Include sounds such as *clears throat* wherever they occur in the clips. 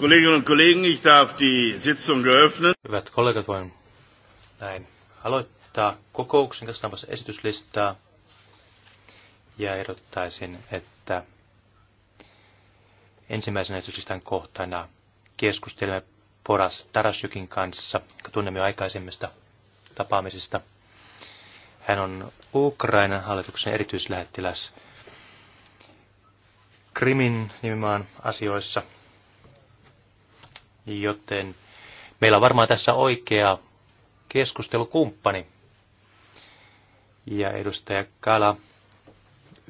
Kolleginnen und Kollegen, ich darf die Sitzung eröffnen. Hyvät kollegat, voin näin aloittaa kokouksen katsotaanpas esityslistaa ja ehdottaisin, että ensimmäisen esityslistan kohtana keskustelemme Poras Tarasjukin kanssa, joka tunnemme aikaisemmista tapaamisista. Hän on Ukrainan hallituksen erityislähettiläs Krimin nimimaan asioissa – Joten meillä on varmaan tässä oikea keskustelukumppani. Ja edustaja Kala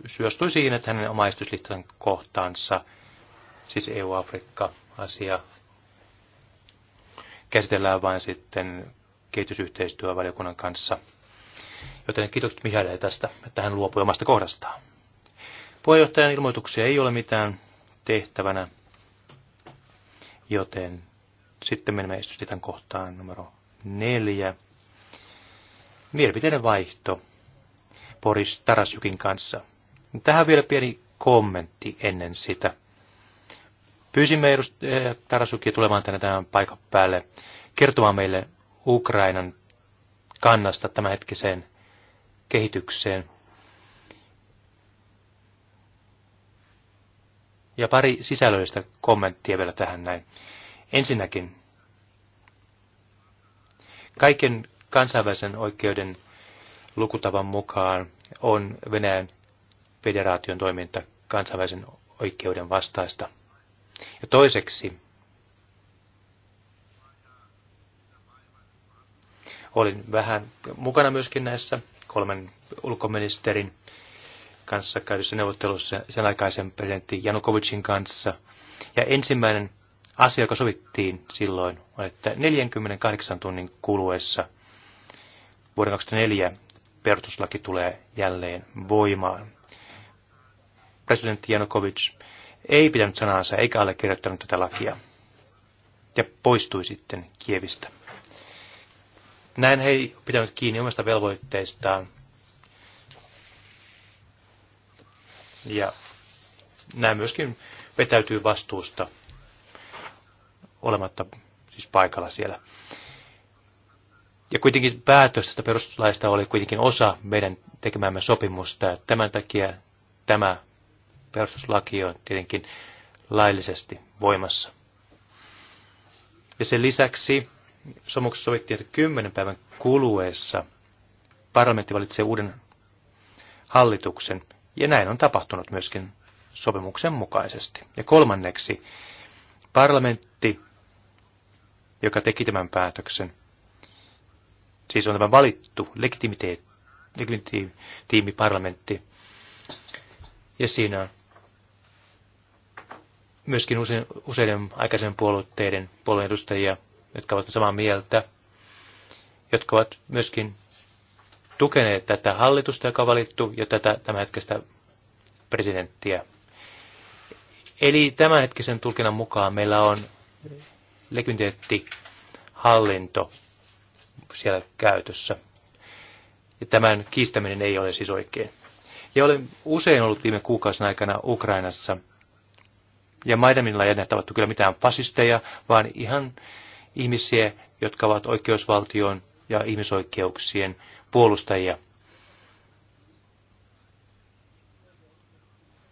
syöstui siihen, että hänen omaistuslistan kohtaansa, siis EU-Afrikka-asia, käsitellään vain sitten kehitysyhteistyövaliokunnan kanssa. Joten kiitokset Mihailille tästä, että hän luopui omasta kohdastaan. Puheenjohtajan ilmoituksia ei ole mitään tehtävänä, joten sitten menemme esityslitan kohtaan numero neljä. Mielipiteiden vaihto Boris Tarasjukin kanssa. Tähän vielä pieni kommentti ennen sitä. Pyysimme edustaja eh, Tarasukia tulemaan tänne tämän paikan päälle kertomaan meille Ukrainan kannasta tämänhetkiseen kehitykseen. Ja pari sisällöllistä kommenttia vielä tähän näin. Ensinnäkin, kaiken kansainvälisen oikeuden lukutavan mukaan on Venäjän federaation toiminta kansainvälisen oikeuden vastaista. Ja toiseksi, olin vähän mukana myöskin näissä kolmen ulkoministerin kanssa käydyssä neuvottelussa sen aikaisen presidentti Janukovicin kanssa. Ja ensimmäinen asia, joka sovittiin silloin, on, että 48 tunnin kuluessa vuoden 2004 perustuslaki tulee jälleen voimaan. Presidentti Janukovic ei pitänyt sanansa eikä allekirjoittanut tätä lakia ja poistui sitten Kievistä. Näin he ei pitänyt kiinni omasta velvoitteistaan Ja nämä myöskin vetäytyy vastuusta olematta siis paikalla siellä. Ja kuitenkin päätös tästä perustuslaista oli kuitenkin osa meidän tekemämme sopimusta. Tämän takia tämä perustuslaki on tietenkin laillisesti voimassa. Ja sen lisäksi sopimuksessa sovittiin, että kymmenen päivän kuluessa parlamentti valitsee uuden hallituksen, ja näin on tapahtunut myöskin sopimuksen mukaisesti. Ja kolmanneksi, parlamentti, joka teki tämän päätöksen, siis on tämä valittu legitimiteetti, parlamentti, ja siinä on myöskin useiden aikaisen puolueiden puolueen edustajia, jotka ovat samaa mieltä, jotka ovat myöskin tukeneet tätä hallitusta, joka on valittu, ja tätä tämänhetkistä presidenttiä. Eli tämänhetkisen tulkinnan mukaan meillä on hallinto siellä käytössä. Ja tämän kiistäminen ei ole siis oikein. Ja olen usein ollut viime kuukausina aikana Ukrainassa. Ja Maidaminilla ei enää tavattu kyllä mitään fasisteja, vaan ihan ihmisiä, jotka ovat oikeusvaltion ja ihmisoikeuksien puolustajia.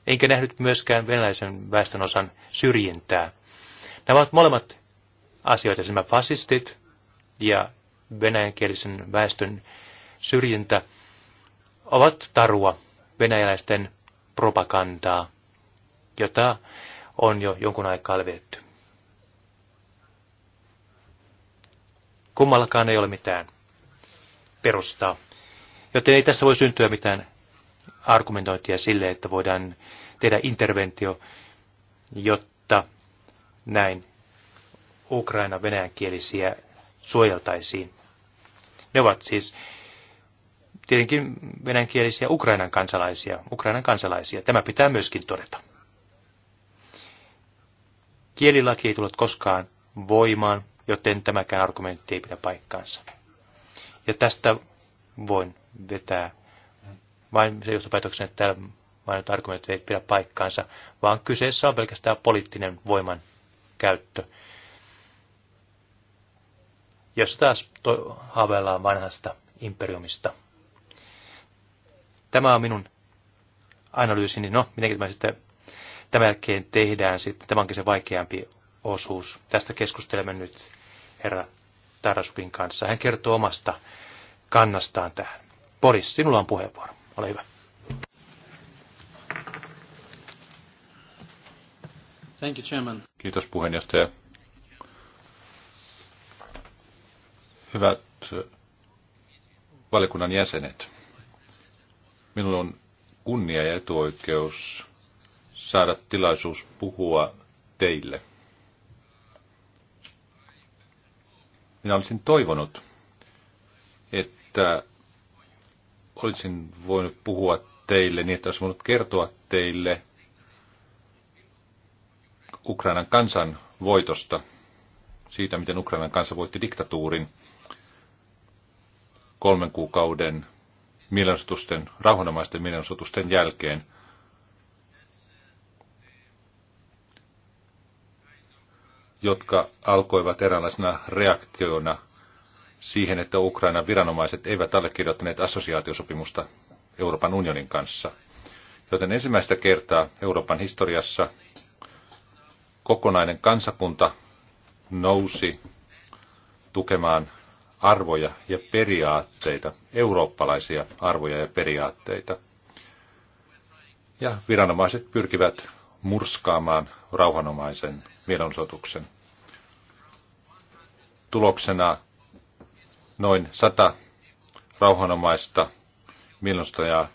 Enkä nähnyt myöskään venäläisen väestön osan syrjintää. Nämä ovat molemmat asioita, siis nämä fasistit ja venäjänkielisen väestön syrjintä ovat tarua venäläisten propagandaa, jota on jo jonkun aikaa levitetty. Kummallakaan ei ole mitään perustaa. Joten ei tässä voi syntyä mitään argumentointia sille, että voidaan tehdä interventio, jotta näin Ukraina venäjänkielisiä suojeltaisiin. Ne ovat siis tietenkin venäjänkielisiä Ukrainan kansalaisia, Ukrainan kansalaisia. Tämä pitää myöskin todeta. Kielilaki ei tullut koskaan voimaan, joten tämäkään argumentti ei pidä paikkaansa. Ja tästä voin vetää vain se johtopäätöksen, että täällä mainitut argumentit eivät pidä paikkaansa, vaan kyseessä on pelkästään poliittinen voiman käyttö, Jos taas haaveillaan vanhasta imperiumista. Tämä on minun analyysini. No, miten tämä sitten tämän jälkeen tehdään sitten? Tämä onkin se vaikeampi osuus. Tästä keskustelemme nyt herra Tarasukin kanssa. Hän kertoo omasta kannastaan tähän. Boris, sinulla on puheenvuoro. Ole hyvä. Thank you, Chairman. Kiitos puheenjohtaja. Hyvät valikunnan jäsenet, minulla on kunnia ja etuoikeus saada tilaisuus puhua teille – minä olisin toivonut, että olisin voinut puhua teille niin, että olisin voinut kertoa teille Ukrainan kansan voitosta, siitä miten Ukrainan kansa voitti diktatuurin kolmen kuukauden mielenosoitusten, rauhanomaisten mielenosoitusten jälkeen – jotka alkoivat eräänlaisena reaktiona siihen, että Ukrainan viranomaiset eivät allekirjoittaneet assosiaatiosopimusta Euroopan unionin kanssa. Joten ensimmäistä kertaa Euroopan historiassa kokonainen kansakunta nousi tukemaan arvoja ja periaatteita, eurooppalaisia arvoja ja periaatteita. Ja viranomaiset pyrkivät murskaamaan rauhanomaisen mielenosoituksen. Tuloksena noin sata rauhanomaista mielenosoittajaa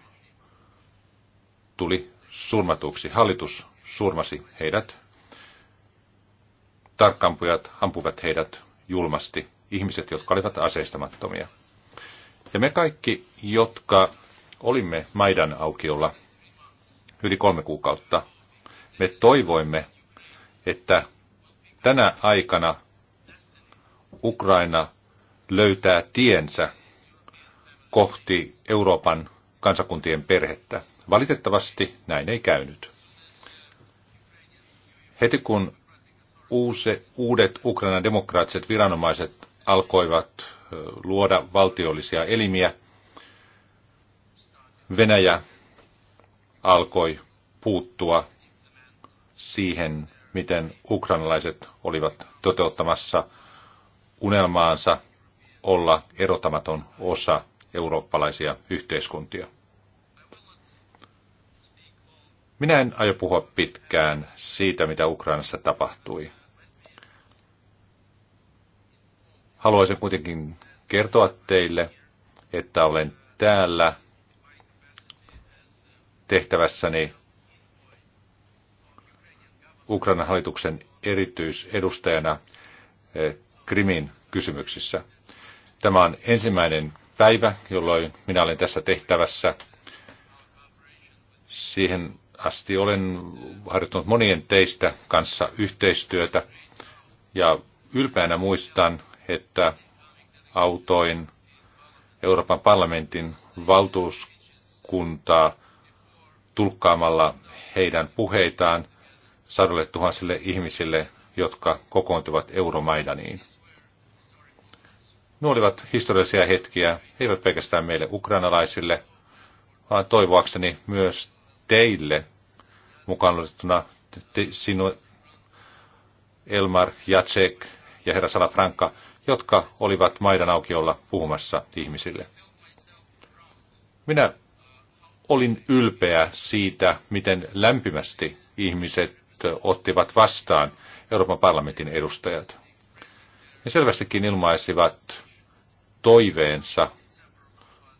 tuli surmatuksi. Hallitus surmasi heidät. Tarkkampujat ampuvat heidät julmasti, ihmiset, jotka olivat aseistamattomia. Ja me kaikki, jotka olimme Maidan aukiolla yli kolme kuukautta, me toivoimme, että tänä aikana Ukraina löytää tiensä kohti Euroopan kansakuntien perhettä. Valitettavasti näin ei käynyt. Heti kun uusi, uudet Ukrainan demokraattiset viranomaiset alkoivat luoda valtiollisia elimiä, Venäjä alkoi puuttua siihen, miten ukrainalaiset olivat toteuttamassa unelmaansa olla erotamaton osa eurooppalaisia yhteiskuntia. Minä en aio puhua pitkään siitä, mitä Ukrainassa tapahtui. Haluaisin kuitenkin kertoa teille, että olen täällä tehtävässäni Ukrainan hallituksen erityisedustajana eh, Krimin kysymyksissä. Tämä on ensimmäinen päivä, jolloin minä olen tässä tehtävässä. Siihen asti olen harjoittanut monien teistä kanssa yhteistyötä ja ylpeänä muistan, että autoin Euroopan parlamentin valtuuskuntaa tulkkaamalla heidän puheitaan Sadulle tuhansille ihmisille, jotka kokoontuvat Euromaidaniin. Nuo olivat historiallisia hetkiä, eivät pelkästään meille ukrainalaisille, vaan toivoakseni myös teille mukaan luettuna te, sinu, Elmar, Jacek ja herra Salafranka, jotka olivat maidan aukiolla puhumassa ihmisille. Minä olin ylpeä siitä, miten lämpimästi ihmiset ottivat vastaan Euroopan parlamentin edustajat. Ne selvästikin ilmaisivat toiveensa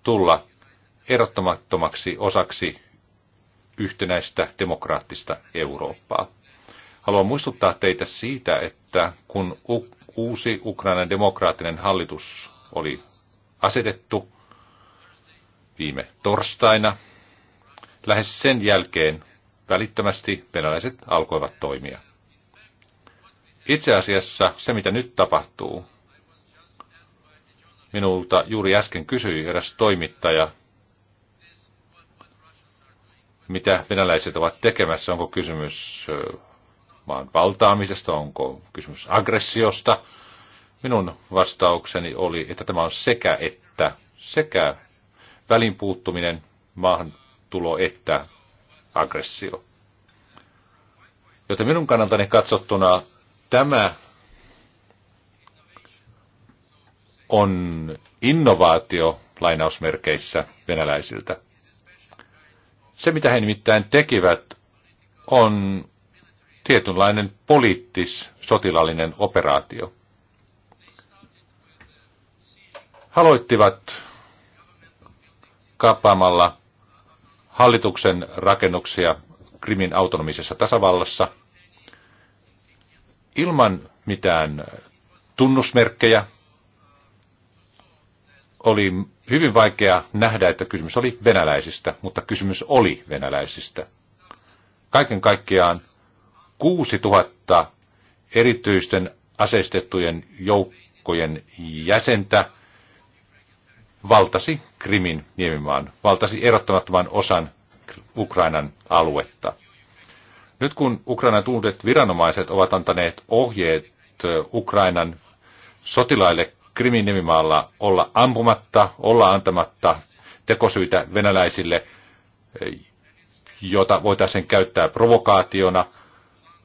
tulla erottamattomaksi osaksi yhtenäistä demokraattista Eurooppaa. Haluan muistuttaa teitä siitä, että kun uusi Ukrainan demokraattinen hallitus oli asetettu viime torstaina, lähes sen jälkeen välittömästi venäläiset alkoivat toimia. Itse asiassa se, mitä nyt tapahtuu, minulta juuri äsken kysyi eräs toimittaja, mitä venäläiset ovat tekemässä, onko kysymys maan valtaamisesta, onko kysymys aggressiosta. Minun vastaukseni oli, että tämä on sekä että, sekä välinpuuttuminen, maahantulo että aggressio. Joten minun kannaltani katsottuna tämä on innovaatio lainausmerkeissä venäläisiltä. Se, mitä he nimittäin tekivät, on tietynlainen poliittis-sotilallinen operaatio. Haloittivat kaappaamalla hallituksen rakennuksia Krimin autonomisessa tasavallassa ilman mitään tunnusmerkkejä. Oli hyvin vaikea nähdä, että kysymys oli venäläisistä, mutta kysymys oli venäläisistä. Kaiken kaikkiaan 6000 erityisten aseistettujen joukkojen jäsentä – valtasi Krimin niemimaan, valtasi erottamattoman osan Ukrainan aluetta. Nyt kun Ukrainan tunnet viranomaiset ovat antaneet ohjeet Ukrainan sotilaille Krimin nimimaalla olla ampumatta, olla antamatta tekosyitä venäläisille, jota voitaisiin käyttää provokaationa,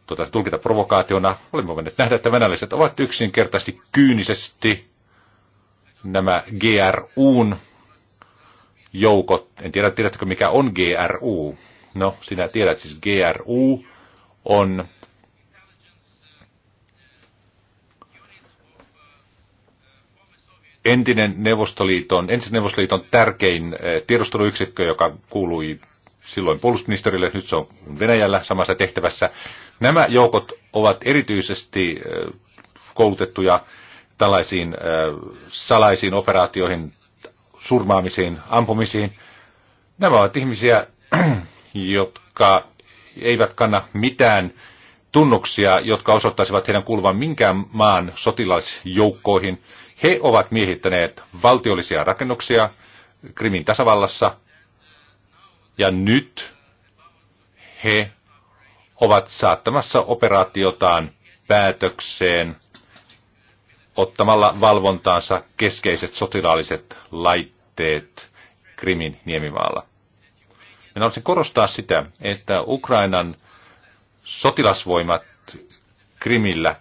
tuota, tulkita provokaationa. Olemme voineet nähdä, että venäläiset ovat yksinkertaisesti kyynisesti nämä GRUn joukot, en tiedä tiedättekö mikä on GRU, no sinä tiedät siis GRU on entinen Neuvostoliiton, entisen Neuvostoliiton tärkein eh, tiedusteluyksikkö, joka kuului silloin puolustusministerille, nyt se on Venäjällä samassa tehtävässä. Nämä joukot ovat erityisesti eh, koulutettuja tällaisiin salaisiin operaatioihin, surmaamisiin, ampumisiin. Nämä ovat ihmisiä, *clears throat* jotka eivät kanna mitään tunnuksia, jotka osoittaisivat heidän kuuluvan minkään maan sotilasjoukkoihin. He ovat miehittäneet valtiollisia rakennuksia Krimin tasavallassa, ja nyt he ovat saattamassa operaatiotaan päätökseen – ottamalla valvontaansa keskeiset sotilaalliset laitteet Krimin niemimaalla. Minä haluaisin korostaa sitä, että Ukrainan sotilasvoimat Krimillä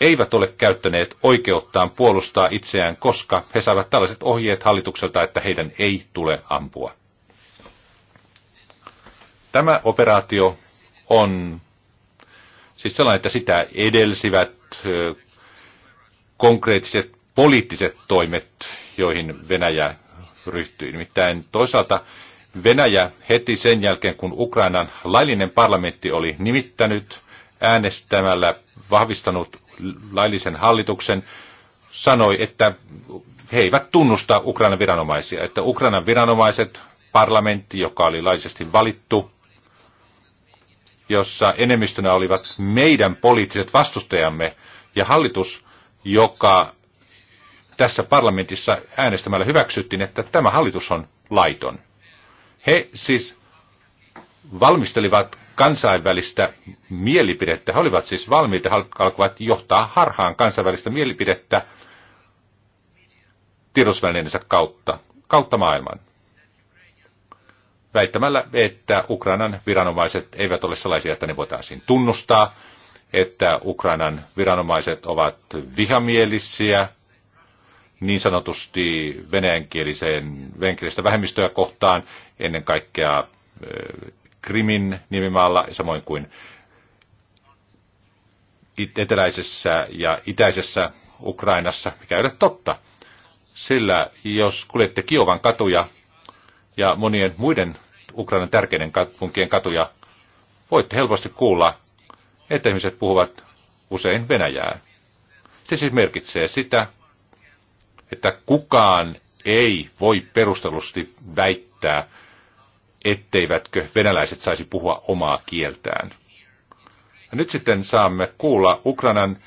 eivät ole käyttäneet oikeuttaan puolustaa itseään, koska he saavat tällaiset ohjeet hallitukselta, että heidän ei tule ampua. Tämä operaatio on siis sellainen, että sitä edelsivät konkreettiset poliittiset toimet, joihin Venäjä ryhtyi. Nimittäin toisaalta Venäjä heti sen jälkeen, kun Ukrainan laillinen parlamentti oli nimittänyt äänestämällä vahvistanut laillisen hallituksen, sanoi, että he eivät tunnusta Ukrainan viranomaisia, että Ukrainan viranomaiset, parlamentti, joka oli laillisesti valittu, jossa enemmistönä olivat meidän poliittiset vastustajamme ja hallitus joka tässä parlamentissa äänestämällä hyväksyttiin, että tämä hallitus on laiton. He siis valmistelivat kansainvälistä mielipidettä. He olivat siis valmiita, alkoivat johtaa harhaan kansainvälistä mielipidettä tiedosvälineensä kautta, kautta maailman. Väittämällä, että Ukrainan viranomaiset eivät ole sellaisia, että ne voitaisiin tunnustaa, että Ukrainan viranomaiset ovat vihamielisiä niin sanotusti venäjänkieliseen, venäjänkielistä vähemmistöä kohtaan, ennen kaikkea Krimin nimimaalla, samoin kuin eteläisessä ja itäisessä Ukrainassa, mikä ei ole totta. Sillä jos kuljette Kiovan katuja ja monien muiden Ukrainan tärkeiden kaupunkien katuja, voitte helposti kuulla että ihmiset puhuvat usein venäjää. Se siis merkitsee sitä, että kukaan ei voi perustellusti väittää, etteivätkö venäläiset saisi puhua omaa kieltään. Ja nyt sitten saamme kuulla Ukrainan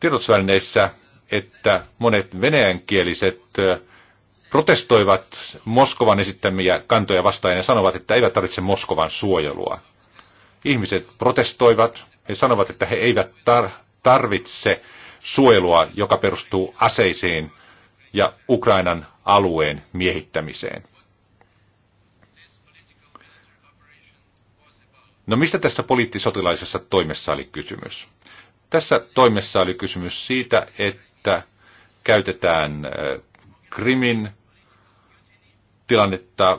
tiedotusvälineissä, että monet venäjänkieliset protestoivat Moskovan esittämiä kantoja vastaan ja sanovat, että eivät tarvitse Moskovan suojelua. Ihmiset protestoivat, he sanovat, että he eivät tar- tarvitse suojelua, joka perustuu aseisiin ja Ukrainan alueen miehittämiseen. No mistä tässä poliittisotilaisessa toimessa oli kysymys? Tässä toimessa oli kysymys siitä, että käytetään Krimin tilannetta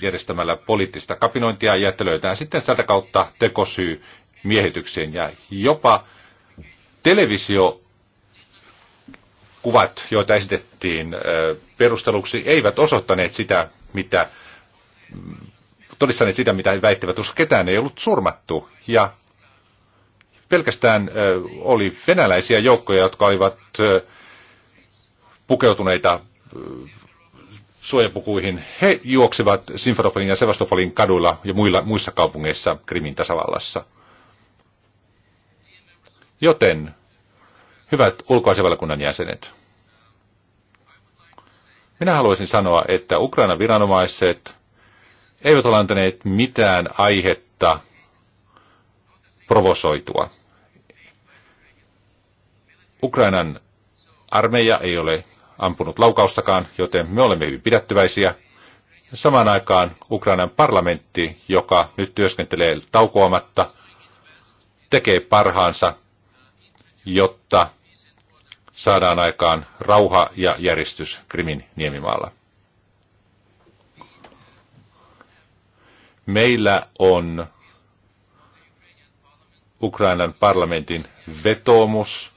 järjestämällä poliittista kapinointia ja että löytää sitten tätä kautta tekosyy miehitykseen ja jopa televisio kuvat, joita esitettiin perusteluksi, eivät osoittaneet sitä, mitä, mm, todistaneet sitä, mitä he väittävät, koska ketään ei ollut surmattu. Ja pelkästään oli venäläisiä joukkoja, jotka olivat pukeutuneita suojapukuihin. He juoksivat Simferopolin ja Sevastopolin kaduilla ja muilla, muissa kaupungeissa Krimin tasavallassa. Joten, hyvät ulkoasevalkunnan jäsenet, minä haluaisin sanoa, että Ukrainan viranomaiset eivät ole antaneet mitään aihetta provosoitua. Ukrainan armeija ei ole ampunut laukaustakaan, joten me olemme hyvin pidättyväisiä. Samaan aikaan Ukrainan parlamentti, joka nyt työskentelee taukoamatta, tekee parhaansa jotta saadaan aikaan rauha ja järjestys Krimin niemimaalla. Meillä on Ukrainan parlamentin vetoomus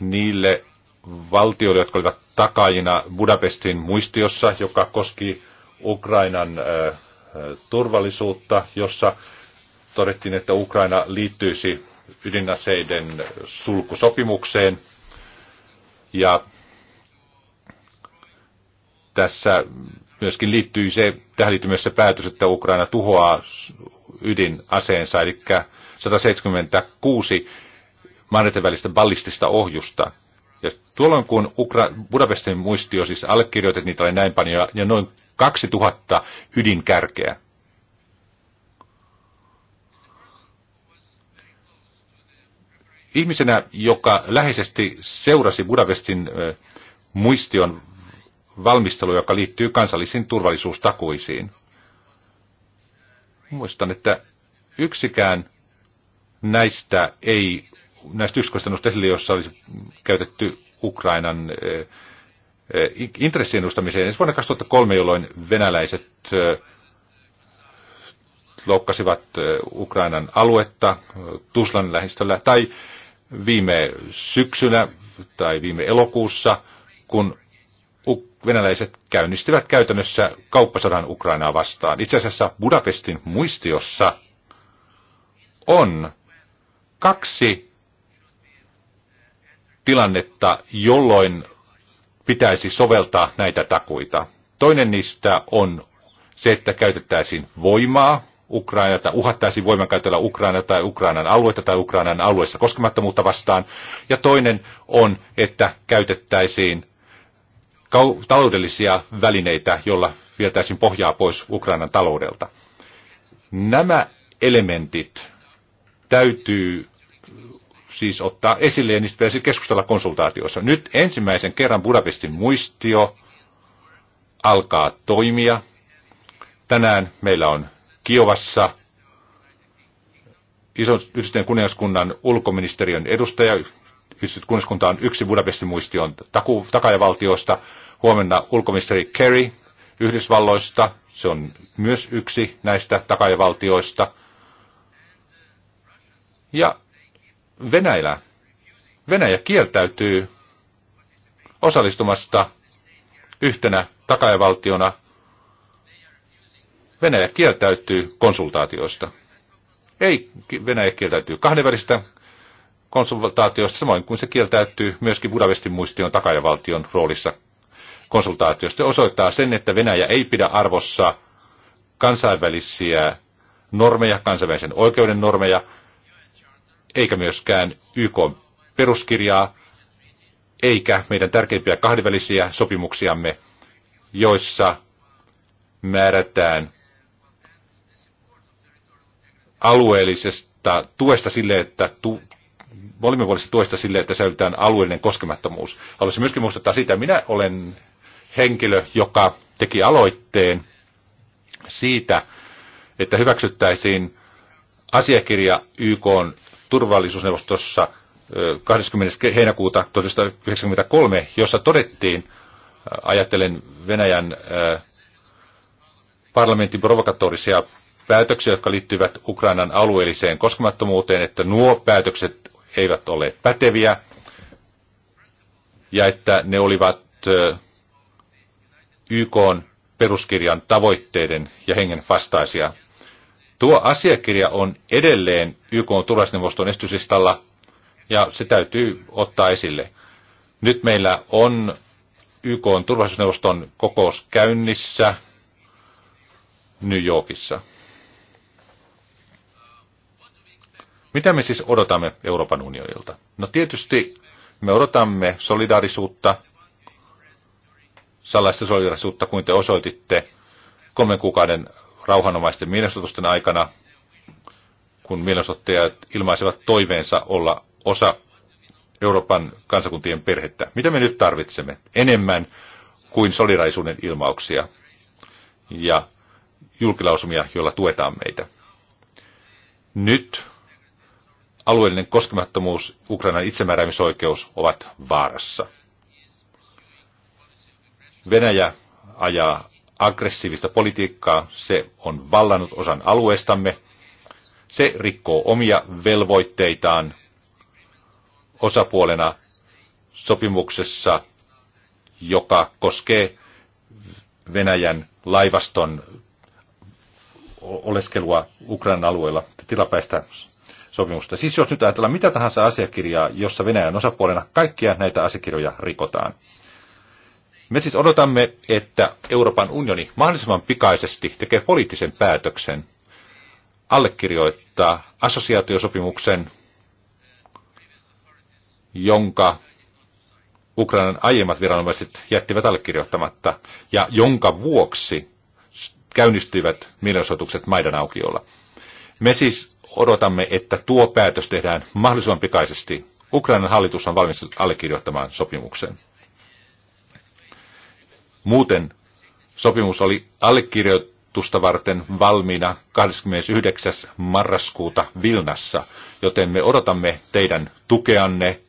niille valtioille, jotka olivat takajina Budapestin muistiossa, joka koski Ukrainan turvallisuutta, jossa todettiin, että Ukraina liittyisi ydinaseiden sulkusopimukseen. Ja tässä myöskin liittyy se, tähän liittyy myös se päätös, että Ukraina tuhoaa ydinaseensa, eli 176 maiden välistä ballistista ohjusta. Ja tuolloin kun Ukra- Budapestin muistio siis allekirjoitettiin, niitä oli näin paljon, ja noin 2000 ydinkärkeä. Ihmisenä, joka läheisesti seurasi Budapestin muistion valmistelu, joka liittyy kansallisiin turvallisuustakuisiin. Muistan, että yksikään näistä ei, näistä yksikoista esille, jossa olisi käytetty Ukrainan intressien edustamiseen. Ensi vuonna 2003, jolloin venäläiset loukkasivat Ukrainan aluetta Tuslan lähistöllä, tai viime syksynä tai viime elokuussa, kun venäläiset käynnistivät käytännössä kauppasodan Ukrainaa vastaan. Itse asiassa Budapestin muistiossa on kaksi tilannetta, jolloin pitäisi soveltaa näitä takuita. Toinen niistä on se, että käytettäisiin voimaa Ukraina tai uhattaisiin voimankäytöllä Ukraina tai Ukrainan aluetta tai Ukrainan alueessa koskemattomuutta vastaan. Ja toinen on, että käytettäisiin taloudellisia välineitä, joilla vietäisiin pohjaa pois Ukrainan taloudelta. Nämä elementit täytyy siis ottaa esille ja niistä pitäisi keskustella konsultaatiossa. Nyt ensimmäisen kerran Budapestin muistio alkaa toimia. Tänään meillä on Kiovassa ison yhdistyneen kuningaskunnan ulkoministeriön edustaja. Yhdistyneen kuningaskunta on yksi Budapestin muistion taku, takajavaltioista. Huomenna ulkoministeri Kerry Yhdysvalloista. Se on myös yksi näistä takajavaltioista. Ja Venäjä, Venäjä kieltäytyy osallistumasta yhtenä takajavaltiona – Venäjä kieltäytyy konsultaatioista. Ei, Venäjä kieltäytyy kahdenvälistä konsultaatioista, samoin kuin se kieltäytyy myöskin Budapestin muistion takajavaltion roolissa konsultaatiosta. osoittaa sen, että Venäjä ei pidä arvossa kansainvälisiä normeja, kansainvälisen oikeuden normeja, eikä myöskään YK peruskirjaa, eikä meidän tärkeimpiä kahdenvälisiä sopimuksiamme, joissa määrätään alueellisesta tuesta sille, että tu, molemminpuolisesta tuesta sille, että säilytään alueellinen koskemattomuus. Haluaisin myöskin muistuttaa sitä. minä olen henkilö, joka teki aloitteen siitä, että hyväksyttäisiin asiakirja YK turvallisuusneuvostossa 20. heinäkuuta 1993, jossa todettiin, ajattelen Venäjän parlamentin provokatorisia päätöksiä, jotka liittyvät Ukrainan alueelliseen koskemattomuuteen, että nuo päätökset eivät ole päteviä ja että ne olivat YK peruskirjan tavoitteiden ja hengen vastaisia. Tuo asiakirja on edelleen YK turvallisuusneuvoston estysistalla ja se täytyy ottaa esille. Nyt meillä on YK turvallisuusneuvoston kokous käynnissä New Yorkissa. Mitä me siis odotamme Euroopan unionilta? No tietysti me odotamme solidaarisuutta, sellaista solidaarisuutta kuin te osoititte kolmen kuukauden rauhanomaisten mielenosoitusten aikana, kun mielenosoittajat ilmaisivat toiveensa olla osa Euroopan kansakuntien perhettä. Mitä me nyt tarvitsemme? Enemmän kuin solidaarisuuden ilmauksia ja julkilausumia, joilla tuetaan meitä. Nyt alueellinen koskemattomuus, Ukrainan itsemääräämisoikeus ovat vaarassa. Venäjä ajaa aggressiivista politiikkaa, se on vallannut osan alueestamme, se rikkoo omia velvoitteitaan osapuolena sopimuksessa, joka koskee Venäjän laivaston oleskelua Ukrainan alueella, tilapäistä sopimusta. Siis jos nyt ajatellaan mitä tahansa asiakirjaa, jossa Venäjän osapuolena, kaikkia näitä asiakirjoja rikotaan. Me siis odotamme, että Euroopan unioni mahdollisimman pikaisesti tekee poliittisen päätöksen allekirjoittaa assosiaatiosopimuksen, jonka Ukrainan aiemmat viranomaiset jättivät allekirjoittamatta ja jonka vuoksi käynnistyivät mielenosoitukset Maidan aukiolla. Me siis odotamme, että tuo päätös tehdään mahdollisimman pikaisesti. Ukrainan hallitus on valmis allekirjoittamaan sopimuksen. Muuten sopimus oli allekirjoitusta varten valmiina 29. marraskuuta Vilnassa, joten me odotamme teidän tukeanne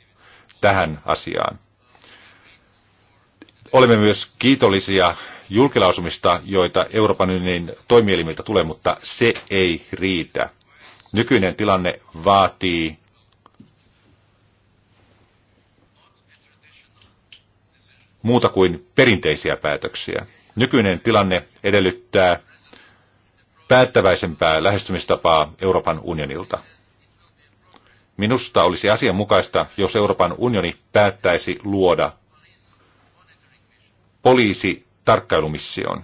tähän asiaan. Olemme myös kiitollisia julkilausumista, joita Euroopan unionin toimielimiltä tulee, mutta se ei riitä. Nykyinen tilanne vaatii muuta kuin perinteisiä päätöksiä. Nykyinen tilanne edellyttää päättäväisempää lähestymistapaa Euroopan unionilta. Minusta olisi asianmukaista, jos Euroopan unioni päättäisi luoda poliisi tarkkailumission.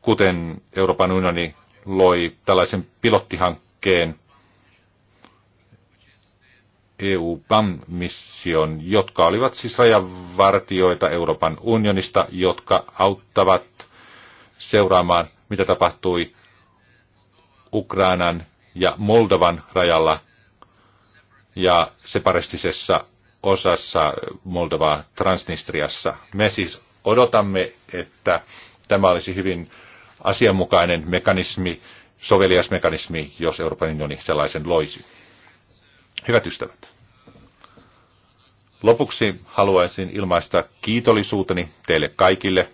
kuten Euroopan unioni loi tällaisen pilottihankkeen EU-PAM-mission, jotka olivat siis rajavartioita Euroopan unionista, jotka auttavat seuraamaan, mitä tapahtui Ukrainan ja Moldovan rajalla ja separistisessa osassa Moldovaa Transnistriassa. Me siis odotamme, että tämä olisi hyvin asianmukainen mekanismi, sovelias mekanismi, jos Euroopan unioni sellaisen loisi. Hyvät ystävät. Lopuksi haluaisin ilmaista kiitollisuuteni teille kaikille,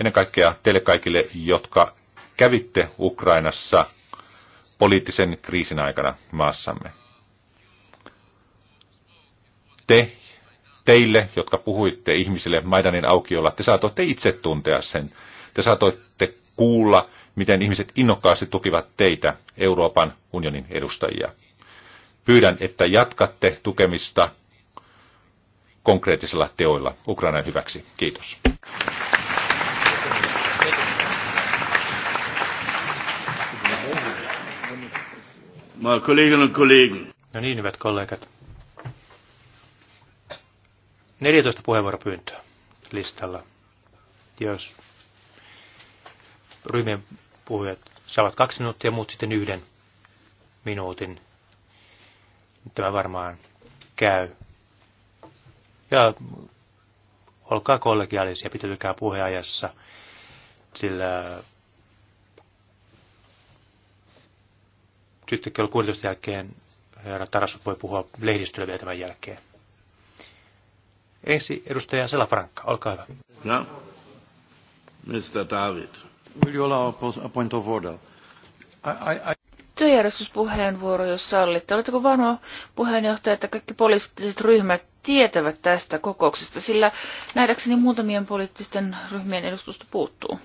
ennen kaikkea teille kaikille, jotka kävitte Ukrainassa poliittisen kriisin aikana maassamme. Te, teille, jotka puhuitte ihmisille Maidanin aukiolla, te saatoitte itse tuntea sen. Te saatoitte kuulla, miten ihmiset innokkaasti tukivat teitä, Euroopan unionin edustajia. Pyydän, että jatkatte tukemista konkreettisilla teoilla Ukrainan hyväksi. Kiitos. No niin, hyvät kollegat. 14 puheenvuoropyyntöä listalla. Jos ryhmien puhujat saavat kaksi minuuttia, muut sitten yhden minuutin. Tämä varmaan käy. Ja olkaa kollegiaalisia, pitäytykää puheajassa, sillä sitten kello 16 jälkeen herra Tarasut voi puhua lehdistölle vielä tämän jälkeen. Ensi edustaja Selafrankka, olkaa hyvä. No, Mr. David. Työjärjestyspuheenvuoro, jos sallitte. Oletteko varma puheenjohtaja, että kaikki poliittiset ryhmät tietävät tästä kokouksesta, sillä nähdäkseni muutamien poliittisten ryhmien edustusta puuttuu.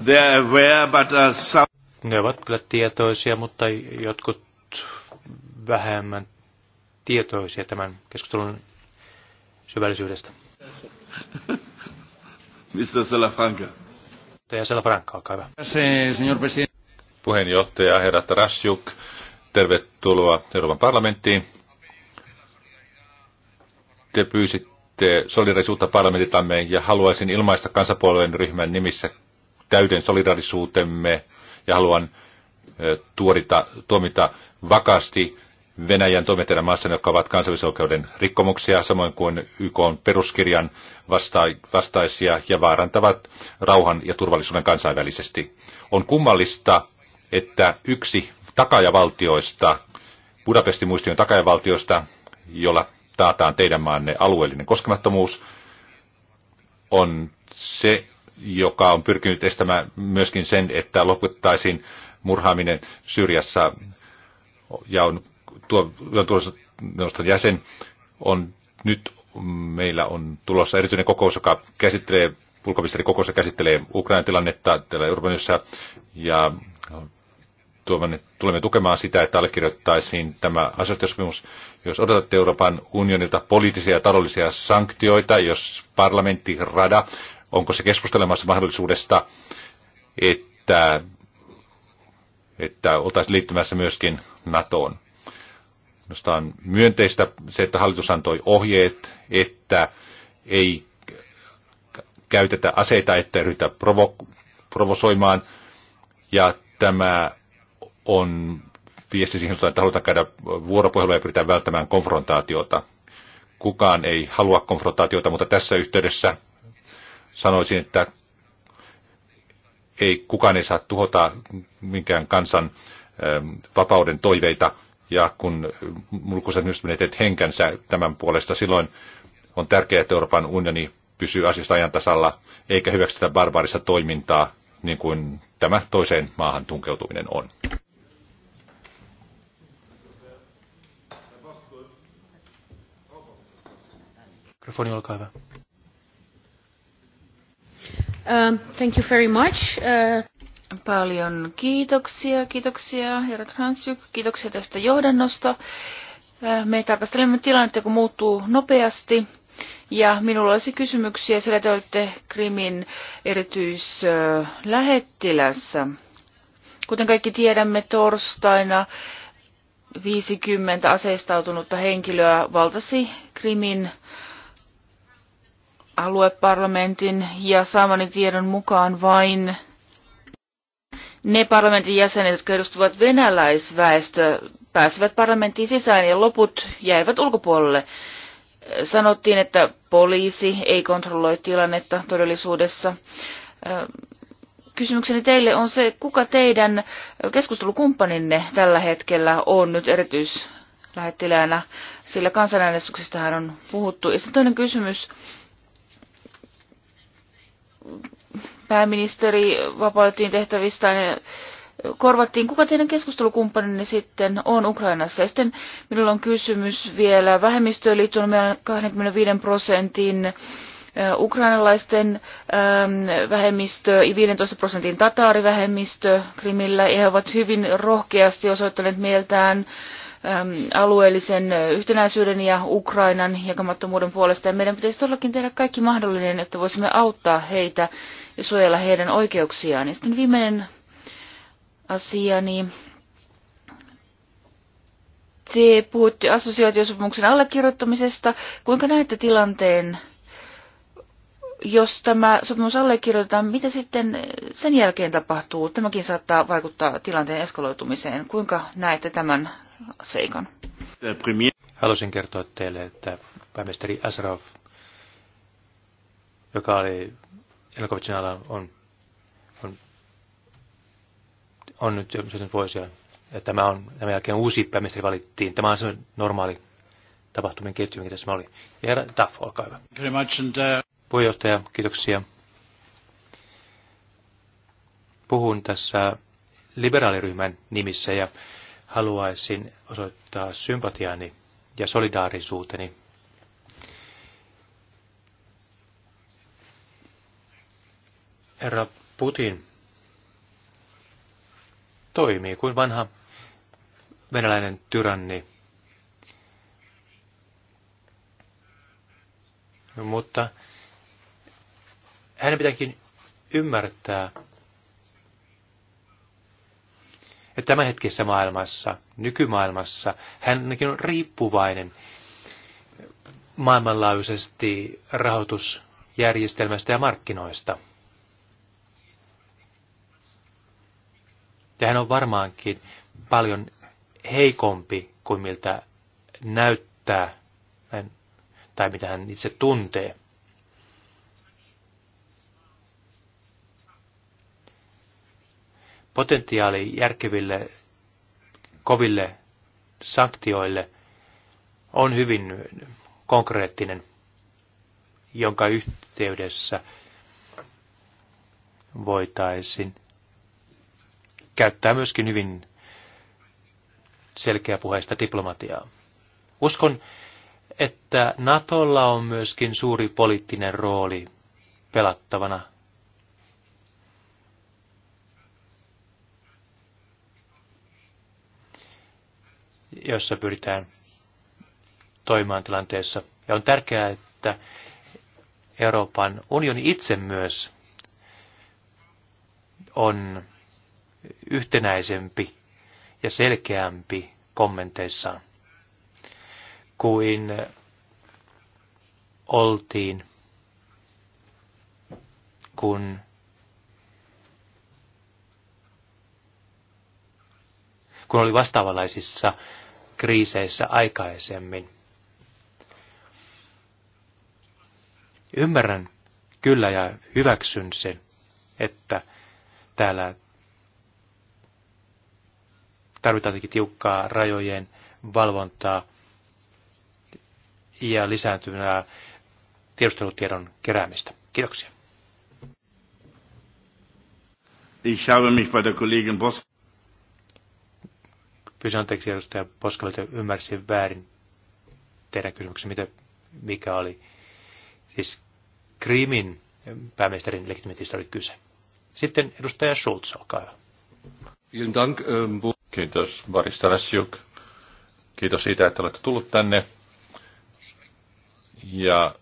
Aware, but, uh, some... Ne ovat kyllä tietoisia, mutta jotkut vähemmän tietoisia tämän keskustelun syvällisyydestä. *laughs* Mr. Salafranca. Sela Salafranca, olkaa hyvä. Puheenjohtaja herra Tarasjuk, tervetuloa Euroopan parlamenttiin. Te pyysitte solidarisuutta parlamentitamme ja haluaisin ilmaista kansapuolueen ryhmän nimissä täyden solidarisuutemme ja haluan tuorita, tuomita vakasti Venäjän toimenpiteiden maassa, jotka ovat kansallisoikeuden rikkomuksia, samoin kuin YK on peruskirjan vasta- vastaisia ja vaarantavat rauhan ja turvallisuuden kansainvälisesti. On kummallista, että yksi takajavaltioista, Budapestin muistion takajavaltioista, jolla taataan teidän maanne alueellinen koskemattomuus, on se, joka on pyrkinyt estämään myöskin sen, että loputtaisiin murhaaminen Syyriassa ja on tuo, jäsen on nyt meillä on tulossa erityinen kokous, joka käsittelee, ulkoministeri kokous, käsittelee Ukrainan tilannetta täällä Urbanissa ja tuomme, tulemme tukemaan sitä, että allekirjoittaisiin tämä asioistusopimus. Jos odotatte Euroopan unionilta poliittisia ja taloudellisia sanktioita, jos parlamentti, rada, onko se keskustelemassa mahdollisuudesta, että, että oltaisiin liittymässä myöskin NATOon? Minusta on myönteistä se, että hallitus antoi ohjeet, että ei käytetä aseita, että ei ryhdytä provo- provosoimaan. Ja tämä on viesti siihen suuntaan, että halutaan käydä vuoropuhelua ja pyritään välttämään konfrontaatiota. Kukaan ei halua konfrontaatiota, mutta tässä yhteydessä sanoisin, että ei, kukaan ei saa tuhota minkään kansan ähm, vapauden toiveita ja kun mulkuiset nyt menetet henkänsä tämän puolesta, silloin on tärkeää, että Euroopan unioni pysyy asiasta ajan tasalla, eikä hyväksytä barbaarista toimintaa, niin kuin tämä toiseen maahan tunkeutuminen on. Mikrofoni, olkaa hyvä. Uh, thank you very much. Uh... Paljon kiitoksia, kiitoksia herra Transjuk, kiitoksia tästä johdannosta. Äh, me tarkastelemme tilannetta, kun muuttuu nopeasti. Ja minulla olisi kysymyksiä, sillä te olette Krimin erityislähettilässä. Kuten kaikki tiedämme, torstaina 50 aseistautunutta henkilöä valtasi Krimin alueparlamentin ja saamani tiedon mukaan vain ne parlamentin jäsenet, jotka edustavat venäläisväestöä, pääsivät parlamenttiin sisään ja loput jäivät ulkopuolelle. Sanottiin, että poliisi ei kontrolloi tilannetta todellisuudessa. Kysymykseni teille on se, kuka teidän keskustelukumppaninne tällä hetkellä on nyt erityislähettiläänä, sillä kansanäänestyksestähän on puhuttu. Ja sitten toinen kysymys pääministeri vapautettiin tehtävistä, ja korvattiin. Kuka teidän keskustelukumppaninne sitten on Ukrainassa? Ja sitten minulla on kysymys vielä vähemmistöön liittyen. Meillä 25 prosentin ukrainalaisten vähemmistö ja 15 prosentin tataarivähemmistö Krimillä. Ja he ovat hyvin rohkeasti osoittaneet mieltään alueellisen yhtenäisyyden ja Ukrainan jakamattomuuden puolesta. Ja meidän pitäisi todellakin tehdä kaikki mahdollinen, että voisimme auttaa heitä ja suojella heidän oikeuksiaan. Ja sitten viimeinen asia, niin te puhutte assosiaatiosopimuksen allekirjoittamisesta. Kuinka näette tilanteen, jos tämä sopimus allekirjoitetaan, mitä sitten sen jälkeen tapahtuu? Tämäkin saattaa vaikuttaa tilanteen eskaloitumiseen. Kuinka näette tämän seikan? Haluaisin kertoa teille, että pääministeri Asraf, joka oli Elkovicin ala on, on, on nyt jo vuosia. Ja tämä on, tämän jälkeen uusi pääministeri valittiin. Tämä on se normaali tapahtumien ketju, mikä tässä oli. Ja herra Duff, olkaa hyvä. Uh, Puheenjohtaja, kiitoksia. Puhun tässä liberaaliryhmän nimissä ja haluaisin osoittaa sympatiani ja solidaarisuuteni Herra Putin toimii kuin vanha venäläinen tyranni. Mutta hän pitääkin ymmärtää, että hetkessä maailmassa, nykymaailmassa, hänkin on riippuvainen maailmanlaajuisesti rahoitusjärjestelmästä ja markkinoista – hän on varmaankin paljon heikompi kuin miltä näyttää tai mitä hän itse tuntee. Potentiaali järkeville, koville sanktioille on hyvin konkreettinen, jonka yhteydessä voitaisiin käyttää myöskin hyvin puheista diplomatiaa. Uskon, että Natolla on myöskin suuri poliittinen rooli pelattavana. jossa pyritään toimimaan tilanteessa. Ja on tärkeää, että Euroopan unioni itse myös on yhtenäisempi ja selkeämpi kommenteissaan kuin oltiin, kun kun oli vastaavanlaisissa kriiseissä aikaisemmin. Ymmärrän kyllä ja hyväksyn sen, että täällä tarvitaan tietenkin tiukkaa rajojen valvontaa ja lisääntyvää tiedustelutiedon keräämistä. Kiitoksia. Ich habe mich bei der Kollegin Bosk... Pyysin anteeksi edustaja Poskalle, että ymmärsin väärin teidän kysymyksen, mitä, mikä oli siis Krimin pääministerin legitimiteetistä oli kyse. Sitten edustaja Schulz, olkaa hyvä. Ähm, Kiitos, Boris Tarasjuk. Kiitos siitä, että olette tullut tänne. Ja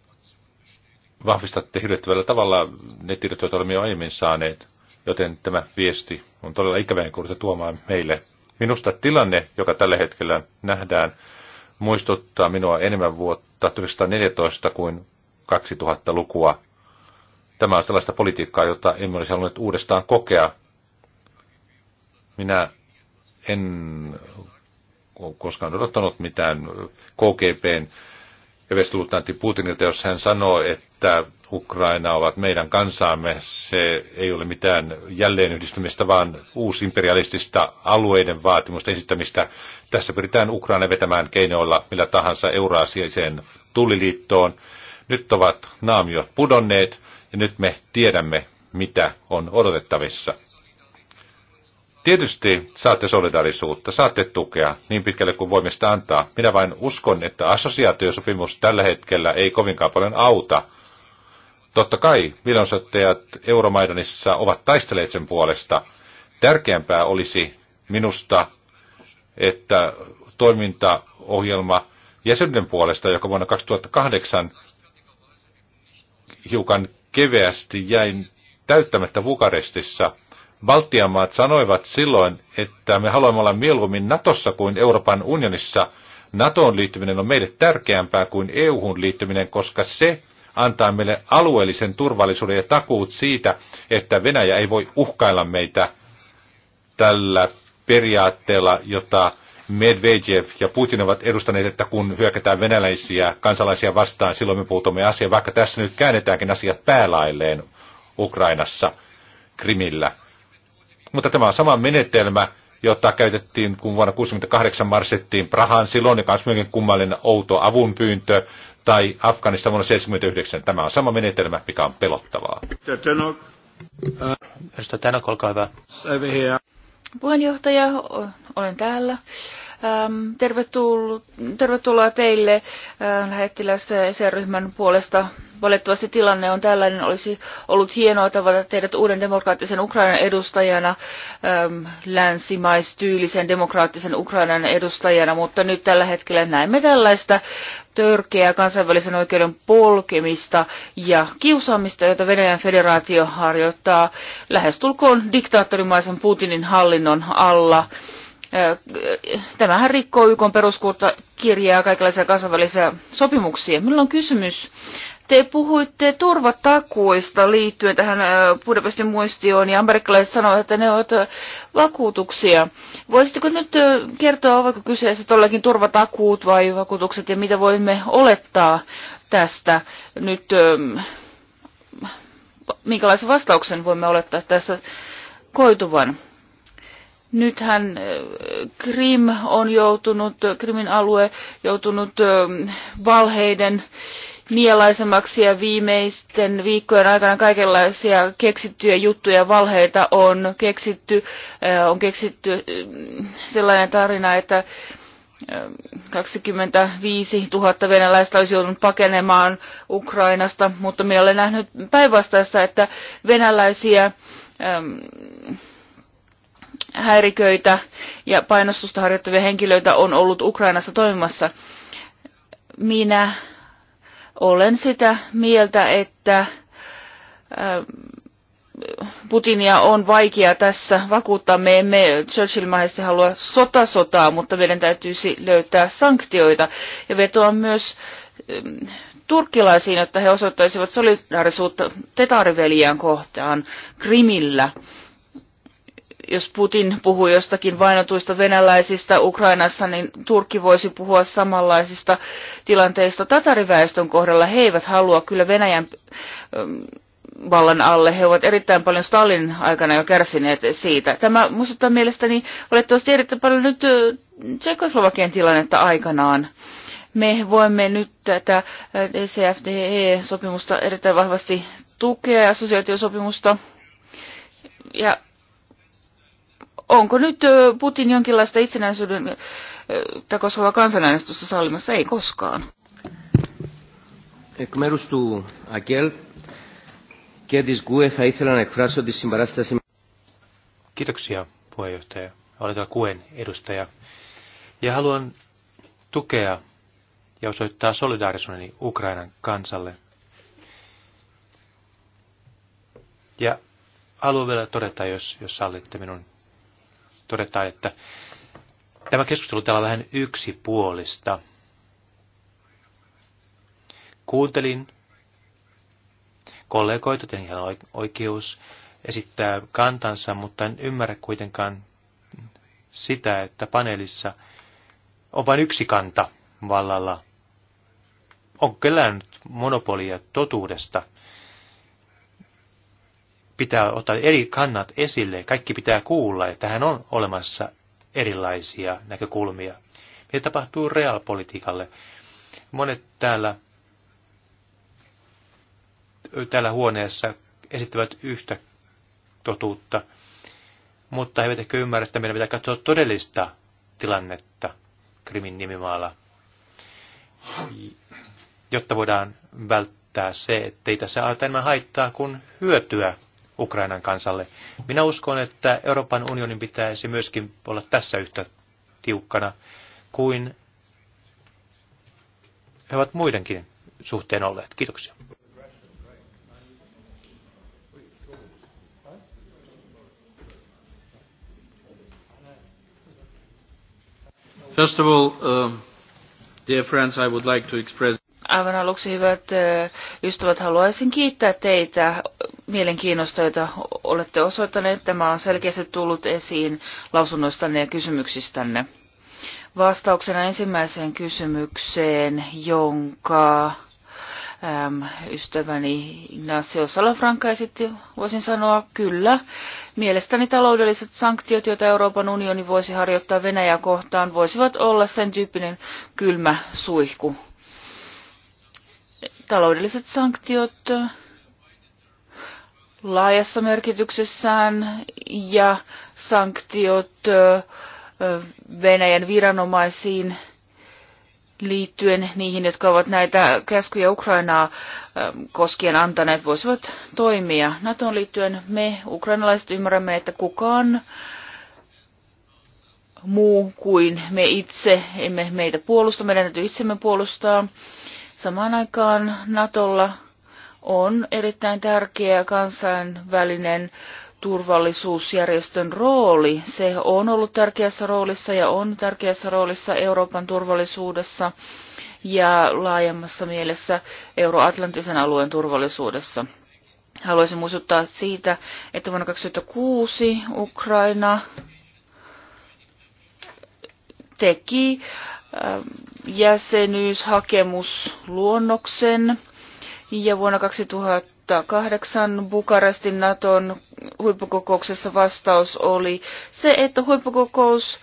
vahvistatte hirvittävällä tavalla ne tiedot, joita olemme jo aiemmin saaneet. Joten tämä viesti on todella ikävän kuulta tuomaan meille. Minusta tilanne, joka tällä hetkellä nähdään, muistuttaa minua enemmän vuotta 1914 kuin 2000-lukua. Tämä on sellaista politiikkaa, jota emme olisi halunneet uudestaan kokea, minä en koskaan odottanut mitään KGBn Vestluutnantti Putinilta, jos hän sanoo, että Ukraina ovat meidän kansaamme, se ei ole mitään jälleenyhdistymistä, vaan uusimperialistista alueiden vaatimusta esittämistä. Tässä pyritään Ukraina vetämään keinoilla millä tahansa euraasiaiseen tulliliittoon. Nyt ovat naamiot pudonneet ja nyt me tiedämme, mitä on odotettavissa. Tietysti saatte solidaarisuutta, saatte tukea niin pitkälle kuin voimme sitä antaa. Minä vain uskon, että assosiaatiosopimus tällä hetkellä ei kovinkaan paljon auta. Totta kai vilonsoittajat Euromaidanissa ovat taistelleet sen puolesta. Tärkeämpää olisi minusta, että toimintaohjelma jäsenyyden puolesta, joka vuonna 2008 hiukan keveästi jäi täyttämättä Bukarestissa – Baltian maat sanoivat silloin, että me haluamme olla mieluummin Natossa kuin Euroopan unionissa. NATOon liittyminen on meille tärkeämpää kuin EUhun liittyminen, koska se antaa meille alueellisen turvallisuuden ja takuut siitä, että Venäjä ei voi uhkailla meitä tällä periaatteella, jota Medvedev ja Putin ovat edustaneet, että kun hyökätään venäläisiä kansalaisia vastaan, silloin me puutumme asiaan, vaikka tässä nyt käännetäänkin asiat päälailleen Ukrainassa, Krimillä – mutta tämä on sama menetelmä, jota käytettiin, kun vuonna 1968 marssittiin Prahaan silloin, joka on myöskin kummallinen outo avunpyyntö, tai Afganistan vuonna 1979. Tämä on sama menetelmä, mikä on pelottavaa. Edustaja Tänok, olkaa hyvä. Puheenjohtaja, olen täällä. Ähm, tervetuloa, teille ähm, lähettiläs ESR-ryhmän puolesta. Valitettavasti tilanne on tällainen. Olisi ollut hienoa tavata teidät uuden demokraattisen Ukrainan edustajana, ähm, länsimaistyylisen demokraattisen Ukrainan edustajana, mutta nyt tällä hetkellä näemme tällaista törkeää kansainvälisen oikeuden polkemista ja kiusaamista, jota Venäjän federaatio harjoittaa lähestulkoon diktaattorimaisen Putinin hallinnon alla. Tämähän rikkoo YK peruskuurtakirjaa kaikenlaisia kansainvälisiä sopimuksia. Minulla on kysymys. Te puhuitte turvatakuista liittyen tähän Budapestin muistioon ja amerikkalaiset sanoivat, että ne ovat vakuutuksia. Voisitteko nyt kertoa, ovatko kyseessä tollakin turvatakuut vai vakuutukset ja mitä voimme olettaa tästä nyt, minkälaisen vastauksen voimme olettaa tässä koituvan? Nythän äh, Krim on joutunut, Krimin alue joutunut ähm, valheiden nielaisemaksi ja viimeisten viikkojen aikana kaikenlaisia keksittyjä juttuja valheita on keksitty. Äh, on keksitty äh, sellainen tarina, että 25 000 venäläistä olisi joutunut pakenemaan Ukrainasta, mutta minä olen nähnyt päinvastaista, että venäläisiä ähm, häiriköitä ja painostusta harjoittavia henkilöitä on ollut Ukrainassa toimimassa. Minä olen sitä mieltä, että ähm, Putinia on vaikea tässä vakuuttaa. Me emme churchill mahdollisesti halua sotasotaa, mutta meidän täytyisi löytää sanktioita ja vetoa myös ähm, turkkilaisiin, että he osoittaisivat solidaarisuutta tetariveliään kohtaan Krimillä jos Putin puhuu jostakin vainotuista venäläisistä Ukrainassa, niin Turkki voisi puhua samanlaisista tilanteista tatariväestön kohdalla. He eivät halua kyllä Venäjän ähm, vallan alle. He ovat erittäin paljon Stalin aikana jo kärsineet siitä. Tämä muistuttaa mielestäni olettavasti erittäin paljon nyt äh, Tsekoslovakian tilannetta aikanaan. Me voimme nyt tätä äh, DCFDE-sopimusta erittäin vahvasti tukea ja assosiaatiosopimusta. Ja Onko nyt Putin jonkinlaista itsenäisyyden koskevaa kansanäänestystä sallimassa? Ei koskaan. Εκ μέρους και της ΓΚΟΕ θα ήθελα να εκφράσω τη συμπαράσταση. Κοίταξια, puheenjohtaja. Olen täällä Kuen edustaja. Ja haluan tukea ja osoittaa solidaarisuudeni Ukrainan kansalle. Ja haluan vielä todeta, jos, jos sallitte minun todetaan, että tämä keskustelu täällä on vähän yksipuolista. Kuuntelin kollegoita, tietenkin on oikeus esittää kantansa, mutta en ymmärrä kuitenkaan sitä, että paneelissa on vain yksi kanta vallalla. On kellään monopolia totuudesta – pitää ottaa eri kannat esille, kaikki pitää kuulla, että tähän on olemassa erilaisia näkökulmia. Mitä tapahtuu realpolitiikalle? Monet täällä, täällä huoneessa esittävät yhtä totuutta, mutta he eivät ehkä ymmärrä, että meidän pitää katsoa todellista tilannetta Krimin nimimaalla, jotta voidaan välttää se, ettei tässä aita enemmän haittaa kuin hyötyä Ukrainan kansalle. Minä uskon, että Euroopan unionin pitäisi myöskin olla tässä yhtä tiukkana kuin he ovat muidenkin suhteen olleet. Kiitoksia. First of all, uh, dear friends, I would like to express Aivan aluksi hyvät ystävät, haluaisin kiittää teitä mielenkiinnosta, joita olette osoittaneet. Tämä on selkeästi tullut esiin lausunnoistanne ja kysymyksistänne. Vastauksena ensimmäiseen kysymykseen, jonka äm, ystäväni Ignacio Salafranca esitti, voisin sanoa kyllä. Mielestäni taloudelliset sanktiot, joita Euroopan unioni voisi harjoittaa Venäjää kohtaan, voisivat olla sen tyyppinen kylmä suihku taloudelliset sanktiot laajassa merkityksessään ja sanktiot Venäjän viranomaisiin liittyen niihin, jotka ovat näitä käskyjä Ukrainaa koskien antaneet, voisivat toimia. Naton liittyen me ukrainalaiset ymmärrämme, että kukaan muu kuin me itse, emme meitä puolusta, meidän täytyy itsemme puolustaa. Samaan aikaan Natolla on erittäin tärkeä kansainvälinen turvallisuusjärjestön rooli. Se on ollut tärkeässä roolissa ja on tärkeässä roolissa Euroopan turvallisuudessa ja laajemmassa mielessä euroatlantisen alueen turvallisuudessa. Haluaisin muistuttaa siitä, että vuonna 2006 Ukraina teki jäsenyyshakemusluonnoksen ja vuonna 2008 Bukarestin Naton huippukokouksessa vastaus oli se, että huippukokous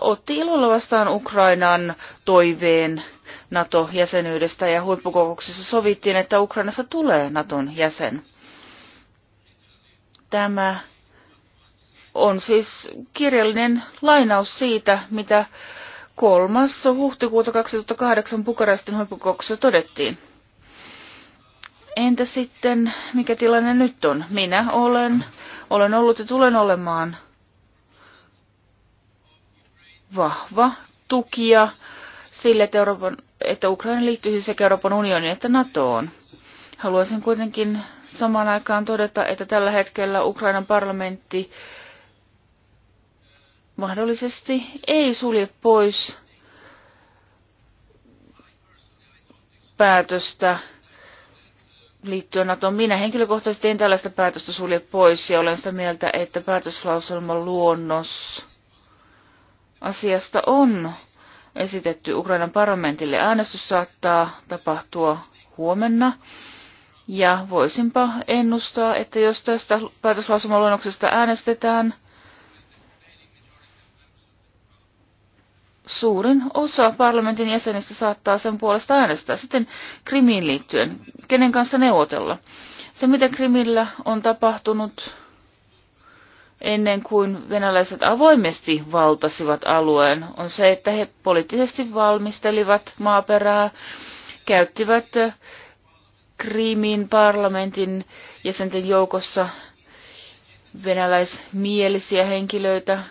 otti ilolla vastaan Ukrainan toiveen NATO-jäsenyydestä ja huippukokouksessa sovittiin, että Ukrainassa tulee NATOn jäsen. Tämä on siis kirjallinen lainaus siitä, mitä 3. huhtikuuta 2008 Bukarestin huippukokouksessa todettiin. Entä sitten, mikä tilanne nyt on? Minä olen, olen ollut ja tulen olemaan vahva tukija sille, että, Euroopan, että Ukraina liittyisi sekä Euroopan unioniin että NATOon. Haluaisin kuitenkin samaan aikaan todeta, että tällä hetkellä Ukrainan parlamentti mahdollisesti ei sulje pois päätöstä liittyen NATOon. Minä henkilökohtaisesti en tällaista päätöstä sulje pois ja olen sitä mieltä, että päätöslauselman luonnos asiasta on esitetty Ukrainan parlamentille. Äänestys saattaa tapahtua huomenna. Ja voisinpa ennustaa, että jos tästä päätöslausumaluonnoksesta äänestetään – suurin osa parlamentin jäsenistä saattaa sen puolesta äänestää. Sitten Krimiin liittyen, kenen kanssa neuvotella. Se, mitä Krimillä on tapahtunut ennen kuin venäläiset avoimesti valtasivat alueen, on se, että he poliittisesti valmistelivat maaperää, käyttivät Krimin parlamentin jäsenten joukossa venäläismielisiä henkilöitä,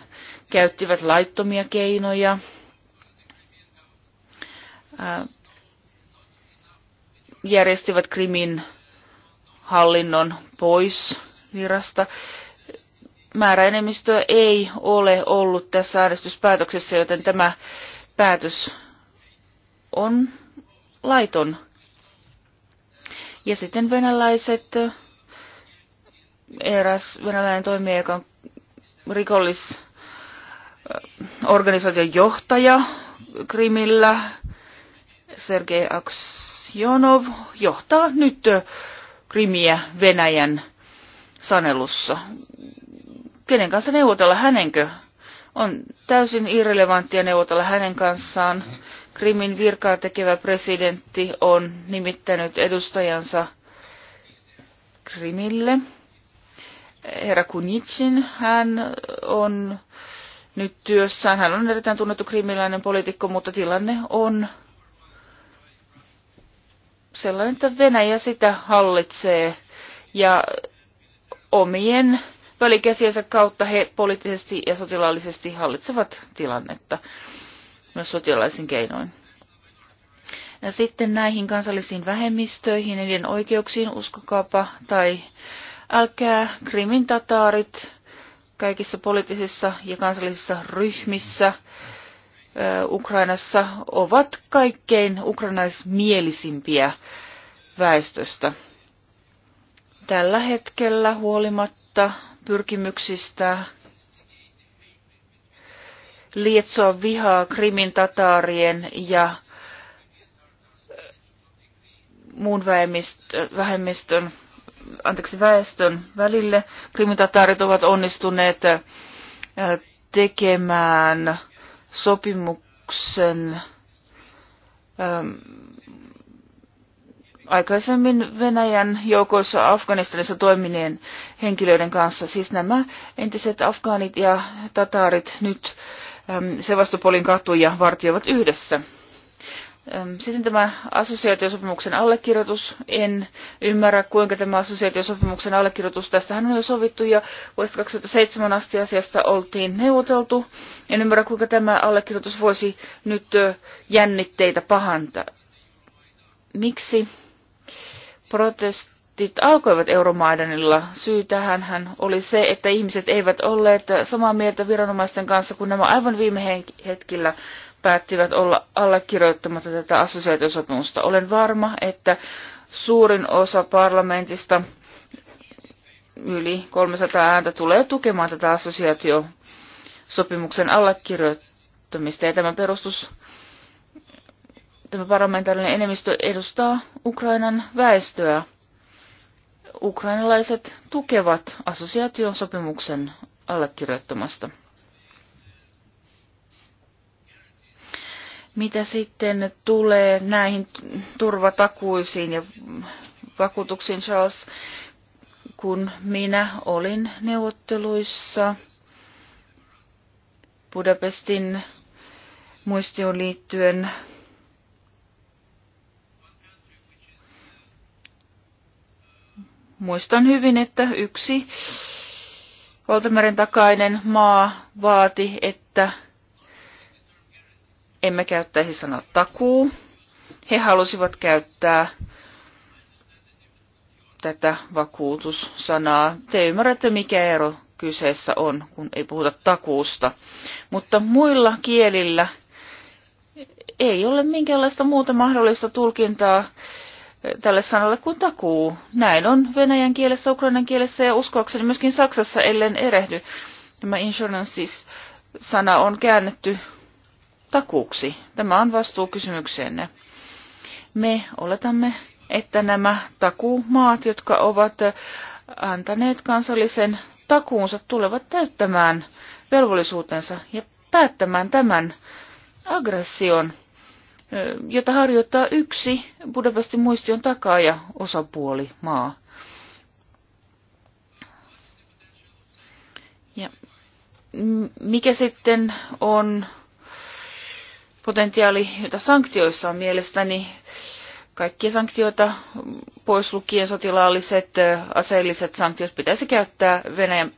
käyttivät laittomia keinoja, järjestivät Krimin hallinnon pois virasta. Määräenemmistöä ei ole ollut tässä äänestyspäätöksessä, joten tämä päätös on laiton. Ja sitten venäläiset, eräs venäläinen toimija, joka on rikollisorganisaation johtaja Krimillä, Sergei Aksjonov johtaa nyt Krimiä Venäjän sanelussa. Kenen kanssa neuvotella hänenkö? On täysin irrelevanttia neuvotella hänen kanssaan. Krimin virkaa tekevä presidentti on nimittänyt edustajansa Krimille. Herra Kunitsin, hän on nyt työssään, hän on erittäin tunnettu krimiläinen poliitikko, mutta tilanne on sellainen, että Venäjä sitä hallitsee ja omien välikäsiensä kautta he poliittisesti ja sotilaallisesti hallitsevat tilannetta myös sotilaisin keinoin. Ja sitten näihin kansallisiin vähemmistöihin, niiden oikeuksiin, uskokaapa tai älkää, krimin tataarit kaikissa poliittisissa ja kansallisissa ryhmissä Ukrainassa ovat kaikkein ukrainaismielisimpiä väestöstä. Tällä hetkellä huolimatta pyrkimyksistä lietsoa vihaa krimin tataarien ja muun vähemmistön, anteeksi, väestön välille. Krimin tataarit ovat onnistuneet tekemään sopimuksen äm, aikaisemmin Venäjän joukoissa Afganistanissa toimineen henkilöiden kanssa. Siis nämä entiset afgaanit ja tataarit nyt äm, Sevastopolin katuja vartioivat yhdessä. Sitten tämä assosiaatiosopimuksen allekirjoitus. En ymmärrä, kuinka tämä assosiaatiosopimuksen allekirjoitus, tästähän on jo sovittu ja vuodesta 2007 asti asiasta oltiin neuvoteltu. En ymmärrä, kuinka tämä allekirjoitus voisi nyt jännitteitä pahantaa. Miksi protestit alkoivat Euromaidanilla? Syy tähän oli se, että ihmiset eivät olleet samaa mieltä viranomaisten kanssa, kun nämä aivan viime hetkillä päättivät olla allekirjoittamatta tätä assosiaatiosopimusta. Olen varma, että suurin osa parlamentista, yli 300 ääntä, tulee tukemaan tätä assosiaatiosopimuksen allekirjoittamista. Ja tämä perustus, tämä parlamentaarinen enemmistö edustaa Ukrainan väestöä. Ukrainalaiset tukevat assosiaatiosopimuksen allekirjoittamasta. Mitä sitten tulee näihin turvatakuisiin ja vakuutuksiin, Charles, kun minä olin neuvotteluissa Budapestin muistioon liittyen, muistan hyvin, että yksi Valtameren takainen maa vaati, että emme käyttäisi sanaa takuu. He halusivat käyttää tätä vakuutussanaa. Te ymmärrätte, mikä ero kyseessä on, kun ei puhuta takuusta. Mutta muilla kielillä ei ole minkäänlaista muuta mahdollista tulkintaa tälle sanalle kuin takuu. Näin on venäjän kielessä, ukrainan kielessä ja uskoakseni myöskin Saksassa, ellen erehdy. Tämä insurance sana on käännetty takuuksi. Tämä on vastuu kysymykseenne. Me oletamme, että nämä takuumaat, jotka ovat antaneet kansallisen takuunsa, tulevat täyttämään velvollisuutensa ja päättämään tämän aggression, jota harjoittaa yksi Budapestin muistion takaa ja osapuoli maa. Ja mikä sitten on potentiaali, jota sanktioissa on mielestäni, kaikkia sanktioita pois lukien sotilaalliset aseelliset sanktiot pitäisi käyttää Venäjän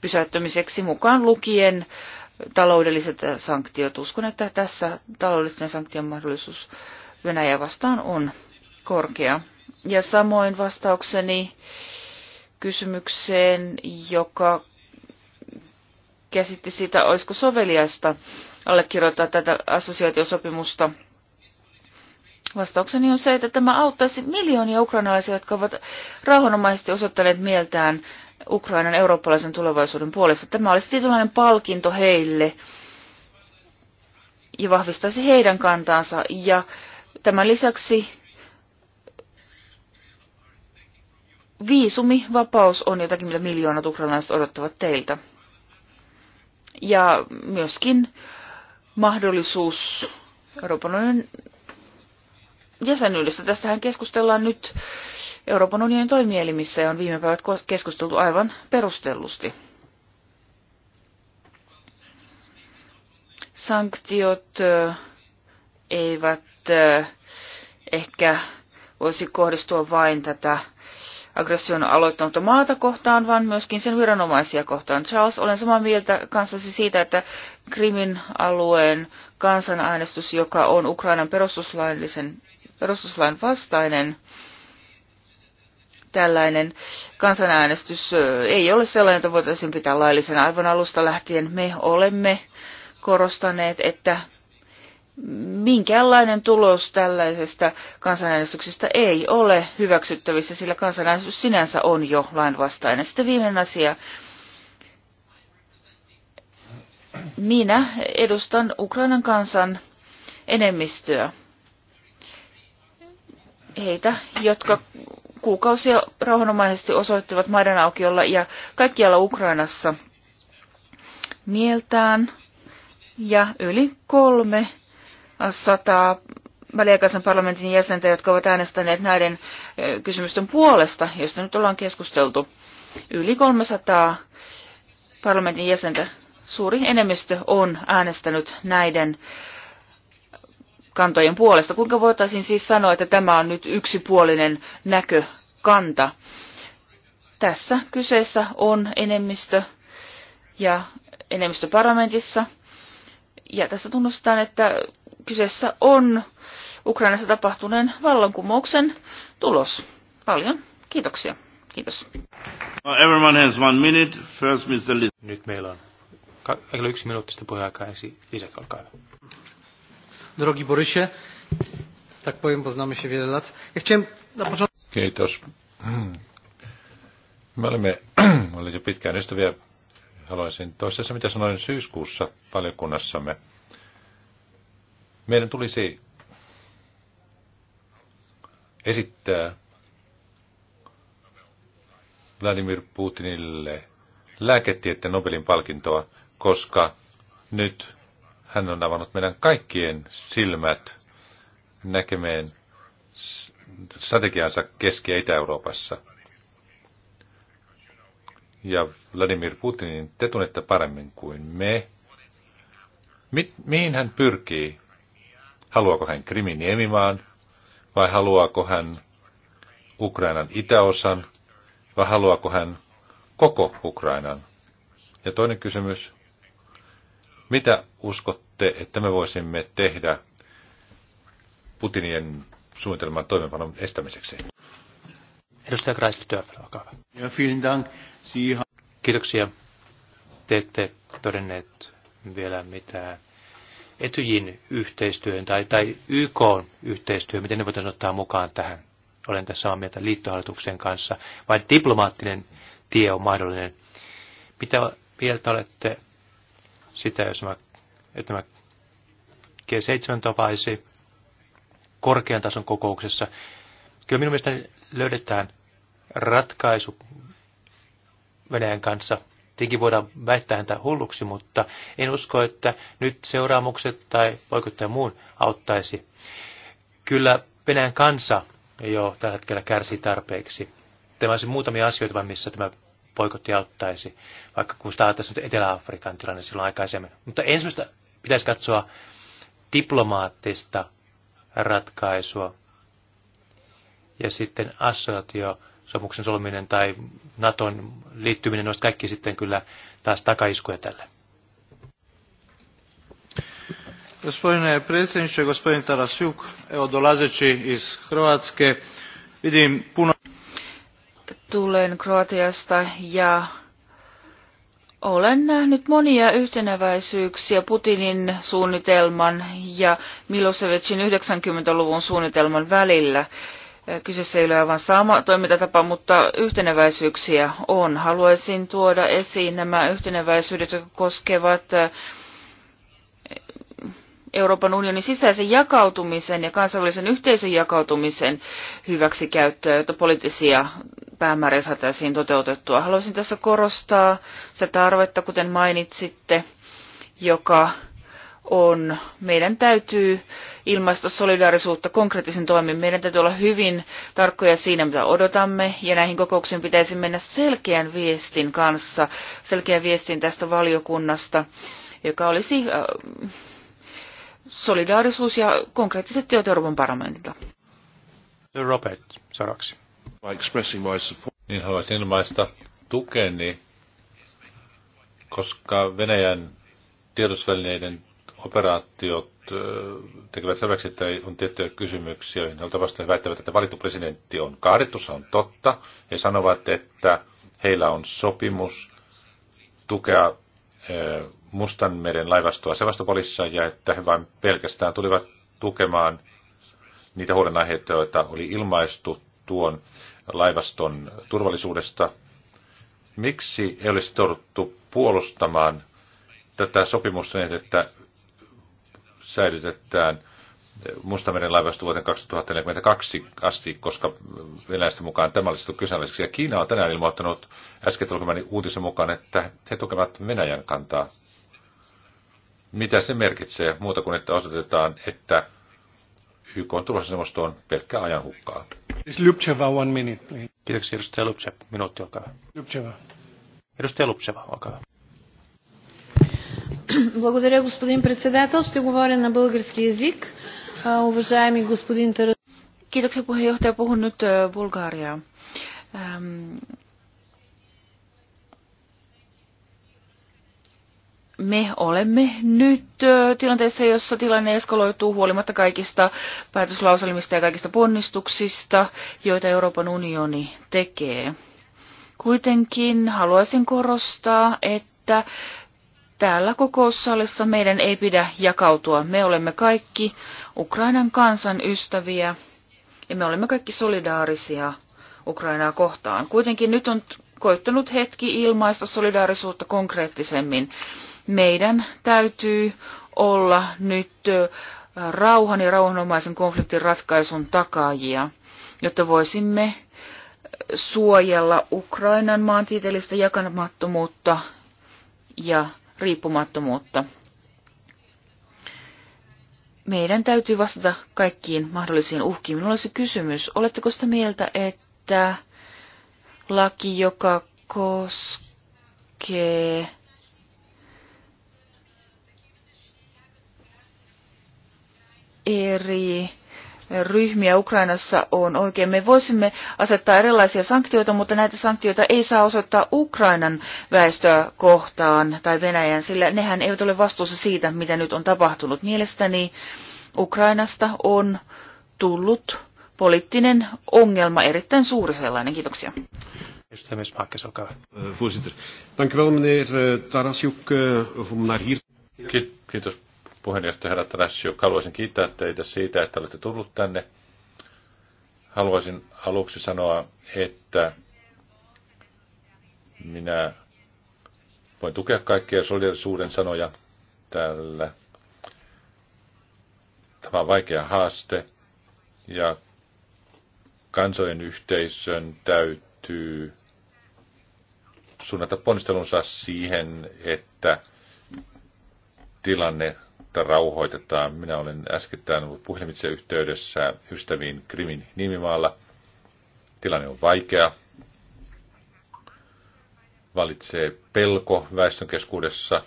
pysäyttämiseksi mukaan lukien taloudelliset sanktiot. Uskon, että tässä taloudellisten sanktion mahdollisuus Venäjä vastaan on korkea. Ja samoin vastaukseni kysymykseen, joka käsitti sitä, olisiko soveliaista allekirjoittaa tätä assosiaatiosopimusta. Vastaukseni on se, että tämä auttaisi miljoonia ukrainalaisia, jotka ovat rauhanomaisesti osoittaneet mieltään Ukrainan eurooppalaisen tulevaisuuden puolesta. Tämä olisi tietynlainen palkinto heille ja vahvistaisi heidän kantaansa. Ja tämän lisäksi viisumivapaus on jotakin, mitä miljoonat ukrainalaiset odottavat teiltä. Ja myöskin äh, mahdollisuus Euroopan unionin jäsenyydestä. Tästähän keskustellaan nyt Euroopan unionin toimielimissä ja on viime päivät keskusteltu aivan perustellusti. Sanktiot eivät ehkä voisi kohdistua vain tätä aggression aloittanut maata kohtaan, vaan myöskin sen viranomaisia kohtaan. Charles, olen samaa mieltä kanssasi siitä, että Krimin alueen kansanäänestys, joka on Ukrainan perustuslaillisen, perustuslain vastainen, tällainen kansanäänestys ei ole sellainen, että voitaisiin pitää laillisena aivan alusta lähtien. Me olemme korostaneet, että minkäänlainen tulos tällaisesta kansanäänestyksestä ei ole hyväksyttävissä, sillä kansanäänestys sinänsä on jo lainvastainen. Sitten viimeinen asia. Minä edustan Ukrainan kansan enemmistöä. Heitä, jotka kuukausia rauhanomaisesti osoittivat maiden aukiolla ja kaikkialla Ukrainassa mieltään. Ja yli kolme sata väliaikaisen parlamentin jäsentä, jotka ovat äänestäneet näiden kysymysten puolesta, josta nyt ollaan keskusteltu. Yli 300 parlamentin jäsentä suuri enemmistö on äänestänyt näiden kantojen puolesta. Kuinka voitaisiin siis sanoa, että tämä on nyt yksipuolinen näkökanta? Tässä kyseessä on enemmistö ja enemmistö parlamentissa. Ja tässä tunnustetaan, että kyseessä on Ukrainassa tapahtuneen vallankumouksen tulos. Paljon kiitoksia. Kiitos. Everyone has one minute. First Mr. Liz. Nyt meillä on kaikilla yksi minuuttista puheenjohtaja ensin. Lisek, olkaa hyvä. Drogi Borysie, tak powiem, bo znamy się wiele lat. Ja chciałem na początku... Kiitos. Me olemme, *clears throat* olleet jo pitkään ystäviä. Haluaisin toistaa mitä sanoin syyskuussa valiokunnassamme. Meidän tulisi esittää Vladimir Putinille lääketieteen Nobelin palkintoa, koska nyt hän on avannut meidän kaikkien silmät näkemään strategiansa Keski- ja Itä-Euroopassa. Ja Vladimir Putinin te tunnette paremmin kuin me. Mi- mihin hän pyrkii? Haluaako hän Krimin niemimaan vai haluaako hän Ukrainan itäosan vai haluaako hän koko Ukrainan? Ja toinen kysymys, mitä uskotte, että me voisimme tehdä Putinien suunnitelman toimenpanon estämiseksi? Edustaja Kreisler-Dörfler, olkaa hyvä. Ja, vielen dank. Kiitoksia. Te ette todenneet vielä mitään Etyjin yhteistyön tai, tai YK yhteistyö, miten ne voitaisiin ottaa mukaan tähän. Olen tässä samaa mieltä liittohallituksen kanssa. Vai diplomaattinen tie on mahdollinen. Mitä mieltä olette sitä, jos mä, että mä G7 tapaisi korkean tason kokouksessa? Kyllä minun mielestäni löydetään ratkaisu Venäjän kanssa Tietenkin voidaan väittää häntä hulluksi, mutta en usko, että nyt seuraamukset tai poikuttaja muun auttaisi. Kyllä Venäjän kansa jo tällä hetkellä kärsii tarpeeksi. Tämä olisi muutamia asioita, vaan missä tämä poikotti auttaisi, vaikka kun sitä nyt Etelä-Afrikan tilanne silloin aikaisemmin. Mutta ensimmäistä pitäisi katsoa diplomaattista ratkaisua ja sitten assosiaatio sopimuksen solminen tai Naton liittyminen, olisi kaikki sitten kyllä taas takaiskuja tälle. Gospodine predsjedniče, gospodin Tarasjuk, evo dolazeći iz Hrvatske, vidim puno... Tulen Kroatiasta ja olen nähnyt monia yhtenäväisyyksiä Putinin suunnitelman ja Milosevicin 90-luvun suunnitelman välillä. Kyseessä ei ole aivan sama toimintatapa, mutta yhteneväisyyksiä on. Haluaisin tuoda esiin nämä yhteneväisyydet, jotka koskevat äh, Euroopan unionin sisäisen jakautumisen ja kansainvälisen yhteisön jakautumisen hyväksikäyttöä, jotta poliittisia päämääriä saataisiin toteutettua. Haluaisin tässä korostaa se tarvetta, kuten mainitsitte, joka on. Meidän täytyy ilmaista solidaarisuutta konkreettisen toimin. Meidän täytyy olla hyvin tarkkoja siinä, mitä odotamme, ja näihin kokouksiin pitäisi mennä selkeän viestin kanssa, selkeän viestin tästä valiokunnasta, joka olisi äh, solidaarisuus ja konkreettiset teot Euroopan parlamentilta. Robert, seuraavaksi. Niin haluaisin ilmaista tukeni, koska Venäjän tiedotusvälineiden operaatiot tekevät selväksi, että on tiettyjä kysymyksiä, joilta vastaan vasta väittävät, että valittu presidentti on kaadettu, se on totta. He sanovat, että heillä on sopimus tukea Mustanmeren laivastoa Sevastopolissa ja että he vain pelkästään tulivat tukemaan niitä huolenaiheita, joita oli ilmaistu tuon laivaston turvallisuudesta. Miksi ei olisi touduttu puolustamaan tätä sopimusta niin, että säilytetään Mustameren laivasto vuoteen 2042 asti, koska venäläisten mukaan tämä olisi kyseenalaiseksi. Ja Kiina on tänään ilmoittanut äsken tulkemani uutisen mukaan, että he tukevat Venäjän kantaa. Mitä se merkitsee muuta kuin, että osoitetaan, että YK on tulossa on pelkkää ajan hukkaa. one minute, please. Kiitoksia, edustaja Lupcheva. Minuutti, olkaa hyvä. Lupcheva. Edustaja Lupcheva, olkaa hyvä. *clears throat* Благодаря, господин председател. Ще говоря на български язик. Уважаеми господин Тарас... Kiitoksia се Puhun nyt Bulgariaa. Ähm, me olemme nyt tilanteessa, jossa tilanne eskaloituu huolimatta kaikista päätöslauselmista ja kaikista ponnistuksista, joita Euroopan unioni tekee. Kuitenkin haluaisin korostaa, että täällä kokoussalissa meidän ei pidä jakautua. Me olemme kaikki Ukrainan kansan ystäviä ja me olemme kaikki solidaarisia Ukrainaa kohtaan. Kuitenkin nyt on koittanut hetki ilmaista solidaarisuutta konkreettisemmin. Meidän täytyy olla nyt rauhan ja rauhanomaisen konfliktin ratkaisun takaajia, jotta voisimme suojella Ukrainan maantieteellistä jakamattomuutta ja riippumattomuutta. Meidän täytyy vastata kaikkiin mahdollisiin uhkiin. Minulla olisi kysymys, oletteko sitä mieltä, että laki, joka koskee eri ryhmiä Ukrainassa on oikein. Me voisimme asettaa erilaisia sanktioita, mutta näitä sanktioita ei saa osoittaa Ukrainan väestöä kohtaan tai Venäjän, sillä nehän eivät ole vastuussa siitä, mitä nyt on tapahtunut. Mielestäni Ukrainasta on tullut poliittinen ongelma, erittäin suuri sellainen. Kiitoksia. Eh, eh, kiitos puheenjohtaja herra Trassiuk, haluaisin kiittää teitä siitä, että olette tullut tänne. Haluaisin aluksi sanoa, että minä voin tukea kaikkia solidarisuuden sanoja tällä. Tämä on vaikea haaste ja kansojen yhteisön täytyy suunnata ponnistelunsa siihen, että tilanne tilannetta rauhoitetaan. Minä olen äskettäin ollut puhelimitse yhteydessä ystäviin Krimin nimimaalla. Tilanne on vaikea. Valitsee pelko väestön keskuudessa,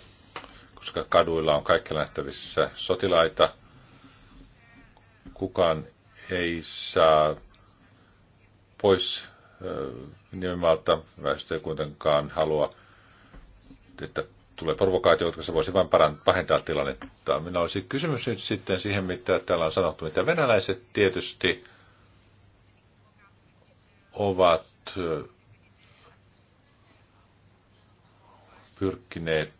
koska kaduilla on kaikki nähtävissä sotilaita. Kukaan ei saa pois nimimaalta. Väestö ei kuitenkaan halua, että tulee provokaatio, jotka se voisi vain pahentaa tilannetta. Minä olisi kysymys nyt sitten siihen, mitä täällä on sanottu, mitä venäläiset tietysti ovat pyrkineet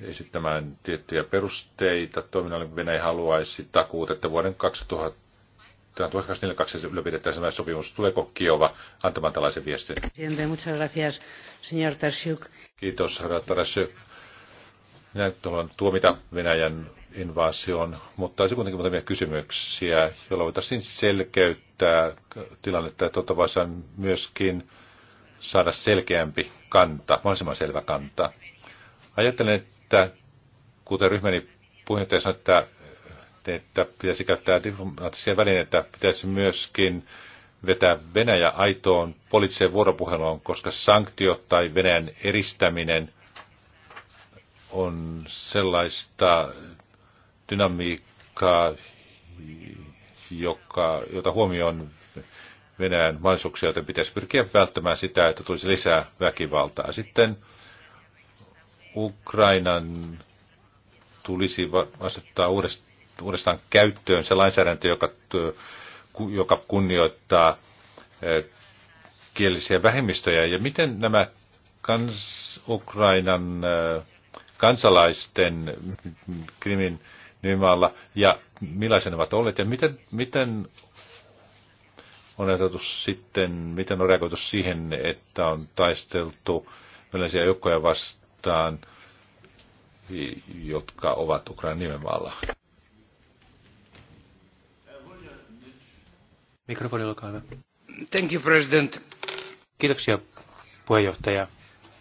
esittämään tiettyjä perusteita. Toiminnalle Venäjä haluaisi takuut, että vuoden 2000 1982 ylläpidettäisiin tämä sopimus. Tuleeko Kiova antamaan tällaisen viestin? Kiitos, herra Tarasjuk. Minä haluan tuomita Venäjän invaasion, mutta olisi kuitenkin muutamia kysymyksiä, joilla voitaisiin selkeyttää tilannetta, ja tuota voisin myöskin saada selkeämpi kanta, mahdollisimman selvä kanta. Ajattelen, että kuten ryhmäni puheenjohtaja sanoi, että että pitäisi käyttää diplomaattisia välineitä, pitäisi myöskin vetää Venäjä aitoon poliittiseen vuoropuheluun, koska sanktiot tai Venäjän eristäminen on sellaista dynamiikkaa, joka, jota huomioon Venäjän mahdollisuuksia, joten pitäisi pyrkiä välttämään sitä, että tulisi lisää väkivaltaa. Sitten Ukrainan tulisi asettaa uudestaan uudestaan käyttöön se lainsäädäntö, joka, joka kunnioittaa e, kielisiä vähemmistöjä, ja miten nämä kans, Ukrainan e, kansalaisten krimin nimalla, ja millaisen ovat olleet, ja miten, miten on ajateltu sitten, miten on reagoitu siihen, että on taisteltu millaisia joukkoja vastaan, jotka ovat Ukrainan nimenmaalla. Mikrofoni, olkaa hyvä. Thank you, President. Kiitoksia, puheenjohtaja.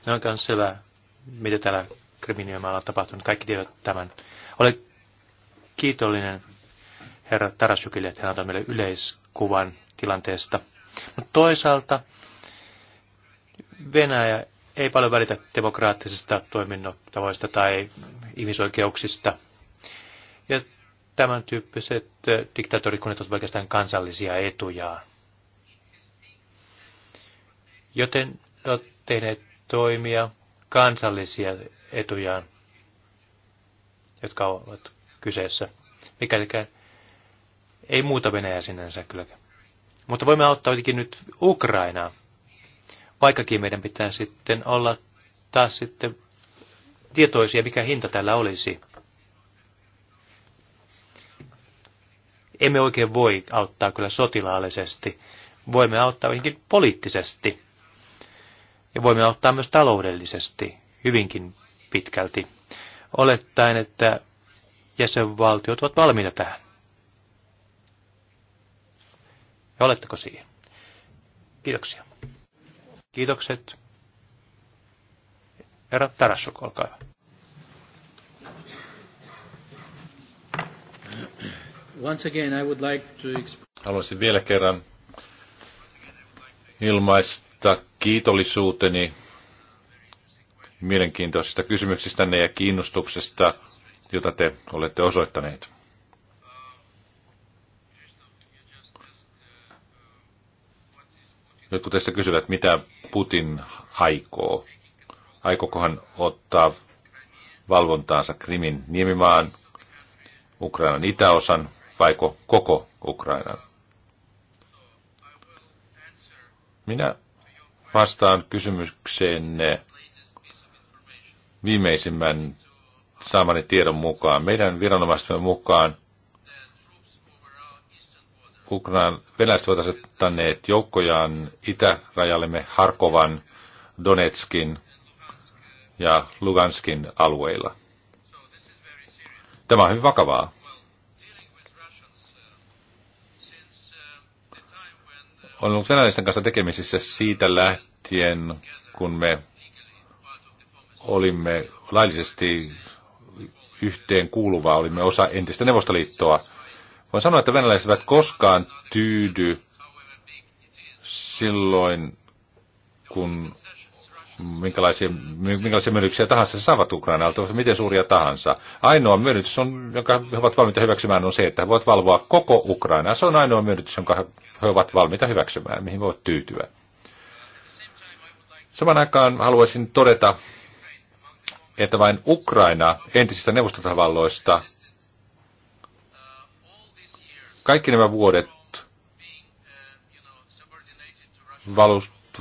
No, on myös selvää, mitä täällä kriminioimalla on tapahtunut. Kaikki tiedät tämän. Olen kiitollinen herra Tarasjukille, että hän antoi meille yleiskuvan tilanteesta. Mutta toisaalta Venäjä ei paljon välitä demokraattisista toiminnotavoista tai ihmisoikeuksista tämän tyyppiset diktatorikunnat ovat oikeastaan kansallisia etuja, Joten ne ovat tehneet toimia kansallisia etujaan, jotka ovat kyseessä. Mikälikään ei muuta Venäjä sinänsä kyllä. Mutta voimme auttaa jotenkin nyt Ukrainaa, vaikkakin meidän pitää sitten olla taas sitten tietoisia, mikä hinta tällä olisi. emme oikein voi auttaa kyllä sotilaallisesti. Voimme auttaa jotenkin poliittisesti. Ja voimme auttaa myös taloudellisesti hyvinkin pitkälti, olettaen, että jäsenvaltiot ovat valmiita tähän. Ja oletteko siihen? Kiitoksia. Kiitokset. Herra Tarasuk, olkaa hyvä. Once again, I would like to... Haluaisin vielä kerran ilmaista kiitollisuuteni mielenkiintoisista kysymyksistänne ja kiinnostuksesta, jota te olette osoittaneet. Jotkut teistä kysyvät, mitä Putin aikoo. Aikokohan ottaa valvontaansa Krimin niemimaan, Ukrainan itäosan vaiko koko Ukrainan? Minä vastaan kysymykseenne viimeisimmän saamani tiedon mukaan. Meidän viranomaistemme mukaan Ukrainan venäläiset ovat asettaneet joukkojaan itärajallemme Harkovan, Donetskin ja Luganskin alueilla. Tämä on hyvin vakavaa. on ollut venäläisten kanssa tekemisissä siitä lähtien, kun me olimme laillisesti yhteen kuuluva, olimme osa entistä Neuvostoliittoa. Voin sanoa, että venäläiset eivät koskaan tyydy silloin, kun minkälaisia, minkälaisia myönnyksiä tahansa saavat Ukrainalta, miten suuria tahansa. Ainoa myönnytys, on, jonka he ovat valmiita hyväksymään, on se, että he voivat valvoa koko Ukrainaa. Se on ainoa myönnytys, jonka he he ovat valmiita hyväksymään, mihin voivat tyytyä. Saman aikaan haluaisin todeta, että vain Ukraina entisistä neuvostotavalloista kaikki nämä vuodet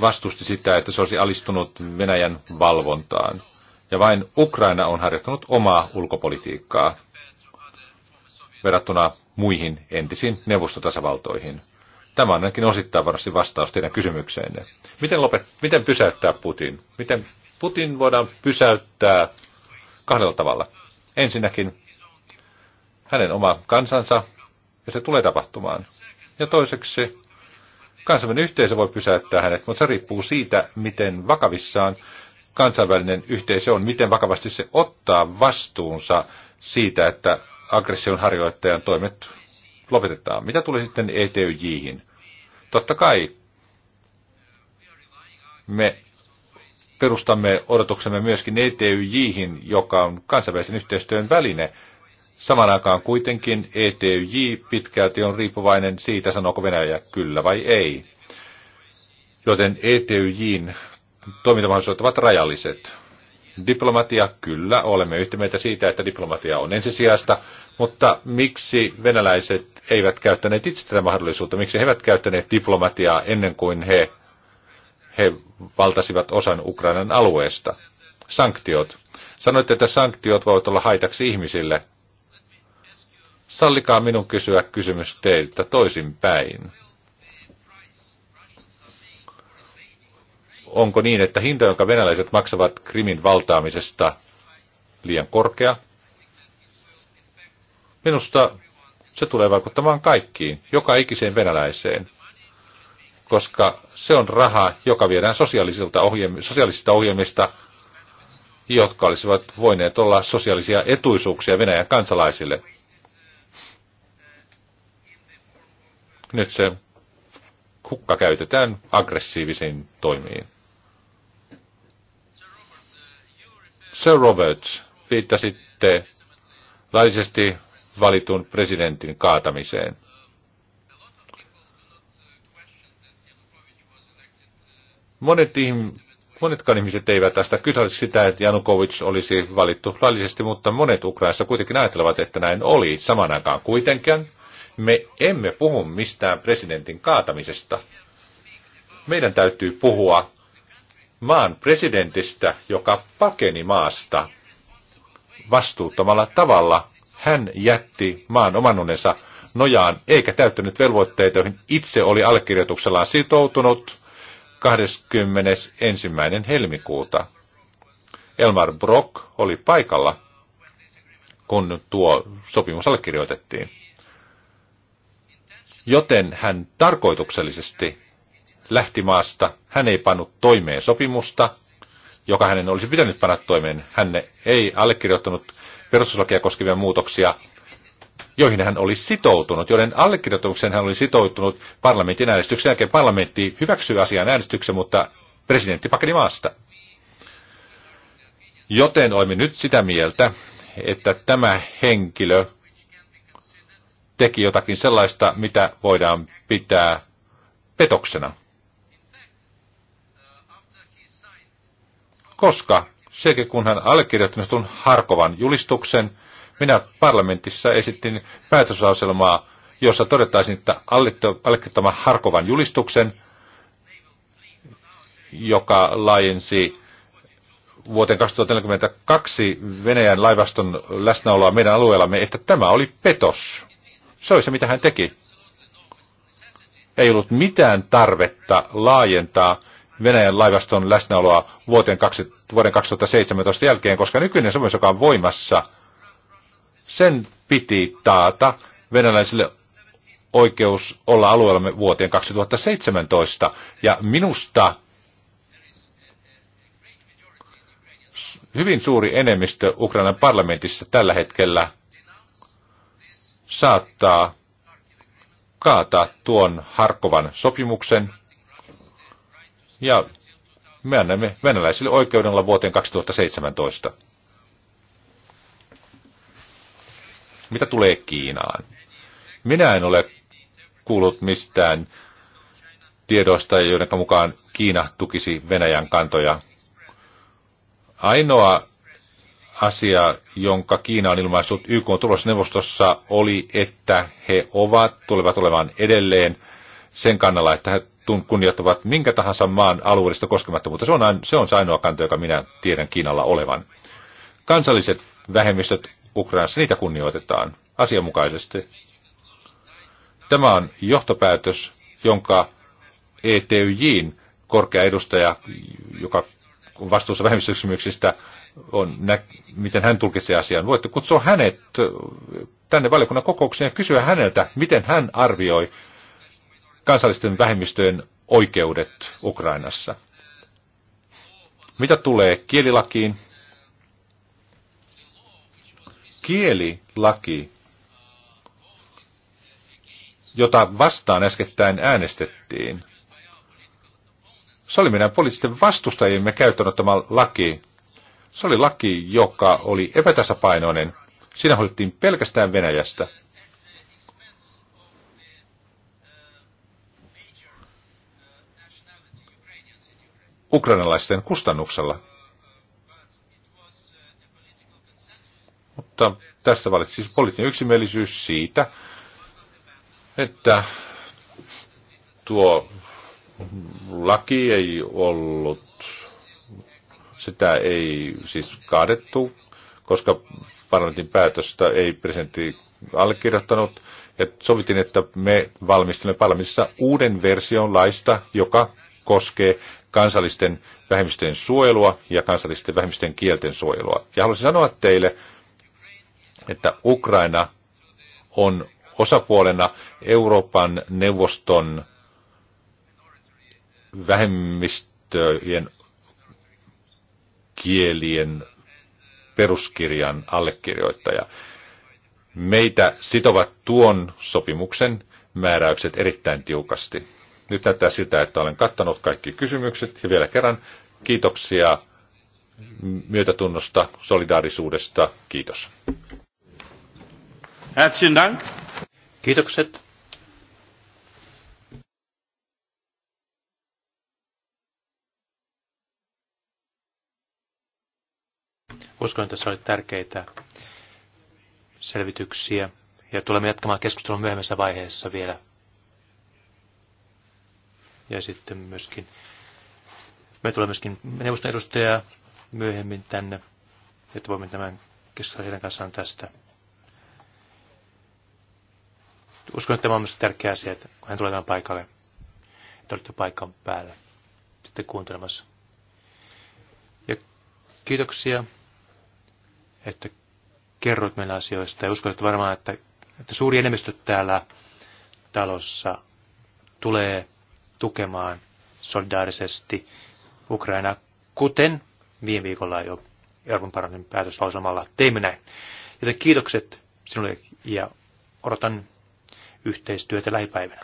vastusti sitä, että se olisi alistunut Venäjän valvontaan. Ja vain Ukraina on harjoittanut omaa ulkopolitiikkaa verrattuna muihin entisiin neuvostotasavaltoihin. Tämä on ainakin osittain varmasti vastaus teidän kysymykseenne. Miten, lopet, miten pysäyttää Putin? Miten Putin voidaan pysäyttää kahdella tavalla? Ensinnäkin hänen oma kansansa, ja se tulee tapahtumaan. Ja toiseksi kansainvälinen yhteisö voi pysäyttää hänet, mutta se riippuu siitä, miten vakavissaan kansainvälinen yhteisö on, miten vakavasti se ottaa vastuunsa siitä, että aggression harjoittajan toimet lopetetaan. Mitä tulee sitten ETYJihin? Totta kai me perustamme odotuksemme myöskin ETYJihin, joka on kansainvälisen yhteistyön väline. Samaan aikaan kuitenkin ETYJ pitkälti on riippuvainen siitä, sanooko Venäjä kyllä vai ei. Joten ETYJin toimintamahdollisuudet ovat rajalliset. Diplomatia, kyllä, olemme yhtä mieltä siitä, että diplomatia on ensisijaista, mutta miksi venäläiset eivät käyttäneet itse tätä mahdollisuutta? Miksi he eivät käyttäneet diplomatiaa ennen kuin he, he valtasivat osan Ukrainan alueesta? Sanktiot. Sanoitte, että sanktiot voivat olla haitaksi ihmisille. Sallikaa minun kysyä kysymys teiltä toisinpäin. Onko niin, että hinta, jonka venäläiset maksavat Krimin valtaamisesta, liian korkea? Minusta se tulee vaikuttamaan kaikkiin, joka ikiseen venäläiseen, koska se on raha, joka viedään sosiaalisilta ohjelmi- sosiaalisista ohjelmista, jotka olisivat voineet olla sosiaalisia etuisuuksia Venäjän kansalaisille. Nyt se hukka käytetään aggressiivisiin toimiin. Sir Robert, viittasitte laillisesti valitun presidentin kaatamiseen. Monet ihmiset monetkaan ihmiset eivät tästä kytä sitä, että Janukovic olisi valittu laillisesti, mutta monet Ukrainassa kuitenkin ajattelevat, että näin oli saman aikaan kuitenkin. Me emme puhu mistään presidentin kaatamisesta. Meidän täytyy puhua maan presidentistä, joka pakeni maasta vastuuttomalla tavalla hän jätti maan oman unensa nojaan eikä täyttänyt velvoitteita, joihin itse oli allekirjoituksellaan sitoutunut 21. helmikuuta. Elmar Brock oli paikalla, kun tuo sopimus allekirjoitettiin. Joten hän tarkoituksellisesti lähti maasta. Hän ei pannut toimeen sopimusta, joka hänen olisi pitänyt panna toimeen. Hän ei allekirjoittanut perustuslakia koskevia muutoksia, joihin hän oli sitoutunut, joiden allekirjoitukseen hän oli sitoutunut parlamentin äänestyksen jälkeen. Parlamentti hyväksyi asian äänestyksen, mutta presidentti pakeni maasta. Joten olemme nyt sitä mieltä, että tämä henkilö teki jotakin sellaista, mitä voidaan pitää petoksena. Koska sekä kun hän allekirjoitti tuon Harkovan julistuksen, minä parlamentissa esittin päätöslauselmaa, jossa todettaisiin, että allekirjoittama Harkovan julistuksen, joka laajensi vuoteen 2042 Venäjän laivaston läsnäoloa meidän alueellamme, että tämä oli petos. Se oli se, mitä hän teki. Ei ollut mitään tarvetta laajentaa Venäjän laivaston läsnäoloa vuoteen vuoden 2017 jälkeen, koska nykyinen sopimus, joka on voimassa, sen piti taata venäläisille oikeus olla alueellamme vuoteen 2017. Ja minusta hyvin suuri enemmistö Ukrainan parlamentissa tällä hetkellä saattaa kaataa tuon Harkovan sopimuksen – ja me annamme venäläisille oikeudella vuoteen 2017. Mitä tulee Kiinaan? Minä en ole kuullut mistään tiedosta, joiden mukaan Kiina tukisi Venäjän kantoja. Ainoa asia, jonka Kiina on ilmaissut YK tulosneuvostossa, oli, että he ovat, tulevat olemaan edelleen sen kannalla, että he kunnioittavat minkä tahansa maan alueellista koskemattomuutta. Se on, se on se ainoa kanta, joka minä tiedän Kiinalla olevan. Kansalliset vähemmistöt Ukrainassa, niitä kunnioitetaan asianmukaisesti. Tämä on johtopäätös, jonka ETYJin korkea edustaja, joka on vastuussa vähemmistökysymyksistä, on, nä, miten hän tulkitsee asian. Voitte kutsua hänet tänne valiokunnan kokoukseen ja kysyä häneltä, miten hän arvioi kansallisten vähemmistöjen oikeudet Ukrainassa. Mitä tulee kielilakiin? Kielilaki, jota vastaan äskettäin äänestettiin, se oli meidän poliittisten vastustajiemme käyttöön ottama laki. Se oli laki, joka oli epätasapainoinen. Siinä hoidettiin pelkästään Venäjästä. ukrainalaisten kustannuksella. Mutta tässä valitsi siis poliittinen yksimielisyys siitä, että tuo laki ei ollut, sitä ei siis kaadettu, koska parlamentin päätöstä ei presidentti allekirjoittanut. Et sovittiin, että me valmistelemme parlamentissa uuden version laista, joka koskee kansallisten vähemmistöjen suojelua ja kansallisten vähemmistöjen kielten suojelua. Ja haluaisin sanoa teille, että Ukraina on osapuolena Euroopan neuvoston vähemmistöjen kielien peruskirjan allekirjoittaja. Meitä sitovat tuon sopimuksen määräykset erittäin tiukasti. Nyt näyttää siltä, että olen kattanut kaikki kysymykset ja vielä kerran kiitoksia myötätunnosta, solidaarisuudesta. Kiitos. Kiitokset. Uskon, että se oli tärkeitä selvityksiä ja tulemme jatkamaan keskustelua myöhemmässä vaiheessa vielä ja sitten myöskin, me tulee myöskin neuvoston edustaja myöhemmin tänne, että voimme tämän keskustella heidän kanssaan tästä. Uskon, että tämä on myös tärkeä asia, että kun hän tulee tämän paikalle, että olette paikan päällä sitten kuuntelemassa. Ja kiitoksia, että kerroit meille asioista ja uskon, että varmaan, että, että suuri enemmistö täällä talossa tulee tukemaan solidaarisesti Ukrainaa, kuten viime viikolla jo Euroopan parlamentin päätöslausumalla teimme näin. Joten kiitokset sinulle ja odotan yhteistyötä lähipäivänä.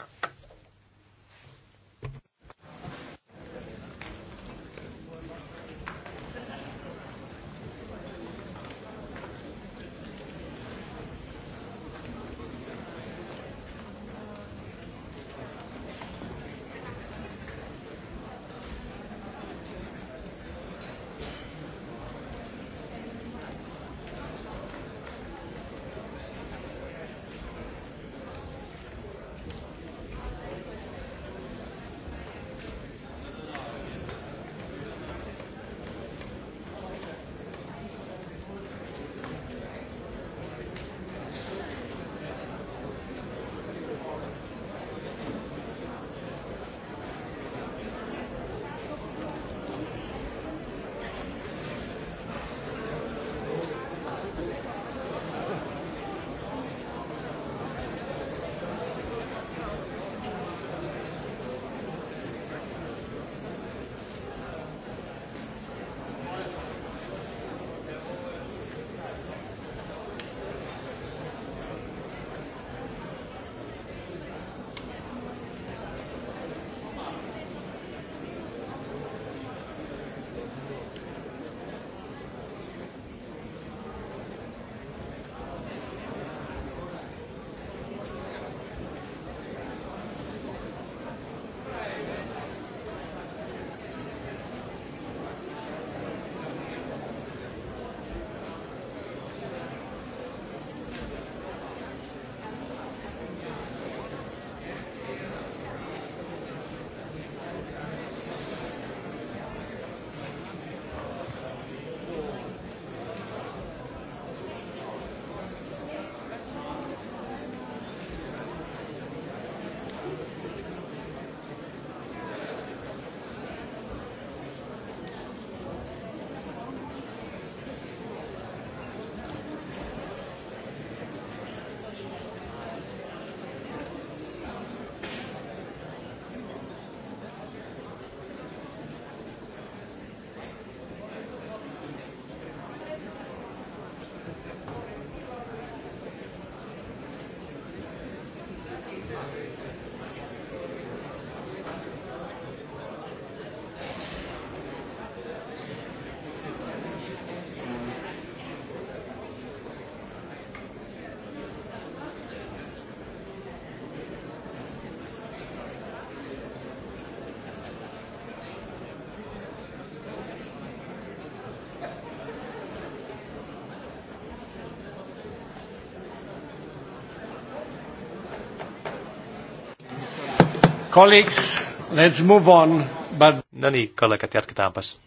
Colleagues, let's move on. But... No niin, kollegat, jatketaanpas.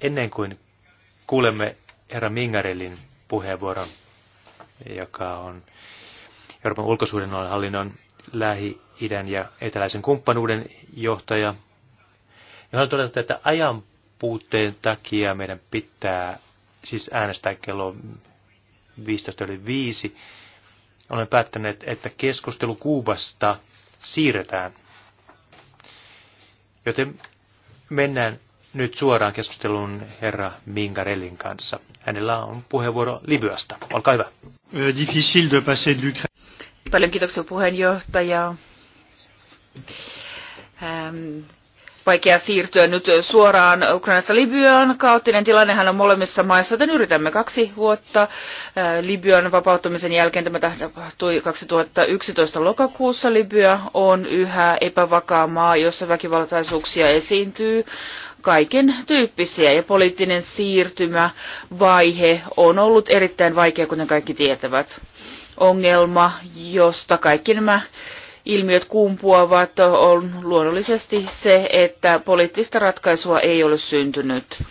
Ennen kuin kuulemme herra Mingarellin puheenvuoron, joka on Euroopan ulkosuudenhallinnon Lähi-idän ja eteläisen kumppanuuden johtaja, niin haluan todeta, että ajan puutteen takia meidän pitää siis äänestää kello 15 Olen päättänyt, Olemme päättäneet, että keskustelu Kuubasta – siirretään. Joten mennään nyt suoraan keskusteluun herra Mingarellin kanssa. Hänellä on puheenvuoro Libyasta. Olkaa hyvä. Euh, Paljon kiitoksia puheenjohtaja. Ähm, vaikea siirtyä nyt suoraan Ukrainasta Libyaan. Kaoottinen tilannehan on molemmissa maissa, joten yritämme kaksi vuotta. Libyan vapauttamisen jälkeen tämä tapahtui 2011 lokakuussa. Libya on yhä epävakaa maa, jossa väkivaltaisuuksia esiintyy kaiken tyyppisiä ja poliittinen siirtymä vaihe on ollut erittäin vaikea, kuten kaikki tietävät. Ongelma, josta kaikki nämä ilmiöt kumpuavat, on luonnollisesti se, että poliittista ratkaisua ei ole syntynyt.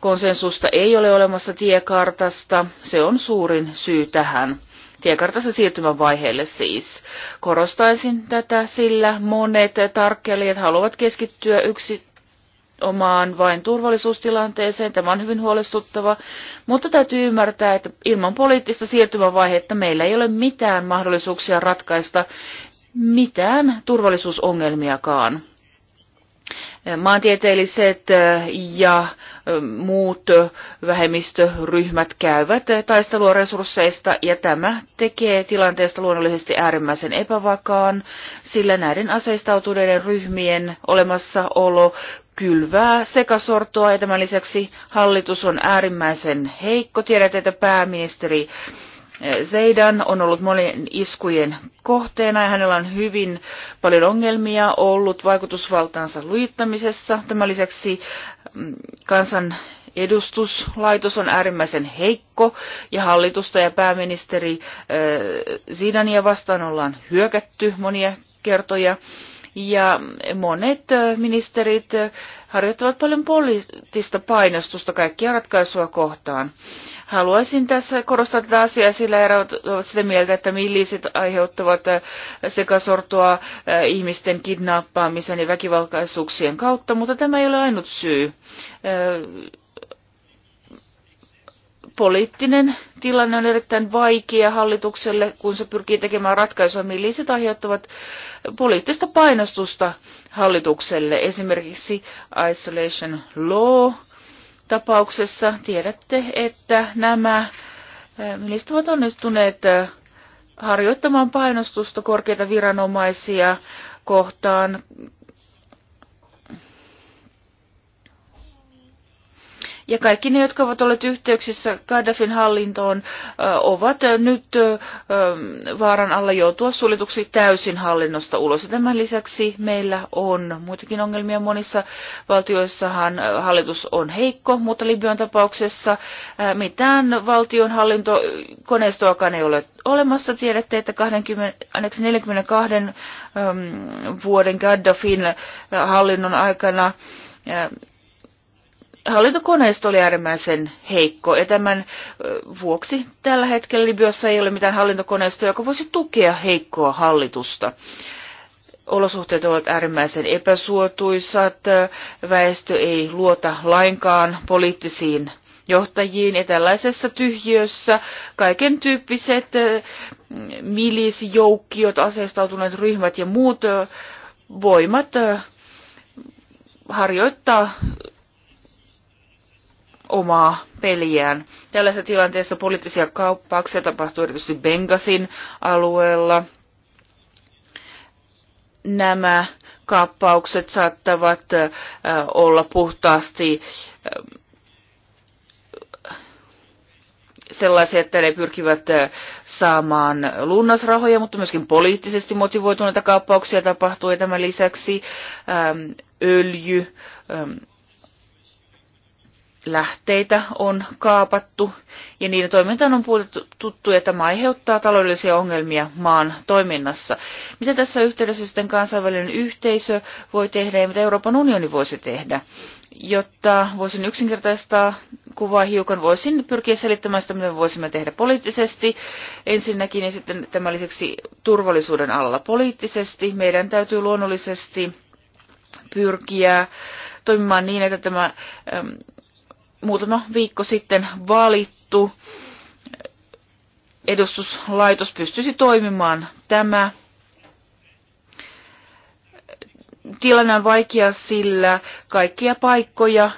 Konsensusta ei ole olemassa tiekartasta, se on suurin syy tähän. Tiekartassa siirtymän vaiheelle siis. Korostaisin tätä, sillä monet tarkkelijat haluavat keskittyä yksi omaan vain turvallisuustilanteeseen. Tämä on hyvin huolestuttava, mutta täytyy ymmärtää, että ilman poliittista siirtymävaihetta meillä ei ole mitään mahdollisuuksia ratkaista mitään turvallisuusongelmiakaan. Maantieteelliset ja muut vähemmistöryhmät käyvät taistelua resursseista ja tämä tekee tilanteesta luonnollisesti äärimmäisen epävakaan, sillä näiden aseistautuneiden ryhmien olemassaolo kylvää sekasortoa ja tämän lisäksi hallitus on äärimmäisen heikko. Tiedät, että pääministeri Zeidan on ollut monien iskujen kohteena ja hänellä on hyvin paljon ongelmia ollut vaikutusvaltaansa lujittamisessa. Tämän lisäksi mm, kansan edustuslaitos on äärimmäisen heikko ja hallitusta ja pääministeri äh, Zidania vastaan ollaan hyökätty monia kertoja. Ja monet äh, ministerit äh, harjoittavat paljon poliittista painostusta kaikkia ratkaisua kohtaan. Haluaisin tässä korostaa tätä asiaa, sillä erot ovat sitä mieltä, että milliset aiheuttavat äh, sekasortoa äh, ihmisten kidnappaamisen ja väkivaltaisuuksien kautta, mutta tämä ei ole ainut syy äh, poliittinen tilanne on erittäin vaikea hallitukselle, kun se pyrkii tekemään ratkaisua, milliset aiheuttavat poliittista painostusta hallitukselle. Esimerkiksi isolation law tapauksessa tiedätte, että nämä Milistä ovat onnistuneet harjoittamaan painostusta korkeita viranomaisia kohtaan Ja kaikki ne, jotka ovat olleet yhteyksissä Gaddafin hallintoon, ovat nyt vaaran alla joutua suljetuksi täysin hallinnosta ulos. Ja tämän lisäksi meillä on muitakin ongelmia. Monissa valtioissahan hallitus on heikko, mutta Libyan tapauksessa mitään valtion hallintokoneistoakaan ei ole olemassa. Tiedätte, että 20, 42 vuoden Gaddafin hallinnon aikana hallintokoneisto oli äärimmäisen heikko ja tämän vuoksi tällä hetkellä Libyassa ei ole mitään hallintokoneistoa, joka voisi tukea heikkoa hallitusta. Olosuhteet ovat äärimmäisen epäsuotuisat, väestö ei luota lainkaan poliittisiin johtajiin ja tällaisessa tyhjössä kaiken tyyppiset milisjoukkiot, aseistautuneet ryhmät ja muut voimat harjoittaa omaa peliään. Tällaisessa tilanteessa poliittisia kauppauksia tapahtuu erityisesti Bengasin alueella. Nämä kauppaukset saattavat olla puhtaasti sellaisia, että ne pyrkivät saamaan lunnasrahoja, mutta myöskin poliittisesti motivoituneita kauppauksia tapahtuu. Ja tämän lisäksi öljy, lähteitä on kaapattu ja niiden toimintaan on tuttu ja tämä aiheuttaa taloudellisia ongelmia maan toiminnassa. Mitä tässä yhteydessä sitten kansainvälinen yhteisö voi tehdä ja mitä Euroopan unioni voisi tehdä? Jotta voisin yksinkertaistaa kuvaa hiukan, voisin pyrkiä selittämään sitä, mitä voisimme tehdä poliittisesti ensinnäkin ja sitten tämän lisäksi turvallisuuden alla poliittisesti. Meidän täytyy luonnollisesti pyrkiä toimimaan niin, että tämä muutama viikko sitten valittu edustuslaitos pystyisi toimimaan. Tämä tilanne on vaikea, sillä kaikkia paikkoja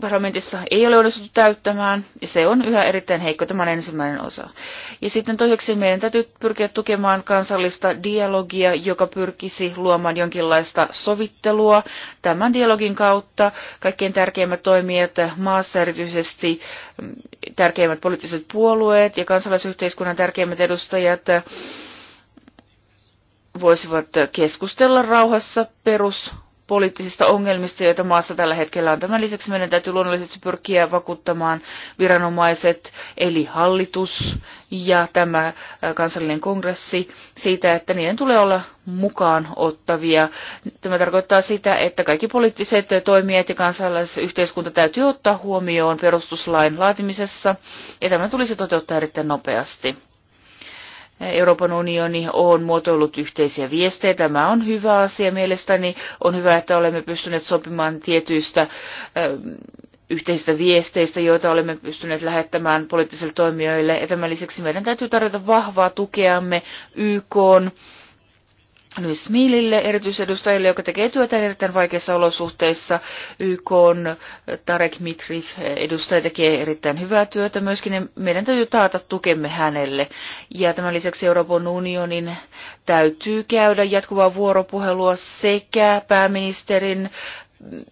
parlamentissa ei ole onnistuttu täyttämään, ja se on yhä erittäin heikko, tämän ensimmäinen osa. Ja sitten toiseksi meidän täytyy pyrkiä tukemaan kansallista dialogia, joka pyrkisi luomaan jonkinlaista sovittelua. Tämän dialogin kautta kaikkein tärkeimmät toimijat maassa, erityisesti mm, tärkeimmät poliittiset puolueet ja kansalaisyhteiskunnan tärkeimmät edustajat, mm, voisivat keskustella rauhassa perus poliittisista ongelmista, joita maassa tällä hetkellä on. Tämän lisäksi meidän täytyy luonnollisesti pyrkiä vakuuttamaan viranomaiset, eli hallitus ja tämä kansallinen kongressi siitä, että niiden tulee olla mukaan ottavia. Tämä tarkoittaa sitä, että kaikki poliittiset toimijat ja kansalaisyhteiskunta täytyy ottaa huomioon perustuslain laatimisessa, ja tämä tulisi toteuttaa erittäin nopeasti. Euroopan unioni on muotoillut yhteisiä viestejä. Tämä on hyvä asia mielestäni. On hyvä, että olemme pystyneet sopimaan tietyistä yhteisistä viesteistä, joita olemme pystyneet lähettämään poliittisille toimijoille. Ja tämän lisäksi meidän täytyy tarjota vahvaa tukeamme YK Louis Millille, erityisedustajille, joka tekee työtä erittäin vaikeissa olosuhteissa. YK on Tarek Mitrif edustaja tekee erittäin hyvää työtä myöskin. Meidän täytyy taata tukemme hänelle. Ja tämän lisäksi Euroopan unionin täytyy käydä jatkuvaa vuoropuhelua sekä pääministerin,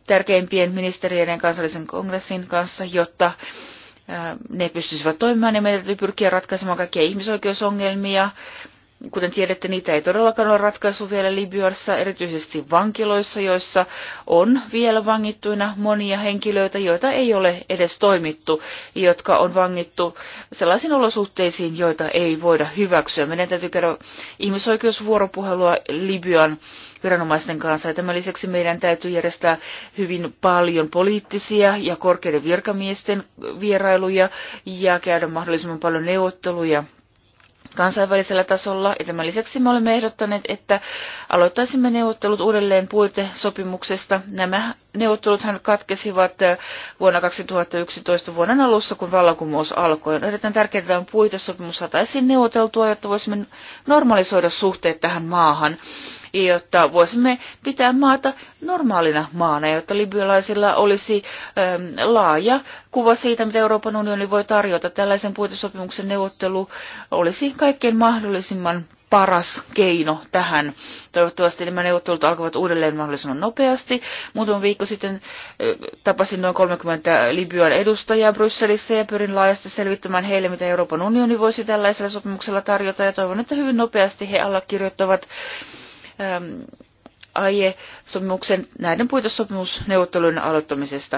tärkeimpien ministeriöiden kansallisen kongressin kanssa, jotta ne pystyisivät toimimaan ja meidän täytyy pyrkiä ratkaisemaan kaikkia ihmisoikeusongelmia, Kuten tiedätte, niitä ei todellakaan ole ratkaisu vielä Libyassa, erityisesti vankiloissa, joissa on vielä vangittuina monia henkilöitä, joita ei ole edes toimittu, jotka on vangittu sellaisiin olosuhteisiin, joita ei voida hyväksyä. Meidän täytyy käydä ihmisoikeusvuoropuhelua Libyan viranomaisten kanssa. Ja tämän lisäksi meidän täytyy järjestää hyvin paljon poliittisia ja korkeiden virkamiesten vierailuja ja käydä mahdollisimman paljon neuvotteluja kansainvälisellä tasolla. Ja tämän lisäksi me olemme ehdottaneet, että aloittaisimme neuvottelut uudelleen puitesopimuksesta. Nämä neuvotteluthan katkesivat vuonna 2011 vuoden alussa, kun vallankumous alkoi. On erittäin tärkeää, että puitesopimus saataisiin neuvoteltua, jotta voisimme normalisoida suhteet tähän maahan jotta voisimme pitää maata normaalina maana, jotta libyalaisilla olisi ähm, laaja kuva siitä, mitä Euroopan unioni voi tarjota. Tällaisen puitesopimuksen neuvottelu olisi kaikkein mahdollisimman paras keino tähän. Toivottavasti nämä neuvottelut alkavat uudelleen mahdollisimman nopeasti. Muutama viikko sitten äh, tapasin noin 30 Libyan edustajaa Brysselissä ja pyrin laajasti selvittämään heille, mitä Euroopan unioni voisi tällaisella sopimuksella tarjota. Ja toivon, että hyvin nopeasti he allekirjoittavat Ähm, sopimuksen näiden puitesopimusneuvottelujen aloittamisesta.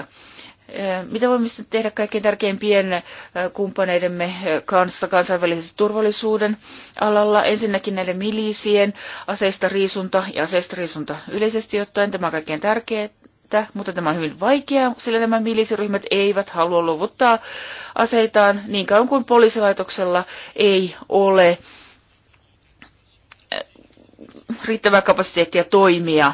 Äh, mitä voimme sitten tehdä kaikkein tärkeimpien äh, kumppaneidemme äh, kanssa kansainvälisen turvallisuuden alalla? Ensinnäkin näiden milisien aseista riisunta ja aseista riisunta yleisesti ottaen. Tämä on kaikkein tärkeää mutta tämä on hyvin vaikeaa, sillä nämä milisiryhmät eivät halua luovuttaa aseitaan niin kauan kuin poliisilaitoksella ei ole riittävää kapasiteettia toimia.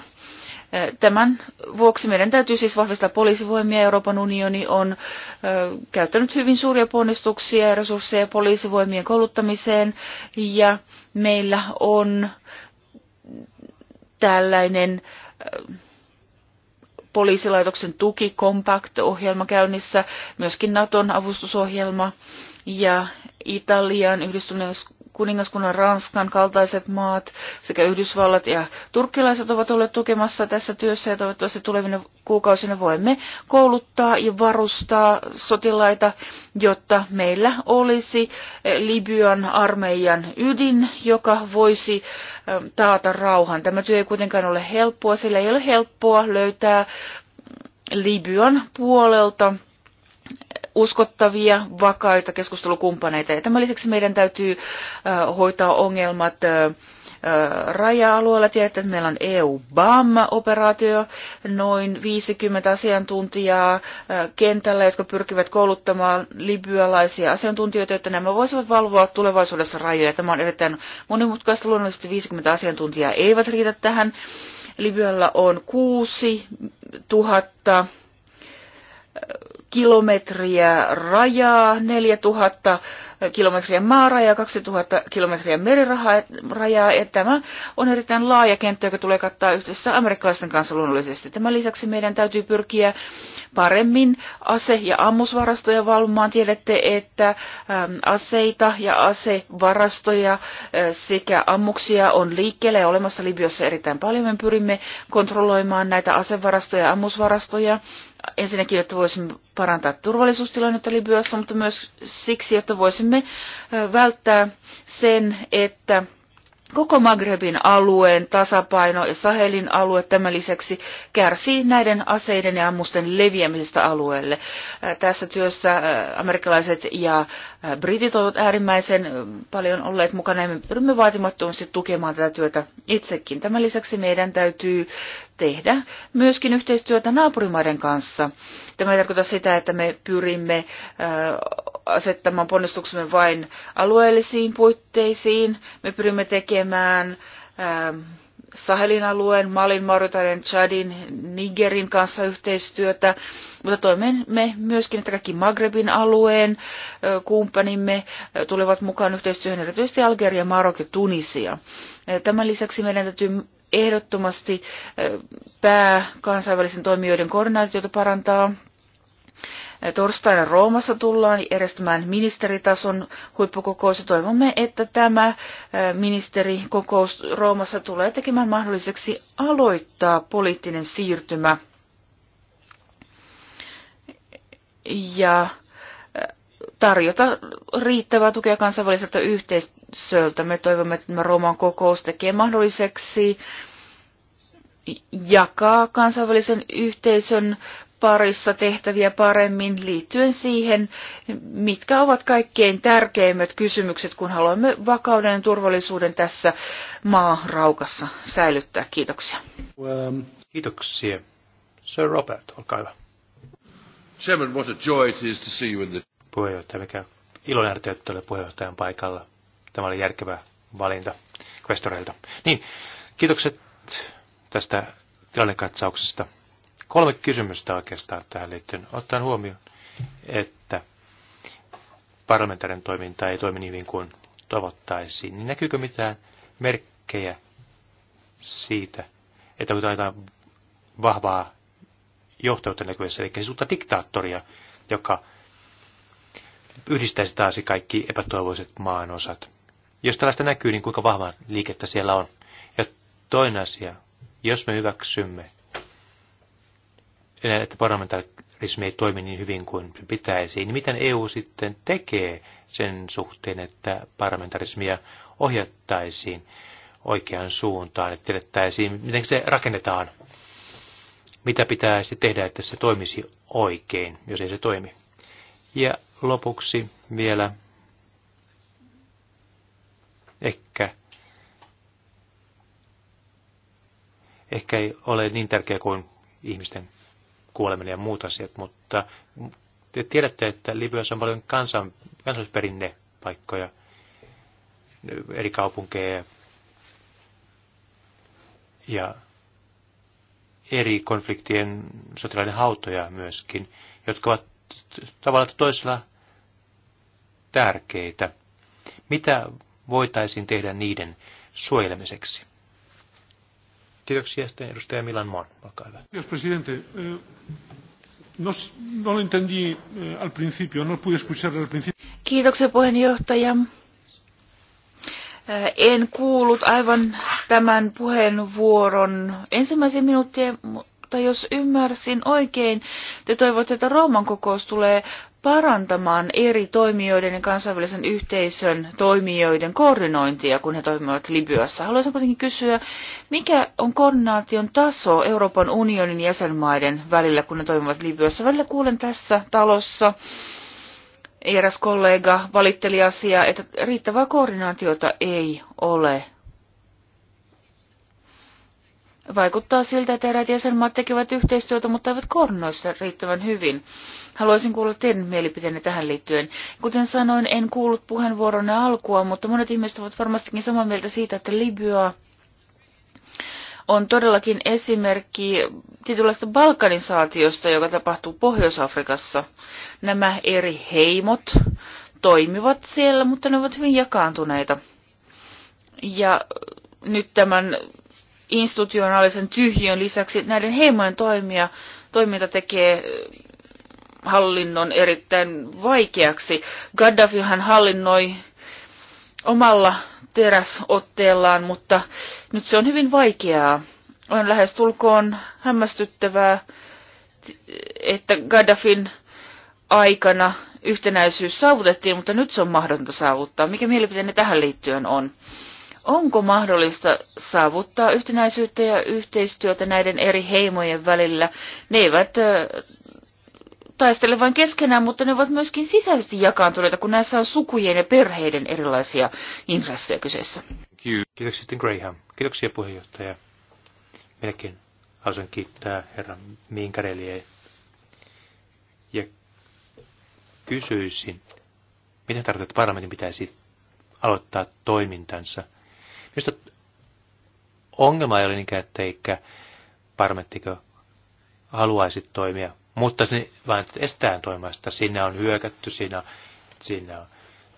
Tämän vuoksi meidän täytyy siis vahvistaa poliisivoimia. Euroopan unioni on käyttänyt hyvin suuria ponnistuksia ja resursseja poliisivoimien kouluttamiseen ja meillä on tällainen poliisilaitoksen tuki Compact-ohjelma käynnissä, myöskin Naton avustusohjelma ja Italian, Yhdistyneen kuningaskunnan Ranskan kaltaiset maat sekä Yhdysvallat ja turkkilaiset ovat olleet tukemassa tässä työssä ja toivottavasti tulevina kuukausina voimme kouluttaa ja varustaa sotilaita, jotta meillä olisi eh, Libyan armeijan ydin, joka voisi eh, taata rauhan. Tämä työ ei kuitenkaan ole helppoa, sillä ei ole helppoa löytää mm, Libyan puolelta uskottavia, vakaita keskustelukumppaneita. Ja tämän lisäksi meidän täytyy hoitaa ongelmat raja-alueella. Tiedätte, että meillä on EU-BAM-operaatio, noin 50 asiantuntijaa kentällä, jotka pyrkivät kouluttamaan libyalaisia asiantuntijoita, jotta nämä voisivat valvoa tulevaisuudessa rajoja. Tämä on erittäin monimutkaista. Luonnollisesti 50 asiantuntijaa eivät riitä tähän. Libyalla on 6 tuhatta kilometriä rajaa, 4000 kilometriä maarajaa, 2000 kilometriä merirajaa, ja tämä on erittäin laaja kenttä, joka tulee kattaa yhdessä amerikkalaisten kanssa luonnollisesti. Tämän lisäksi meidän täytyy pyrkiä paremmin ase- ja ammusvarastoja valvomaan. Tiedätte, että aseita ja asevarastoja sekä ammuksia on liikkeellä ja olemassa Libyossa erittäin paljon. Me pyrimme kontrolloimaan näitä asevarastoja ja ammusvarastoja ensinnäkin, että voisimme parantaa turvallisuustilannetta Libyassa, mutta myös siksi, että voisimme välttää sen, että Koko Magrebin alueen tasapaino ja Sahelin alue tämän lisäksi kärsii näiden aseiden ja ammusten leviämisestä alueelle. Äh, tässä työssä äh, amerikkalaiset ja äh, britit ovat äärimmäisen paljon olleet mukana ja me pyrimme vaatimattomasti tukemaan tätä työtä itsekin. Tämän lisäksi meidän täytyy tehdä myöskin yhteistyötä naapurimaiden kanssa. Tämä ei tarkoita sitä, että me pyrimme asettamaan ponnistuksemme vain alueellisiin puitteisiin. Me pyrimme tekemään ähm, Sahelin alueen, Malin, Mauritanian, Chadin, Nigerin kanssa yhteistyötä, mutta toimemme myöskin, että kaikki Magrebin alueen kumppanimme tulevat mukaan yhteistyöhön, erityisesti Algeria, Marokko ja Tunisia. Tämän lisäksi meidän täytyy ehdottomasti pää toimijoiden koordinaatiota parantaa. Torstaina Roomassa tullaan järjestämään ministeritason huippukokous. Toivomme, että tämä ministerikokous Roomassa tulee tekemään mahdolliseksi aloittaa poliittinen siirtymä ja tarjota riittävää tukea kansainväliseltä yhteisöltä. Me toivomme, että tämä Rooman kokous tekee mahdolliseksi jakaa kansainvälisen yhteisön parissa tehtäviä paremmin liittyen siihen, mitkä ovat kaikkein tärkeimmät kysymykset, kun haluamme vakauden ja turvallisuuden tässä maaraukassa säilyttää. Kiitoksia. Um, kiitoksia. Sir Robert, olkaa hyvä. Chairman, what a joy it is to see you in the... Puheenjohtaja, mikä iloinen että puheenjohtajan paikalla. Tämä oli järkevä valinta kvestoreilta. Niin, kiitokset tästä tilannekatsauksesta. Kolme kysymystä oikeastaan tähän liittyen. Ottaen huomioon, että parlamentaarinen toiminta ei toimi niin hyvin kuin toivottaisiin, niin näkyykö mitään merkkejä siitä, että kun jotain vahvaa johtajuutta näkyvissä, eli siis uutta diktaattoria, joka yhdistäisi taas kaikki epätoivoiset maanosat. Jos tällaista näkyy, niin kuinka vahvaa liikettä siellä on. Ja toinen asia, jos me hyväksymme että parlamentarismi ei toimi niin hyvin kuin se pitäisi, niin miten EU sitten tekee sen suhteen, että parlamentarismia ohjattaisiin oikeaan suuntaan, että tiedettäisiin, miten se rakennetaan, mitä pitäisi tehdä, että se toimisi oikein, jos ei se toimi. Ja lopuksi vielä ehkä ehkä ei ole niin tärkeä kuin ihmisten kuoleminen ja muut asiat, mutta te tiedätte, että Libyassa on paljon kansan, kansallisperinnepaikkoja, eri kaupunkeja ja eri konfliktien sotilaiden hautoja myöskin, jotka ovat tavallaan toisella tärkeitä. Mitä voitaisiin tehdä niiden suojelemiseksi? Kiitoksia. Sitten edustaja Milan Mon, olkaa hyvä. Kiitos presidente. Eh, no, no lo entendí eh, al principio, no pude escuchar al principio. Kiitoksia puheenjohtaja. Eh, en kuullut aivan tämän puheenvuoron ensimmäisen minuuttien, mutta jos ymmärsin oikein, te toivotte, että Rooman kokous tulee parantamaan eri toimijoiden ja kansainvälisen yhteisön toimijoiden koordinointia, kun he toimivat Libyassa. Haluaisin kuitenkin kysyä, mikä on koordinaation taso Euroopan unionin jäsenmaiden välillä, kun ne toimivat Libyassa? Välillä kuulen tässä talossa eräs kollega valitteli asiaa, että riittävää koordinaatiota ei ole. Vaikuttaa siltä, että eräät jäsenmaat tekevät yhteistyötä, mutta eivät koordinoi sitä riittävän hyvin. Haluaisin kuulla teidän mielipiteenne tähän liittyen. Kuten sanoin, en kuullut puheenvuoronne alkua, mutta monet ihmiset ovat varmastikin samaa mieltä siitä, että Libya on todellakin esimerkki tietynlaista balkanisaatiosta, joka tapahtuu Pohjois-Afrikassa. Nämä eri heimot toimivat siellä, mutta ne ovat hyvin jakaantuneita. Ja nyt tämän institutionaalisen tyhjön lisäksi näiden heimojen toimia, toiminta tekee hallinnon erittäin vaikeaksi. hän hallinnoi omalla teräsotteellaan, mutta nyt se on hyvin vaikeaa. On lähestulkoon hämmästyttävää, että Gaddafin aikana yhtenäisyys saavutettiin, mutta nyt se on mahdotonta saavuttaa. Mikä mielipiteeni tähän liittyen on? Onko mahdollista saavuttaa yhtenäisyyttä ja yhteistyötä näiden eri heimojen välillä? Ne eivät taistele vain keskenään, mutta ne ovat myöskin sisäisesti jakaantuneita, kun näissä on sukujen ja perheiden erilaisia intressejä kyseessä. Kiitoksia sitten Graham. Kiitoksia puheenjohtaja. Minäkin haluaisin kiittää herra Minkareliä ja kysyisin, mitä tarkoittaa, että parlamentin pitäisi aloittaa toimintansa. Minusta ongelma ei ole niinkään, että eikä parlamenttikö haluaisi toimia, mutta se vain estää toimimasta. Siinä on hyökätty, siinä, siinä on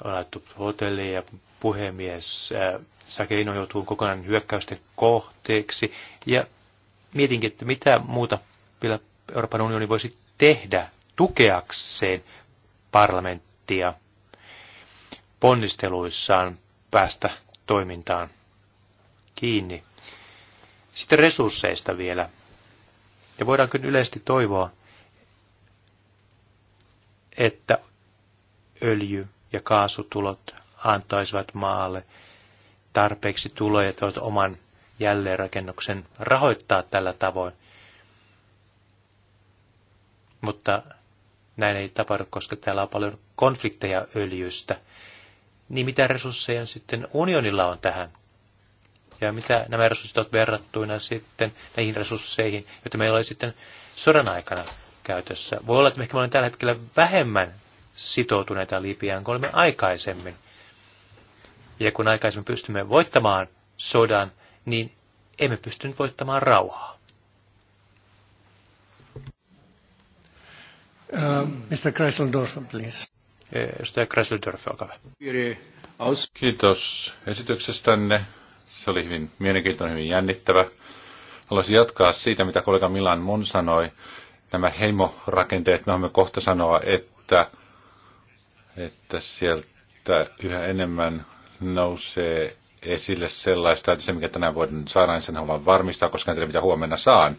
laittu hotelli ja puhemies äh, Sakeino joutuu kokonaan hyökkäysten kohteeksi. Ja mietinkin, että mitä muuta vielä Euroopan unioni voisi tehdä tukeakseen parlamenttia ponnisteluissaan päästä toimintaan kiinni. Sitten resursseista vielä. Ja kyllä yleisesti toivoa, että öljy- ja kaasutulot antaisivat maalle tarpeeksi tuloja, että oman jälleenrakennuksen rahoittaa tällä tavoin. Mutta näin ei tapahdu, koska täällä on paljon konflikteja öljystä. Niin mitä resursseja sitten unionilla on tähän? Ja mitä nämä resurssit ovat verrattuina sitten näihin resursseihin, joita meillä oli sitten sodan aikana käytössä. Voi olla, että ehkä me olemme tällä hetkellä vähemmän sitoutuneita Libiaan kuin olemme aikaisemmin. Ja kun aikaisemmin pystymme voittamaan sodan, niin emme pystynyt voittamaan rauhaa. Uh, Mr. Kresseldorf, please. Mr. Eh, Kresseldorfer, olkaa hyvä. Kiitos esityksestänne. Se oli hyvin mielenkiintoinen, hyvin jännittävä. Haluaisin jatkaa siitä, mitä kollega Milan Mun sanoi nämä heimorakenteet, me olemme kohta sanoa, että, että sieltä yhä enemmän nousee esille sellaista, että se mikä tänään voin saada, niin sen haluan varmistaa, koska en tiedä mitä huomenna saan.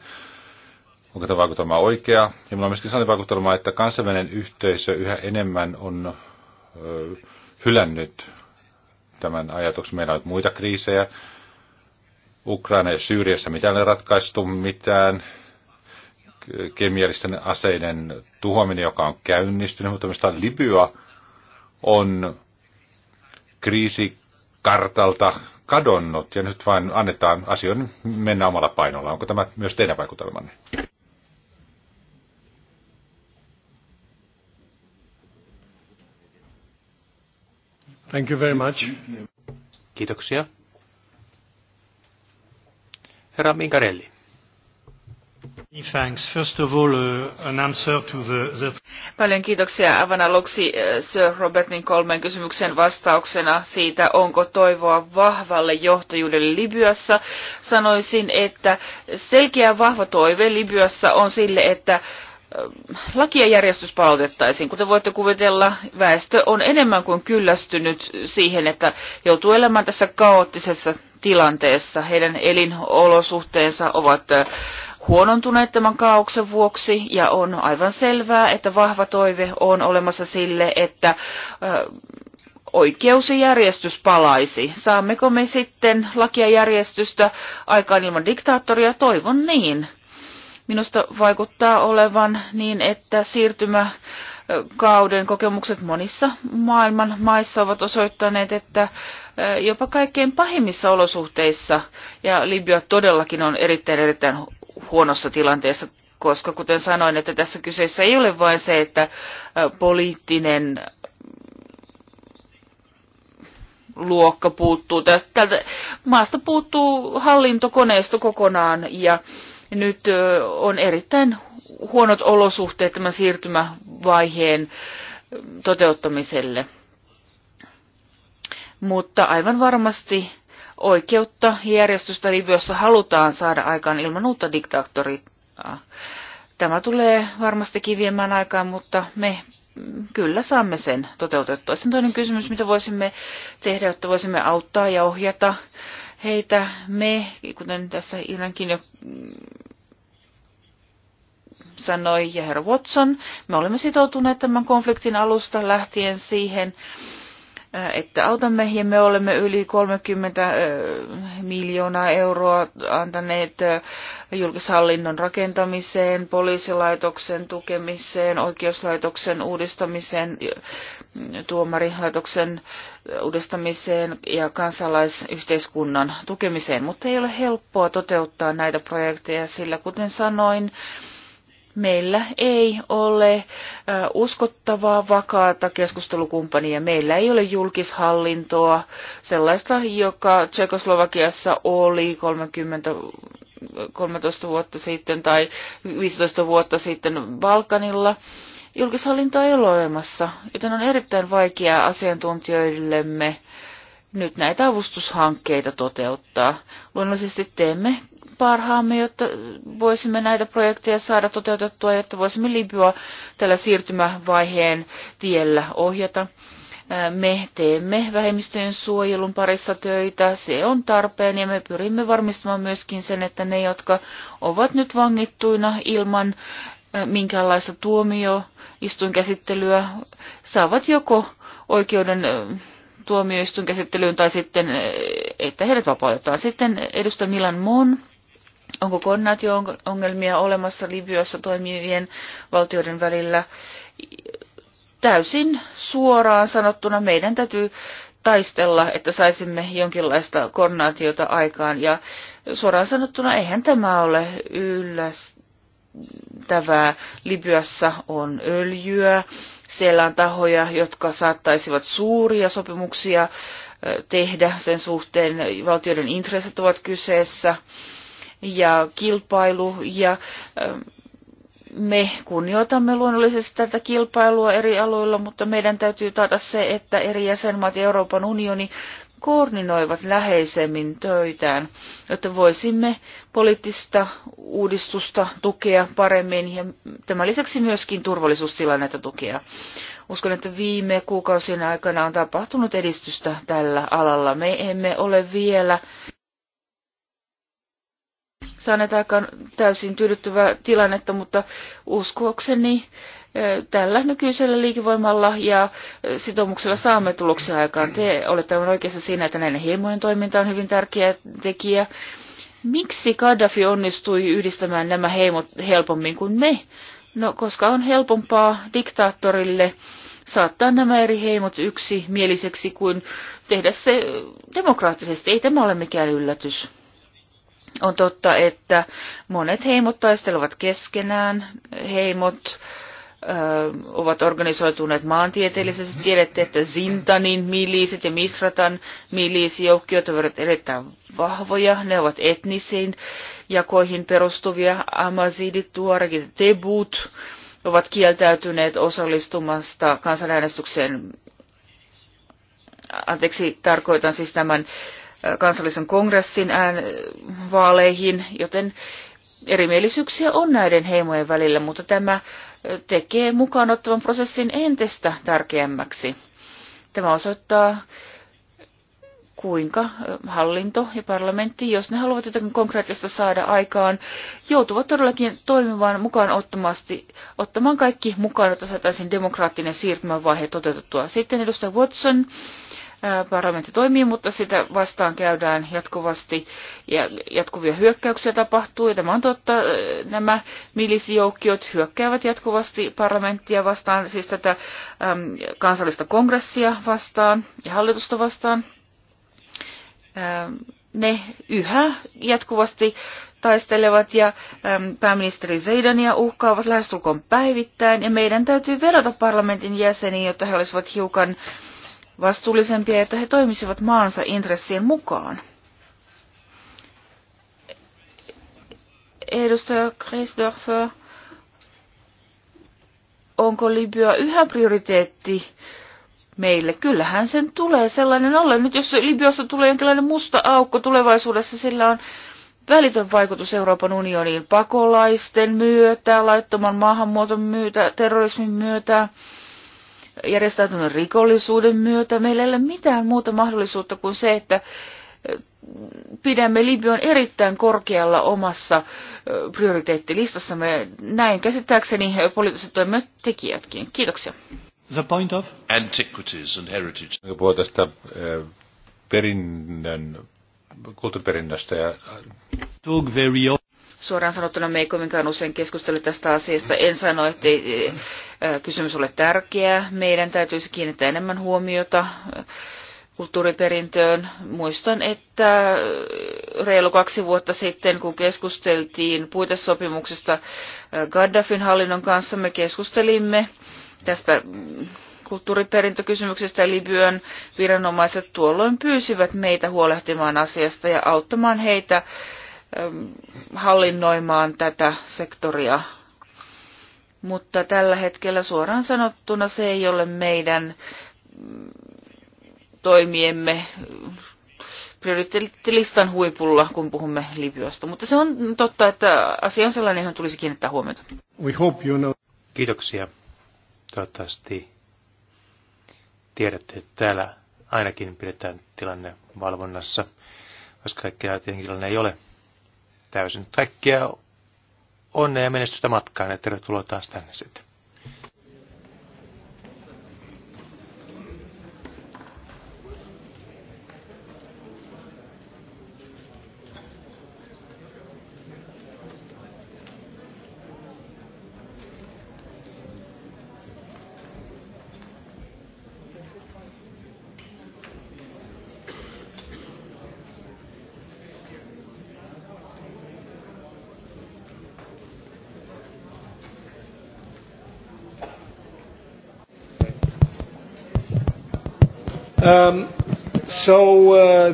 Onko tämä vaikutelma oikea? Ja minulla on myöskin sellainen vaikutelma, että kansainvälinen yhteisö yhä enemmän on ö, hylännyt tämän ajatuksen. Meillä on muita kriisejä. Ukraina ja Syyriassa mitään ei ratkaistu mitään kemiallisten aseiden tuhoaminen, joka on käynnistynyt, mutta mistä Libya on kriisikartalta kadonnut ja nyt vain annetaan asioiden mennä omalla painolla. Onko tämä myös teidän vaikutelmanne? Thank you very much. Kiitoksia. Herra Minkarelli. Uh, Paljon kiitoksia aivan aluksi uh, Sir Robertin kolmen kysymyksen vastauksena siitä, onko toivoa vahvalle johtajuudelle Libyassa. Sanoisin, että selkeä vahva toive Libyassa on sille, että um, laki ja järjestys palautettaisiin. Kuten voitte kuvitella, väestö on enemmän kuin kyllästynyt siihen, että joutuu elämään tässä kaoottisessa tilanteessa. Heidän elinolosuhteensa ovat uh, huonontuneet tämän kaauksen vuoksi ja on aivan selvää, että vahva toive on olemassa sille, että oikeus ja järjestys palaisi. Saammeko me sitten lakia järjestystä aikaan ilman diktaattoria? Toivon niin. Minusta vaikuttaa olevan niin, että siirtymä kauden kokemukset monissa maailman maissa ovat osoittaneet, että jopa kaikkein pahimmissa olosuhteissa, ja Libya todellakin on erittäin erittäin huonossa tilanteessa, koska kuten sanoin, että tässä kyseessä ei ole vain se, että poliittinen mm, luokka puuttuu. Tästä, tältä maasta puuttuu hallintokoneisto kokonaan ja nyt on erittäin huonot olosuhteet tämän siirtymävaiheen toteuttamiselle. Mutta aivan varmasti oikeutta järjestystä Libyassa halutaan saada aikaan ilman uutta diktaattoria. Tämä tulee varmastikin viemään aikaan, mutta me kyllä saamme sen toteutettua. Sen toinen kysymys, mitä voisimme tehdä, jotta voisimme auttaa ja ohjata heitä. Me, kuten tässä Irankin jo sanoi ja herra Watson, me olemme sitoutuneet tämän konfliktin alusta lähtien siihen, että autamme ja me olemme yli 30 miljoonaa euroa antaneet julkishallinnon rakentamiseen, poliisilaitoksen tukemiseen, oikeuslaitoksen uudistamiseen, tuomarilaitoksen uudistamiseen ja kansalaisyhteiskunnan tukemiseen, mutta ei ole helppoa toteuttaa näitä projekteja, sillä kuten sanoin, meillä ei ole uskottavaa, vakaata keskustelukumppania. Meillä ei ole julkishallintoa, sellaista, joka Tsekoslovakiassa oli 30 13 vuotta sitten tai 15 vuotta sitten Balkanilla. Julkishallintoa ei ole olemassa, joten on erittäin vaikeaa asiantuntijoillemme nyt näitä avustushankkeita toteuttaa. Luonnollisesti teemme parhaamme, jotta voisimme näitä projekteja saada toteutettua, jotta voisimme Libyaa tällä siirtymävaiheen tiellä ohjata. Me teemme vähemmistöjen suojelun parissa töitä, se on tarpeen ja me pyrimme varmistamaan myöskin sen, että ne, jotka ovat nyt vangittuina ilman minkäänlaista tuomioistuinkäsittelyä, saavat joko oikeuden tuomioistuinkäsittelyyn tai sitten, eh, että heidät vapautetaan. Sitten edustaja Milan Mon, onko koordinaatio-ongelmia olemassa Libyassa toimivien valtioiden välillä? Täysin suoraan sanottuna meidän täytyy taistella, että saisimme jonkinlaista koordinaatiota aikaan. Ja suoraan sanottuna eihän tämä ole yllättävää. Libyassa on öljyä, siellä on tahoja, jotka saattaisivat suuria sopimuksia tehdä sen suhteen. Valtioiden intressit ovat kyseessä ja kilpailu ja me kunnioitamme luonnollisesti tätä kilpailua eri aloilla, mutta meidän täytyy taata se, että eri jäsenmaat ja Euroopan unioni koordinoivat läheisemmin töitään, jotta voisimme poliittista uudistusta tukea paremmin ja tämän lisäksi myöskin turvallisuustilannetta tukea. Uskon, että viime kuukausien aikana on tapahtunut edistystä tällä alalla. Me emme ole vielä saaneet aikaan täysin tyydyttävää tilannetta, mutta uskoakseni tällä nykyisellä liikevoimalla ja sitoumuksella saamme tuloksia aikaan. Te olette aivan oikeassa siinä, että näiden heimojen toiminta on hyvin tärkeä tekijä. Miksi Gaddafi onnistui yhdistämään nämä heimot helpommin kuin me? No, koska on helpompaa diktaattorille saattaa nämä eri heimot yksi mieliseksi kuin tehdä se demokraattisesti. Ei tämä ole mikään yllätys. On totta, että monet heimot taistelevat keskenään. Heimot äh, ovat organisoituneet maantieteellisesti. Tiedätte, että Zintanin miliisit ja Misratan miliisijoukkiot ovat erittäin vahvoja. Ne ovat etnisiin jakoihin perustuvia. Amazidit, Tuaregit Tebut ovat kieltäytyneet osallistumasta kansanäänestykseen. Anteeksi, tarkoitan siis tämän kansallisen kongressin ään vaaleihin, joten erimielisyyksiä on näiden heimojen välillä, mutta tämä tekee mukaanottavan prosessin entistä tärkeämmäksi. Tämä osoittaa, kuinka hallinto ja parlamentti, jos ne haluavat jotakin konkreettista saada aikaan, joutuvat todellakin toimimaan mukaan ottamasti, ottamaan kaikki mukaan, että saataisiin demokraattinen siirtymävaihe toteutettua. Sitten edustaja Watson parlamentti toimii, mutta sitä vastaan käydään jatkuvasti ja jatkuvia hyökkäyksiä tapahtuu. Ja tämä on totta, nämä milisijoukkiot hyökkäävät jatkuvasti parlamenttia vastaan, siis tätä äm, kansallista kongressia vastaan ja hallitusta vastaan. ne yhä jatkuvasti taistelevat ja äm, pääministeri Zeidania uhkaavat lähestulkoon päivittäin ja meidän täytyy vedota parlamentin jäseniin, jotta he olisivat hiukan äh, vastuullisempia, että he toimisivat maansa intressien mukaan. Edustaja Christopher, onko Libya yhä prioriteetti meille? Kyllähän sen tulee sellainen olla. Nyt jos Libyassa tulee jonkinlainen musta aukko tulevaisuudessa, sillä on välitön vaikutus Euroopan unioniin pakolaisten myötä, laittoman maahanmuuton myötä, terrorismin myötä järjestäytyneen rikollisuuden myötä. Meillä ei ole mitään muuta mahdollisuutta kuin se, että pidämme Libyan erittäin korkealla omassa prioriteettilistassamme. Näin käsittääkseni poliittiset toimet tekijätkin. Kiitoksia. The point of antiquities and heritage. Puhua tästä perinnön, kulttuuriperinnöstä ja... very Suoraan sanottuna me ei kovinkaan usein keskustele tästä asiasta. En sano, että kysymys ole tärkeä. Meidän täytyisi kiinnittää enemmän huomiota kulttuuriperintöön. Muistan, että reilu kaksi vuotta sitten, kun keskusteltiin puitesopimuksesta Gaddafin hallinnon kanssa, me keskustelimme tästä kulttuuriperintökysymyksestä Libyan viranomaiset tuolloin pyysivät meitä huolehtimaan asiasta ja auttamaan heitä Ähm, hallinnoimaan tätä sektoria. Mutta tällä hetkellä suoraan sanottuna se ei ole meidän mm, toimiemme mm, prioriteettilistan huipulla, kun puhumme Libyasta. Mutta se on totta, että asia on sellainen, johon tulisi kiinnittää huomiota. We hope you know. Kiitoksia. Toivottavasti tiedätte, että täällä ainakin pidetään tilanne valvonnassa, koska kaikkea tietenkin tilanne ei ole täysin. Kaikkea onnea ja menestystä matkaan ja tervetuloa taas tänne sitten.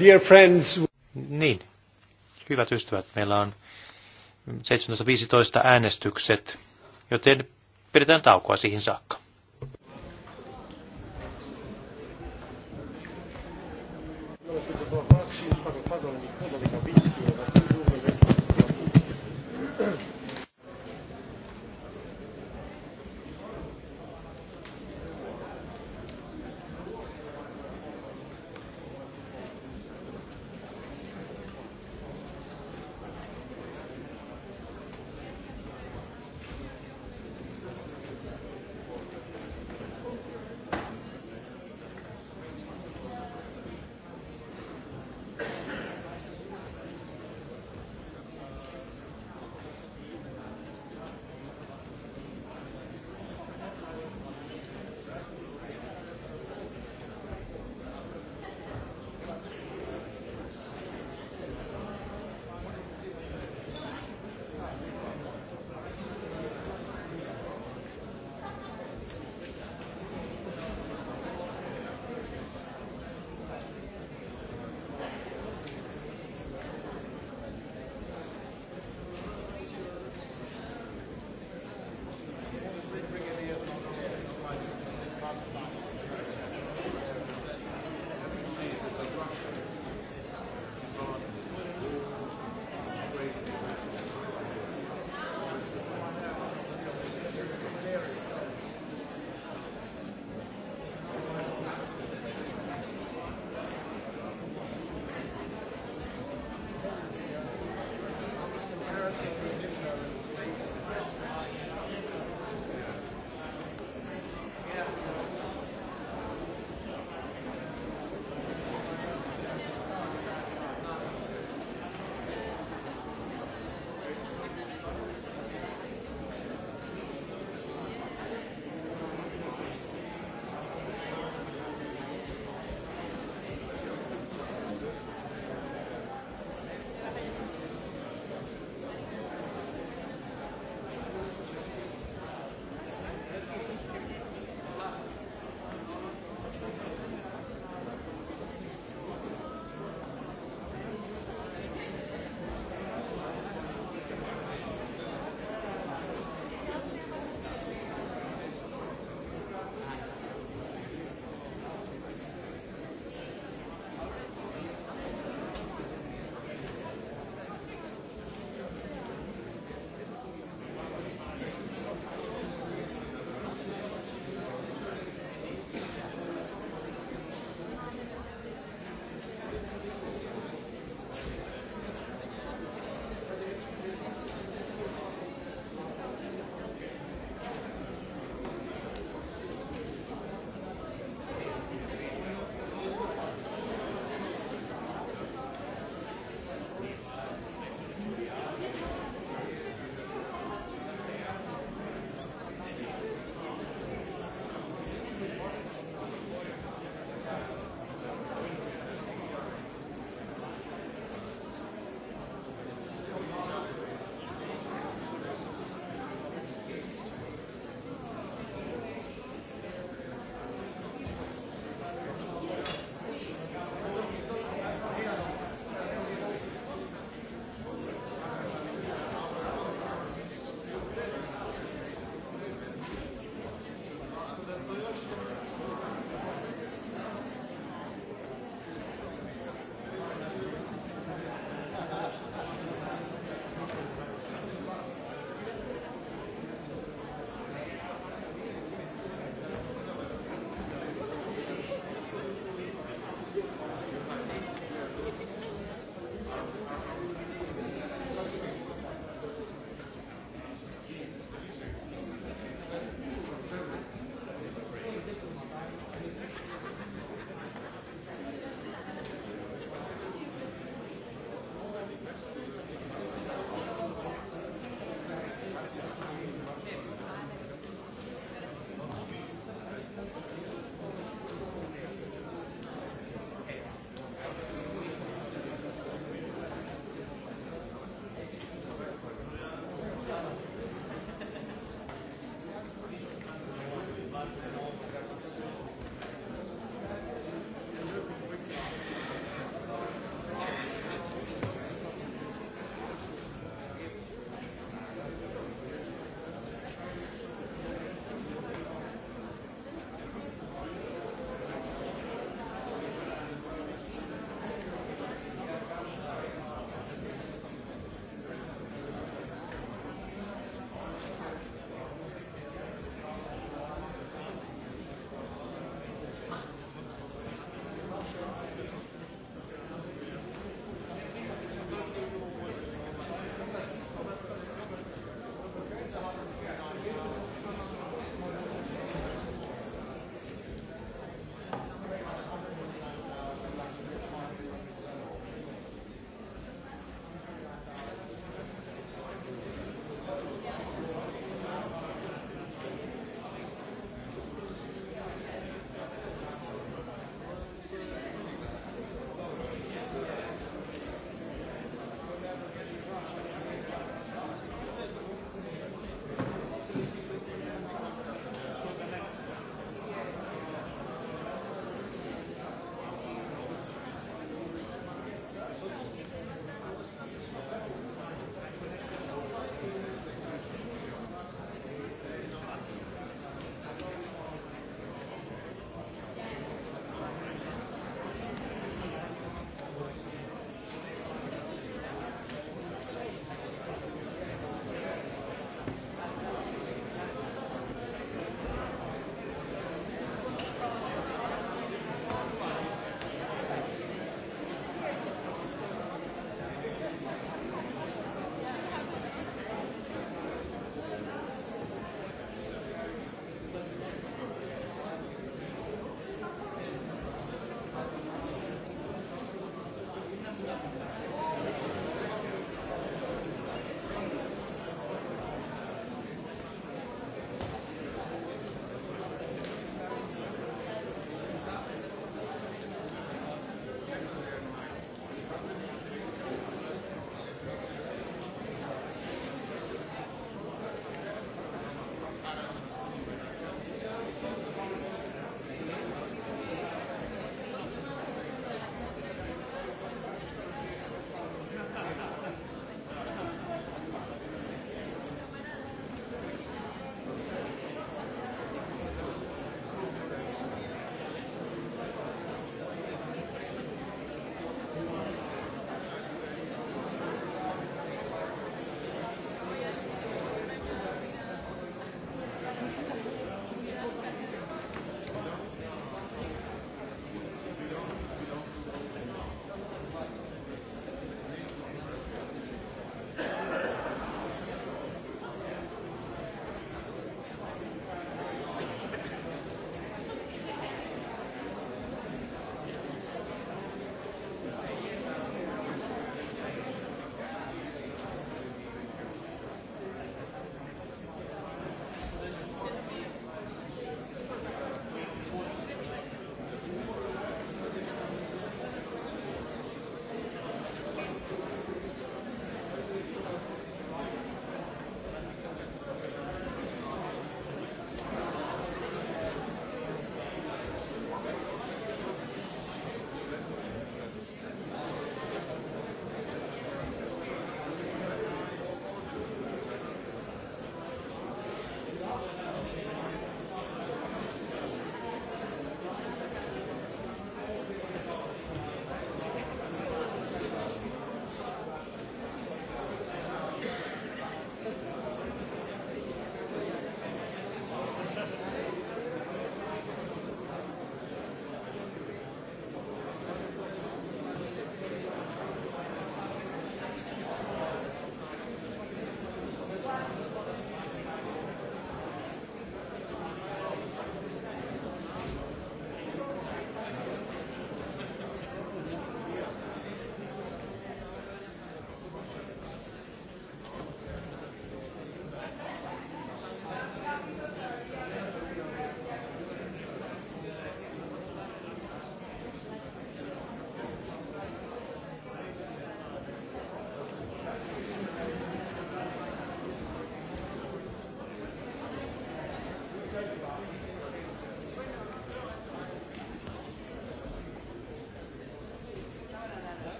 dear friends. Niin, hyvät ystävät, meillä on 17.15 äänestykset, joten pidetään taukoa siihen saakka.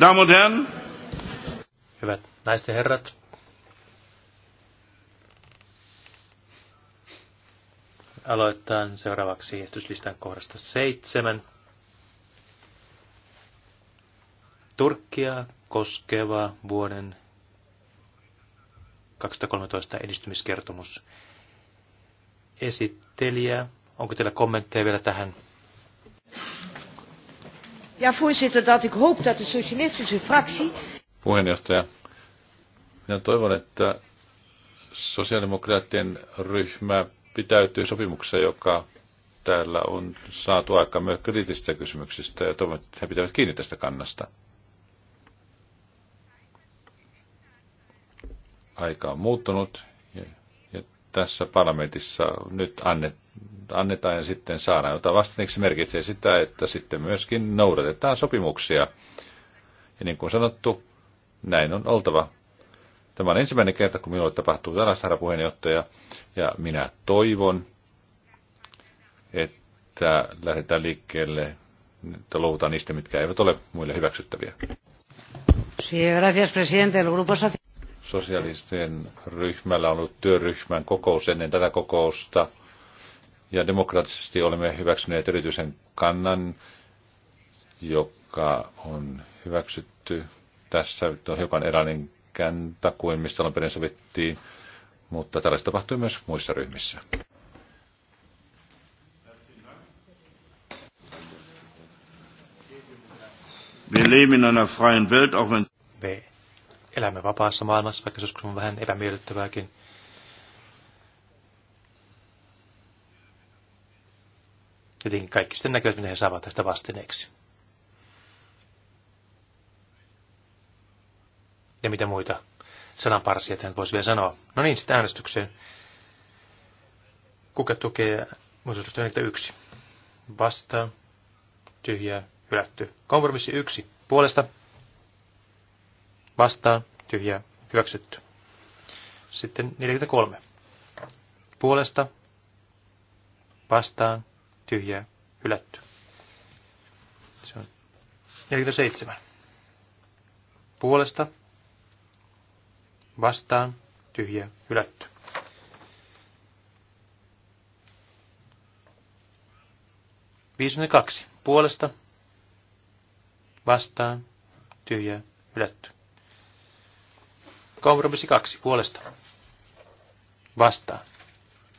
Damen Herren. Hyvät naiset ja herrat. Aloitetaan seuraavaksi esityslistan kohdasta seitsemän. Turkkia koskeva vuoden 2013 edistymiskertomus. Esittelijä, onko teillä kommentteja vielä tähän ja, voorzitter, dat ik hoop dat de socialistische fractie... Puheenjohtaja, minä toivon, että sosiaalidemokraattien ryhmä pitäytyy sopimuksessa, joka täällä on saatu aika myös kriittisistä kysymyksistä ja toivon, että he pitävät kiinni tästä kannasta. Aika on muuttunut tässä parlamentissa nyt annet, annetaan ja sitten saadaan, jota vastineeksi merkitsee sitä, että sitten myöskin noudatetaan sopimuksia. Ja niin kuin sanottu, näin on oltava. Tämä on ensimmäinen kerta, kun minulle tapahtuu tällaista, herra puheenjohtaja, ja minä toivon, että lähdetään liikkeelle, että luovutaan niistä, mitkä eivät ole muille hyväksyttäviä. Sí, gracias, presidente. El grupo social... Sosialistien ryhmällä on ollut työryhmän kokous ennen tätä kokousta. Ja demokraattisesti olemme hyväksyneet erityisen kannan, joka on hyväksytty tässä. On hiukan erilainen käntä kuin mistä alun perin sovittiin, mutta tällaista tapahtuu myös muissa ryhmissä. Wir leben in einer freien Welt, auch wenn elämme vapaassa maailmassa, vaikka se on vähän epämiellyttävääkin. Tietenkin kaikki sitten näkevät, mitä he saavat tästä vastineeksi. Ja mitä muita sananparsia tähän voisi vielä sanoa. No niin, sitten äänestykseen. Kuka tukee muistutusta yksi? Vastaa. Tyhjää. Hylätty. Kompromissi yksi. Puolesta vastaan, tyhjää, hyväksytty. Sitten 43. Puolesta, vastaan, tyhjää, hylätty. Se on 47. Puolesta, vastaan, tyhjää, hylätty. kaksi Puolesta, vastaan, tyhjää, hylätty. Kompromissi kaksi puolesta. Vastaan.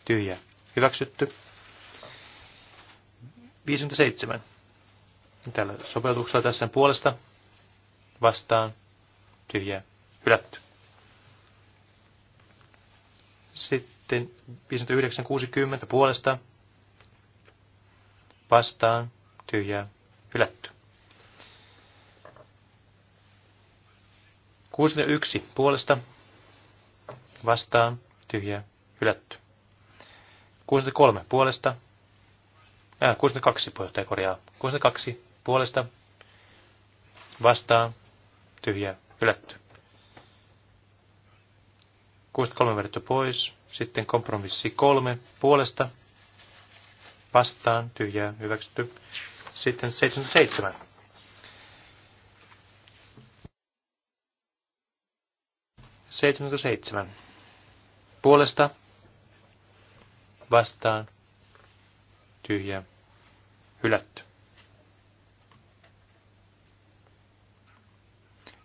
Tyhjä. Hyväksytty. 57. Tällä sopeutuksella tässä puolesta. Vastaan. Tyhjä. Hylätty. Sitten 59.60 puolesta. Vastaan. tyhjä Hylätty. 61 puolesta vastaan tyhjä hylätty. 63 puolesta, äh, 62 puheenjohtaja korjaa, 62 puolesta vastaan tyhjä hylätty. 63 vedetty pois, sitten kompromissi 3 puolesta vastaan tyhjä hyväksytty. Sitten 77 77. Puolesta vastaan tyhjä hylätty.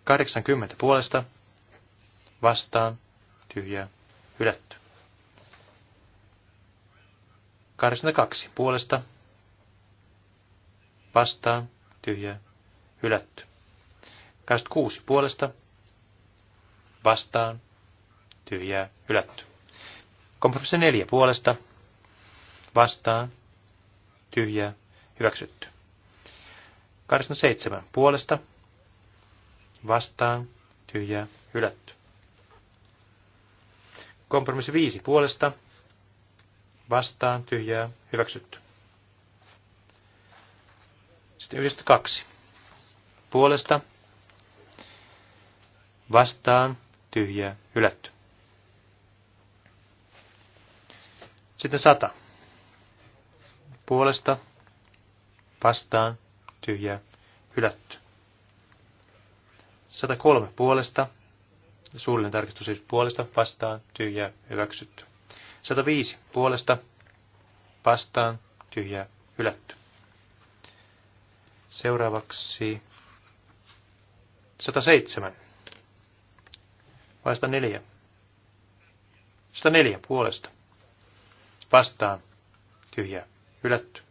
80 puolesta vastaan tyhjä hylätty. 82 puolesta vastaan tyhjä hylätty. 86 puolesta vastaan, tyhjää, hylätty. Kompromissi neljä puolesta, vastaan, tyhjää, hyväksytty. 87 puolesta, vastaan, tyhjää, hylätty. Kompromissi viisi puolesta, vastaan, tyhjää, hyväksytty. Sitten 92. Puolesta, vastaan, tyhjää, hylätty. Sitten sata. Puolesta, vastaan, tyhjää, hylätty. 103 puolesta, suullinen tarkistus siis puolesta, vastaan, tyhjää, hyväksytty. 105 puolesta, vastaan, tyhjää, hylätty. Seuraavaksi 107 vai 104? 104 puolesta. Vastaan. Tyhjä. Hylätty.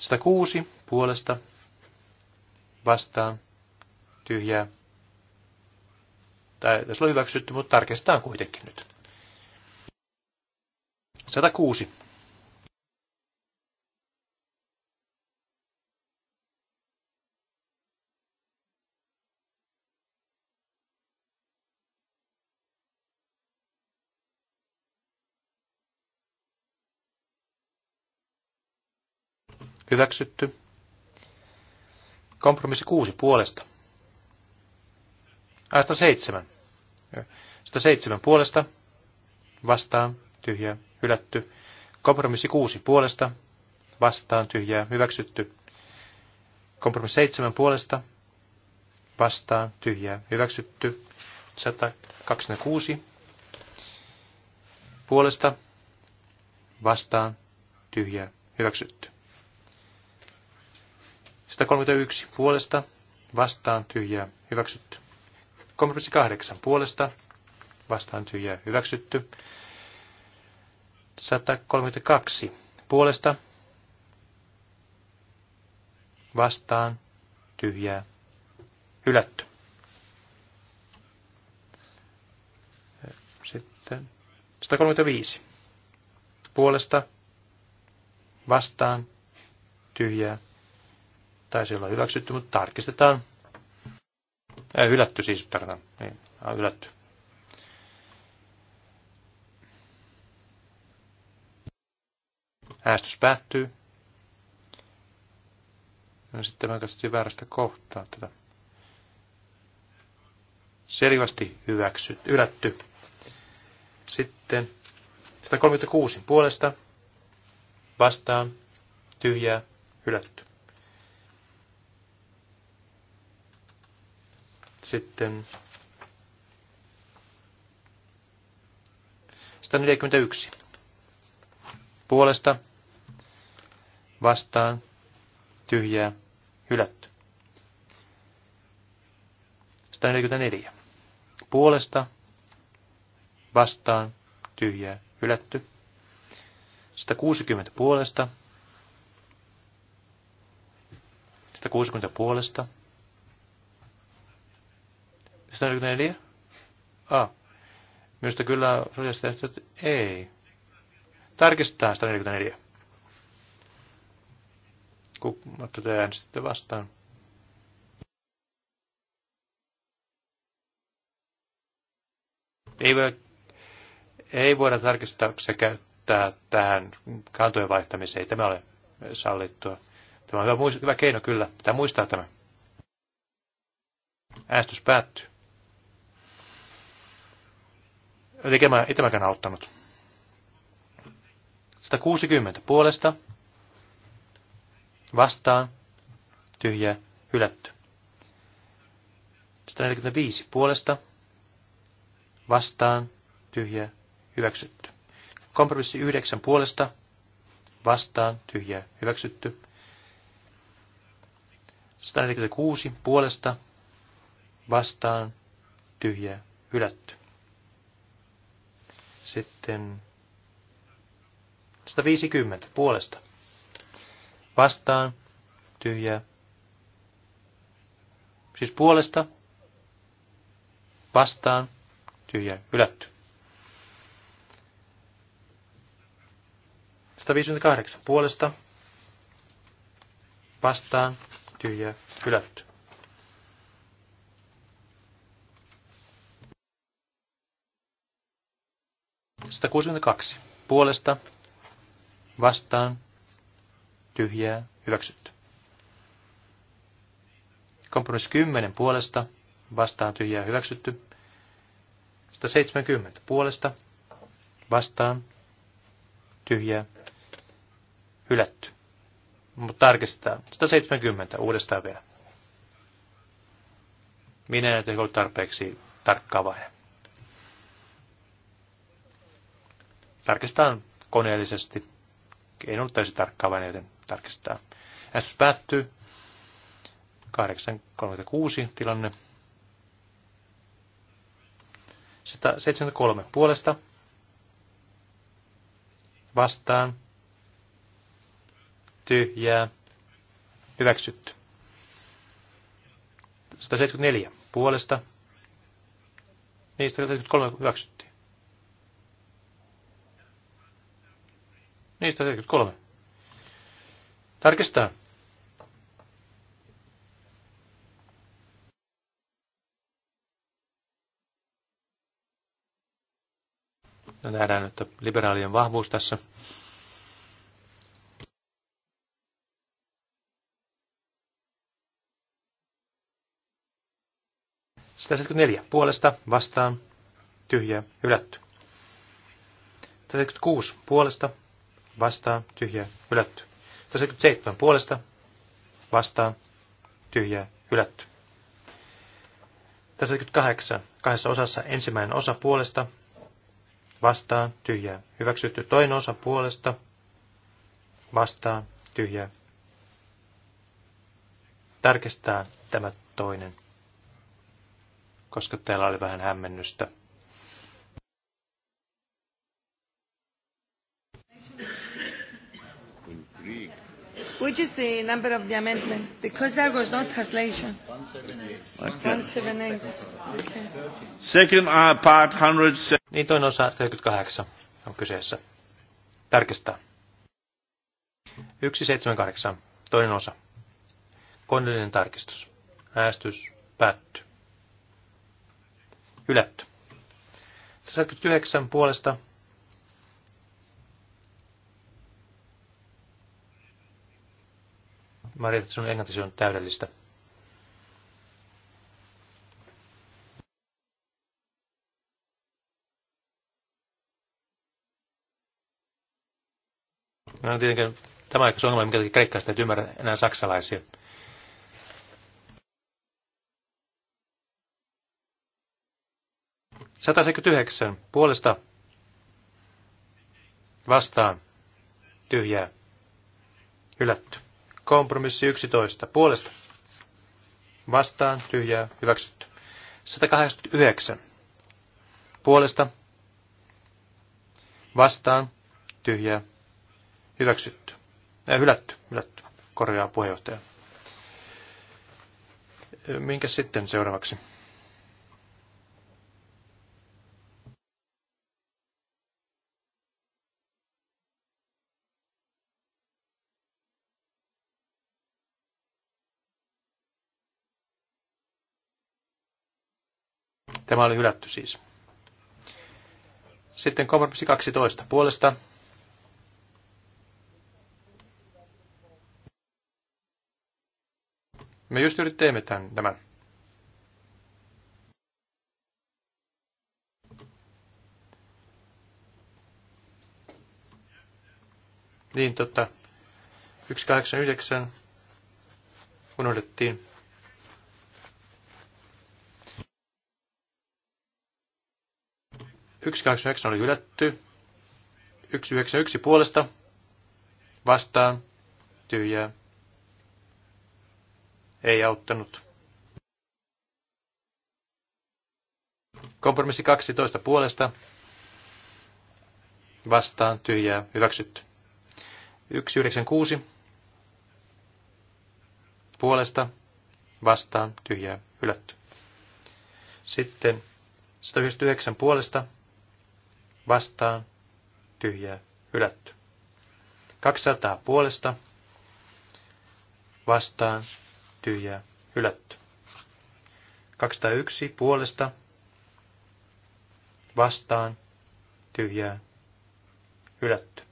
106 puolesta. Vastaan. Tyhjää. Tai tässä on hyväksytty, mutta tarkistetaan kuitenkin nyt. 106 Hyväksytty. Kompromissi kuusi puolesta. Ah, 107. 107 puolesta. Vastaan. tyhjä Hylätty. Kompromissi kuusi puolesta. Vastaan. Tyhjää. Hyväksytty. Kompromissi seitsemän puolesta. Vastaan. Tyhjää. Hyväksytty. 126 puolesta. Vastaan. Tyhjää. Hyväksytty. 131 puolesta vastaan tyhjää hyväksytty. 38. puolesta vastaan tyhjää hyväksytty. 132 puolesta vastaan tyhjää hylätty. Sitten 135 puolesta vastaan tyhjää Taisi olla hyväksytty, mutta tarkistetaan. Ei, hylätty siis, tarkoitan. Niin, hylätty. Äänestys päättyy. No sitten mä katsottiin väärästä kohtaa tätä. Selvästi hyväksyt, ylätty. Sitten 136 puolesta vastaan tyhjää hylätty. Sitten 141. Puolesta vastaan tyhjää hylätty. 144. Puolesta vastaan tyhjää hylätty. 160 puolesta. 160 puolesta 144? A. Ah. Minusta kyllä sosiaaliset ei. Tarkistetaan 144. Kun te äänestitte vastaan. Ei, voi, ei voida tarkistaa, se käyttää tähän kantojen vaihtamiseen. Ei tämä ole sallittua. Tämä on hyvä, hyvä keino kyllä. Pitää muistaa tämä. Äänestys päättyy tekemään, ei tämäkään auttanut. 160 puolesta, vastaan, tyhjä hylätty. 145 puolesta, vastaan, tyhjä hyväksytty. Kompromissi 9 puolesta, vastaan, tyhjä hyväksytty. 146 puolesta, vastaan, tyhjä hylätty. Sitten 150 puolesta. Vastaan, tyhjä Siis puolesta, vastaan, tyhjä ylätty. 158 puolesta, vastaan, tyhjä ylätty 162. Puolesta, vastaan, tyhjää, hyväksytty. Kompromissi 10 puolesta, vastaan tyhjää hyväksytty. 170 puolesta, vastaan, tyhjää, hylätty. Mutta tarkistetaan. 170 uudestaan vielä. Minä en ole tarpeeksi tarkkaavainen. tarkistetaan koneellisesti. En ollut täysin tarkkaavainen, joten tarkistetaan. Äänestys päättyy. 8.36 tilanne. 173 puolesta. Vastaan. Tyhjää. Hyväksytty. 174 puolesta. Niistä 173 hyväksytty. Niin, 173. Tarkistetaan. No nähdään, että liberaalien vahvuus tässä. Sitä neljä Puolesta, vastaan, tyhjä, hylätty. 76. Puolesta, vastaan, tyhjä, hylätty. 177 puolesta, vastaan, tyhjä, hylätty. 178, kahdessa osassa ensimmäinen osa puolesta, vastaan, tyhjä hyväksytty. Toinen osa puolesta, vastaan, tyhjä, Tarkistaa tämä toinen, koska täällä oli vähän hämmennystä. Which is the number of the amendment? Because there was no translation. 178. Okay. okay. Uh, part 178. Niin toinen osa 78 on kyseessä. Tarkistaa. 178. Toinen osa. Kondellinen tarkistus. Äästys. päättyy. Ylätty. 179 puolesta Maria, että sun englantisi on täydellistä. No tietenkin tämä on ongelma, mikä teki kreikkaista, että ymmärrä enää saksalaisia. Satasekytyhdeksän puolesta vastaan tyhjää hylätty. Kompromissi 11. Puolesta. Vastaan. Tyhjää. Hyväksytty. 189. Puolesta. Vastaan. Tyhjää. Hyväksytty. Äh, hylätty. Hylätty. Korjaa puheenjohtaja. Äh, Minkä sitten seuraavaksi? Tämä oli hylätty siis. Sitten kompromissi 12 puolesta. Me just yrittäimme tämän. tämän. Niin, totta. 189 unohdettiin. 189 oli ylätty. 191 puolesta vastaan tyhjää. Ei auttanut. Kompromissi 12 puolesta vastaan tyhjää hyväksytty. 196 puolesta vastaan tyhjää hylätty. Sitten 199 puolesta vastaan, tyhjä, hylätty. 200 puolesta, vastaan, tyhjä, hylätty. 201 puolesta, vastaan, tyhjä, hylätty.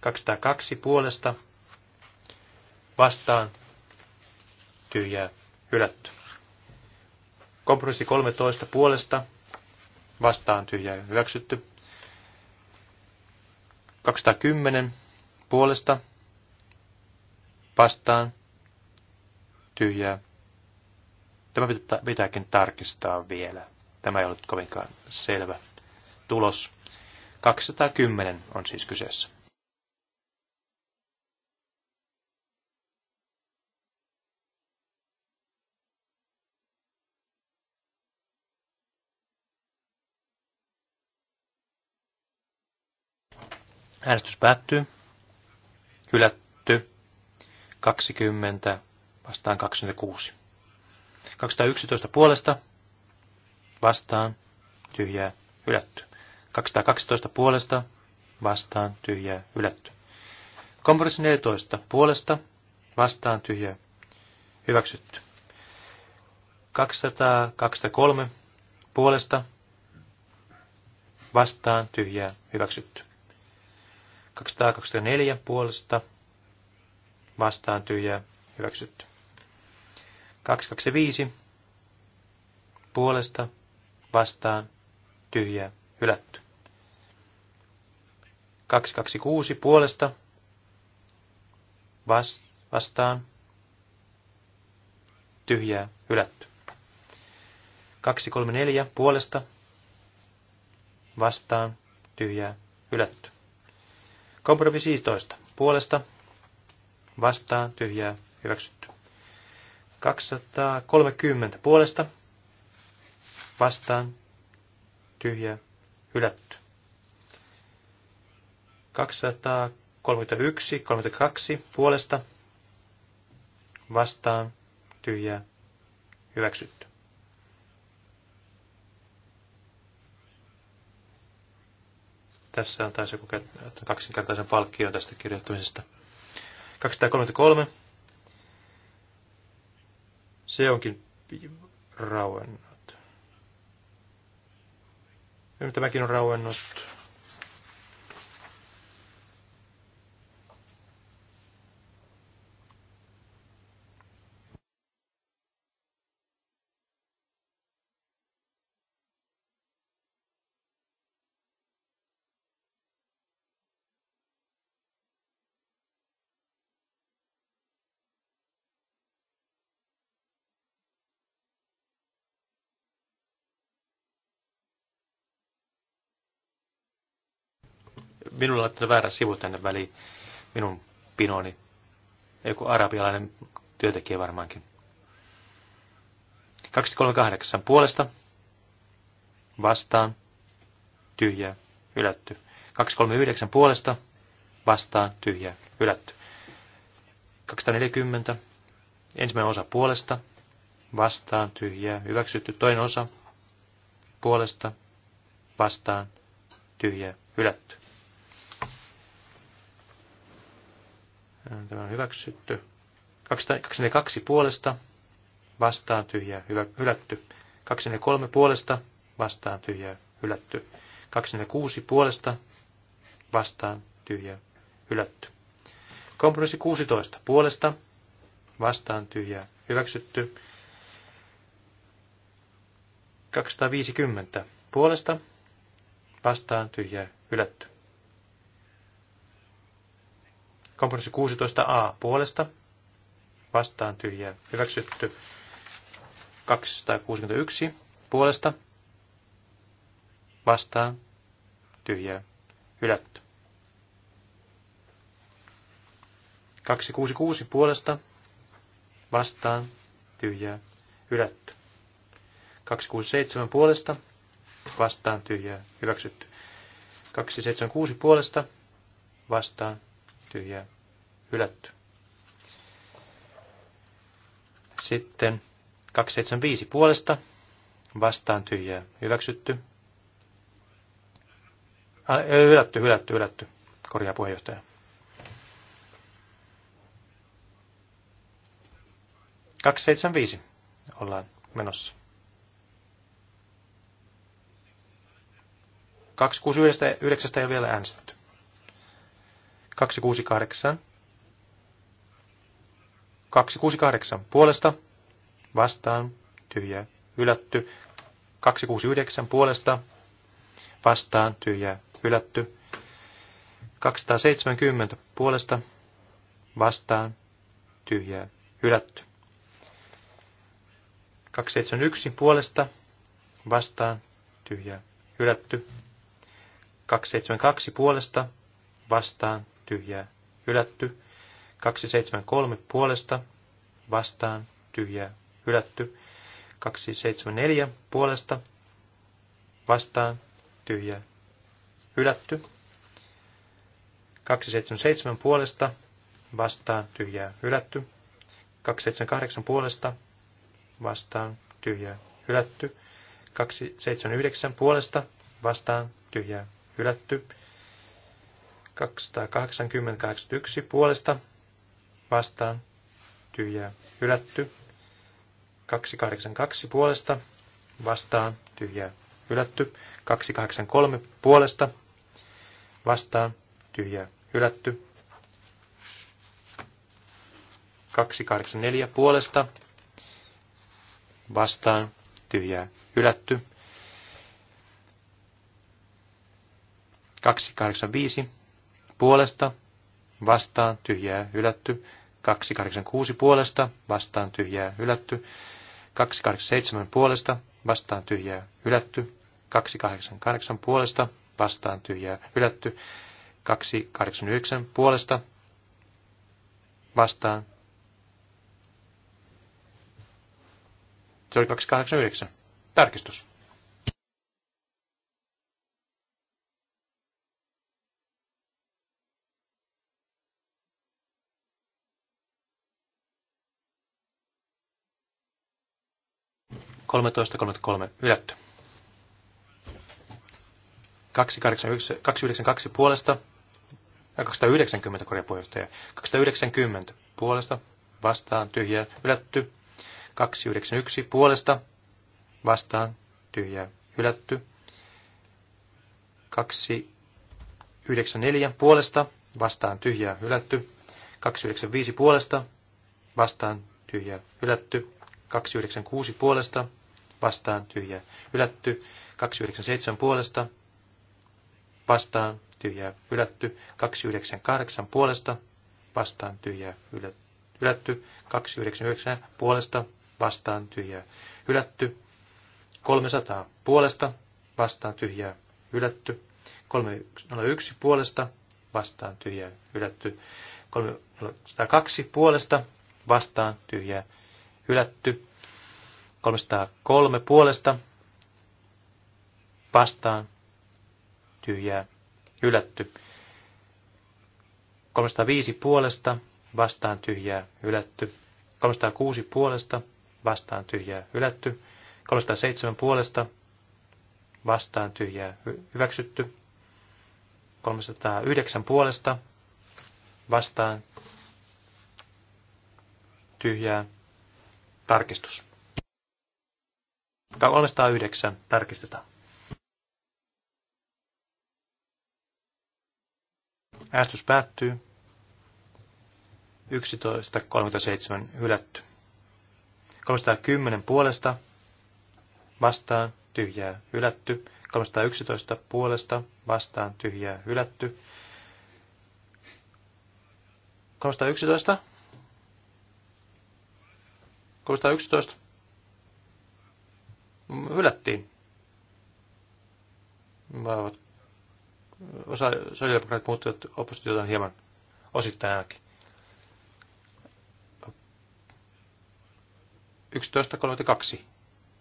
202 puolesta, vastaan, tyhjä, hylätty. Kompromissi 13 puolesta, vastaan tyhjää hyväksytty. 210 puolesta vastaan tyhjää. Tämä pitääkin tarkistaa vielä. Tämä ei ollut kovinkaan selvä tulos. 210 on siis kyseessä. Äänestys päättyy. Hylätty. 20 vastaan 26. 211 puolesta vastaan tyhjää hylätty. 212 puolesta vastaan tyhjää hylätty. Kompromissi 14 puolesta vastaan tyhjää hyväksytty. 223 puolesta vastaan tyhjää hyväksytty. 224 puolesta vastaan tyhjä hyväksytty. 225 puolesta vastaan tyhjä hylätty. 226 puolesta vas, vastaan tyhjää hylätty. 234 puolesta vastaan tyhjää hylätty. Kompromi 15. Puolesta vastaan tyhjää hyväksytty. 230 puolesta vastaan tyhjää hylätty. 231, 32 puolesta vastaan tyhjää hyväksytty. Tässä on taas joku kaksinkertaisen palkkion tästä kirjoittamisesta. 233. Se onkin rauennut. Tämäkin on rauennut. minulla on väärä sivu tänne väliin, minun pinoni. Joku arabialainen työntekijä varmaankin. 238 puolesta, vastaan, Tyhjä. hylätty. 239 puolesta, vastaan, Tyhjä. hylätty. 240, ensimmäinen osa puolesta, vastaan, tyhjä hyväksytty. Toinen osa, puolesta, vastaan, tyhjä hylätty. Tämä on hyväksytty. 242 puolesta vastaan tyhjä, hylätty. 243 puolesta vastaan tyhjä hylätty. 246 puolesta vastaan tyhjä hylätty. Kompromissi 16 puolesta vastaan tyhjä, hyväksytty. 250 puolesta vastaan tyhjä, hylätty. Kompromissi 16a puolesta vastaan tyhjä. hyväksytty. 261 puolesta vastaan tyhjä. hylätty. 266 puolesta vastaan tyhjä. hylätty. 267 puolesta vastaan tyhjä. hyväksytty. 276 puolesta vastaan tyhjä, hylätty. Sitten 275 puolesta vastaan tyhjää hyväksytty. Ah, hylätty, hylätty, hylätty, korjaa puheenjohtaja. 275 ollaan menossa. 269 ei ole vielä äänestetty. 268. 268 puolesta vastaan Tyhjä. Ylätty. 269 puolesta vastaan Tyhjä. Ylätty. 270 puolesta vastaan Tyhjä. Ylätty. 271 puolesta vastaan Tyhjä. Ylätty. 272 puolesta vastaan tyhjää hylätty. 273 puolesta vastaan tyhjää hylätty. 274 puolesta vastaan tyhjää hylätty. 277 puolesta vastaan tyhjää hylätty. 278 puolesta vastaan tyhjää hylätty. 279 puolesta vastaan tyhjää hylätty. 281 puolesta vastaan tyhjää hylätty. 282 puolesta vastaan tyhjää hylätty. 283 puolesta vastaan tyhjää hylätty. 284 puolesta vastaan tyhjää hylätty. 285 puolesta, vastaan, tyhjää, hylätty. 286 puolesta, vastaan, tyhjää, hylätty. 287 puolesta, vastaan, tyhjää, hylätty. 288 puolesta, vastaan, tyhjää, hylätty. 289 puolesta, vastaan. Se oli 289. Tarkistus. 13.33 hylätty. 292 puolesta, 290 korjapuheenjohtaja, 290 puolesta, vastaan, tyhjä, hylätty. 291 puolesta, vastaan, tyhjä, hylätty. 294 puolesta, vastaan, tyhjä, hylätty. 295 puolesta, vastaan, tyhjä, hylätty. 296 puolesta vastaan tyhjää ylätty. 297 puolesta vastaan tyhjää ylätty. 298 puolesta vastaan tyhjää ylätty. 299 puolesta vastaan tyhjää ylätty. 300 puolesta vastaan tyhjää ylätty. 301 puolesta vastaan tyhjää ylätty. 302 puolesta vastaan tyhjää hylätty hylätty. 303 puolesta vastaan tyhjää hylätty. 305 puolesta vastaan tyhjää hylätty. 306 puolesta vastaan tyhjää hylätty. 307 puolesta vastaan tyhjää hyväksytty. 309 puolesta vastaan tyhjää Tarkistus. 309. Tarkistetaan. Äänestys päättyy. 11.37 hylätty. 310 puolesta vastaan tyhjää hylätty. 311 puolesta vastaan tyhjää hylätty. 311 311 hylättiin. Osa sosiaalidemokraatit muuttivat oppositiota hieman osittain ainakin. 11.32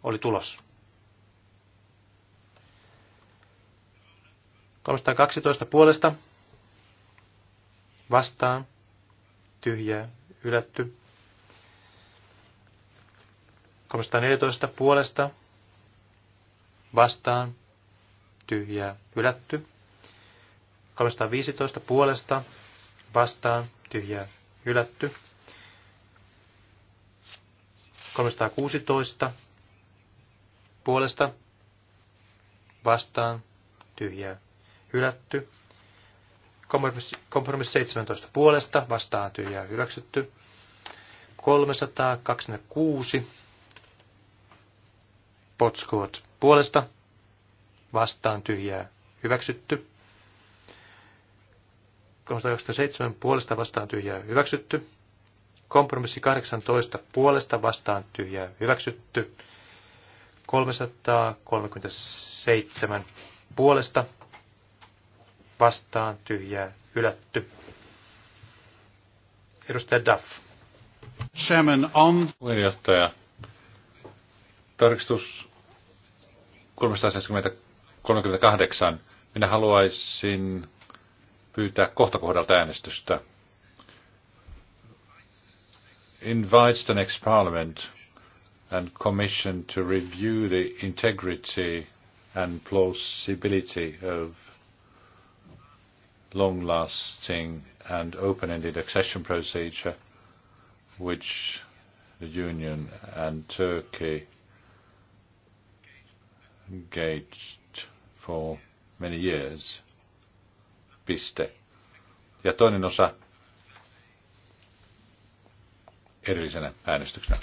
oli tulos. 312 puolesta vastaan tyhjää ylätty 314 puolesta vastaan tyhjää hylätty. 315 puolesta vastaan tyhjää hylätty. 316 puolesta vastaan tyhjää hylätty. Kompromissi 17 puolesta vastaan tyhjää hyväksytty. 326 Potskot puolesta vastaan tyhjää hyväksytty. 327 puolesta vastaan tyhjää hyväksytty. Kompromissi 18 puolesta vastaan tyhjää hyväksytty. 337 puolesta vastaan tyhjää hylätty. Edustaja Duff. Chairman on. Puheenjohtaja Tarkistus 338. Minä haluaisin pyytää kohtakohdalta äänestystä. Invites the next parliament and commission to review the integrity and plausibility of long-lasting and open-ended accession procedure which the Union and Turkey engaged for many years. Piste. Ja toinen osa erillisenä äänestyksenä.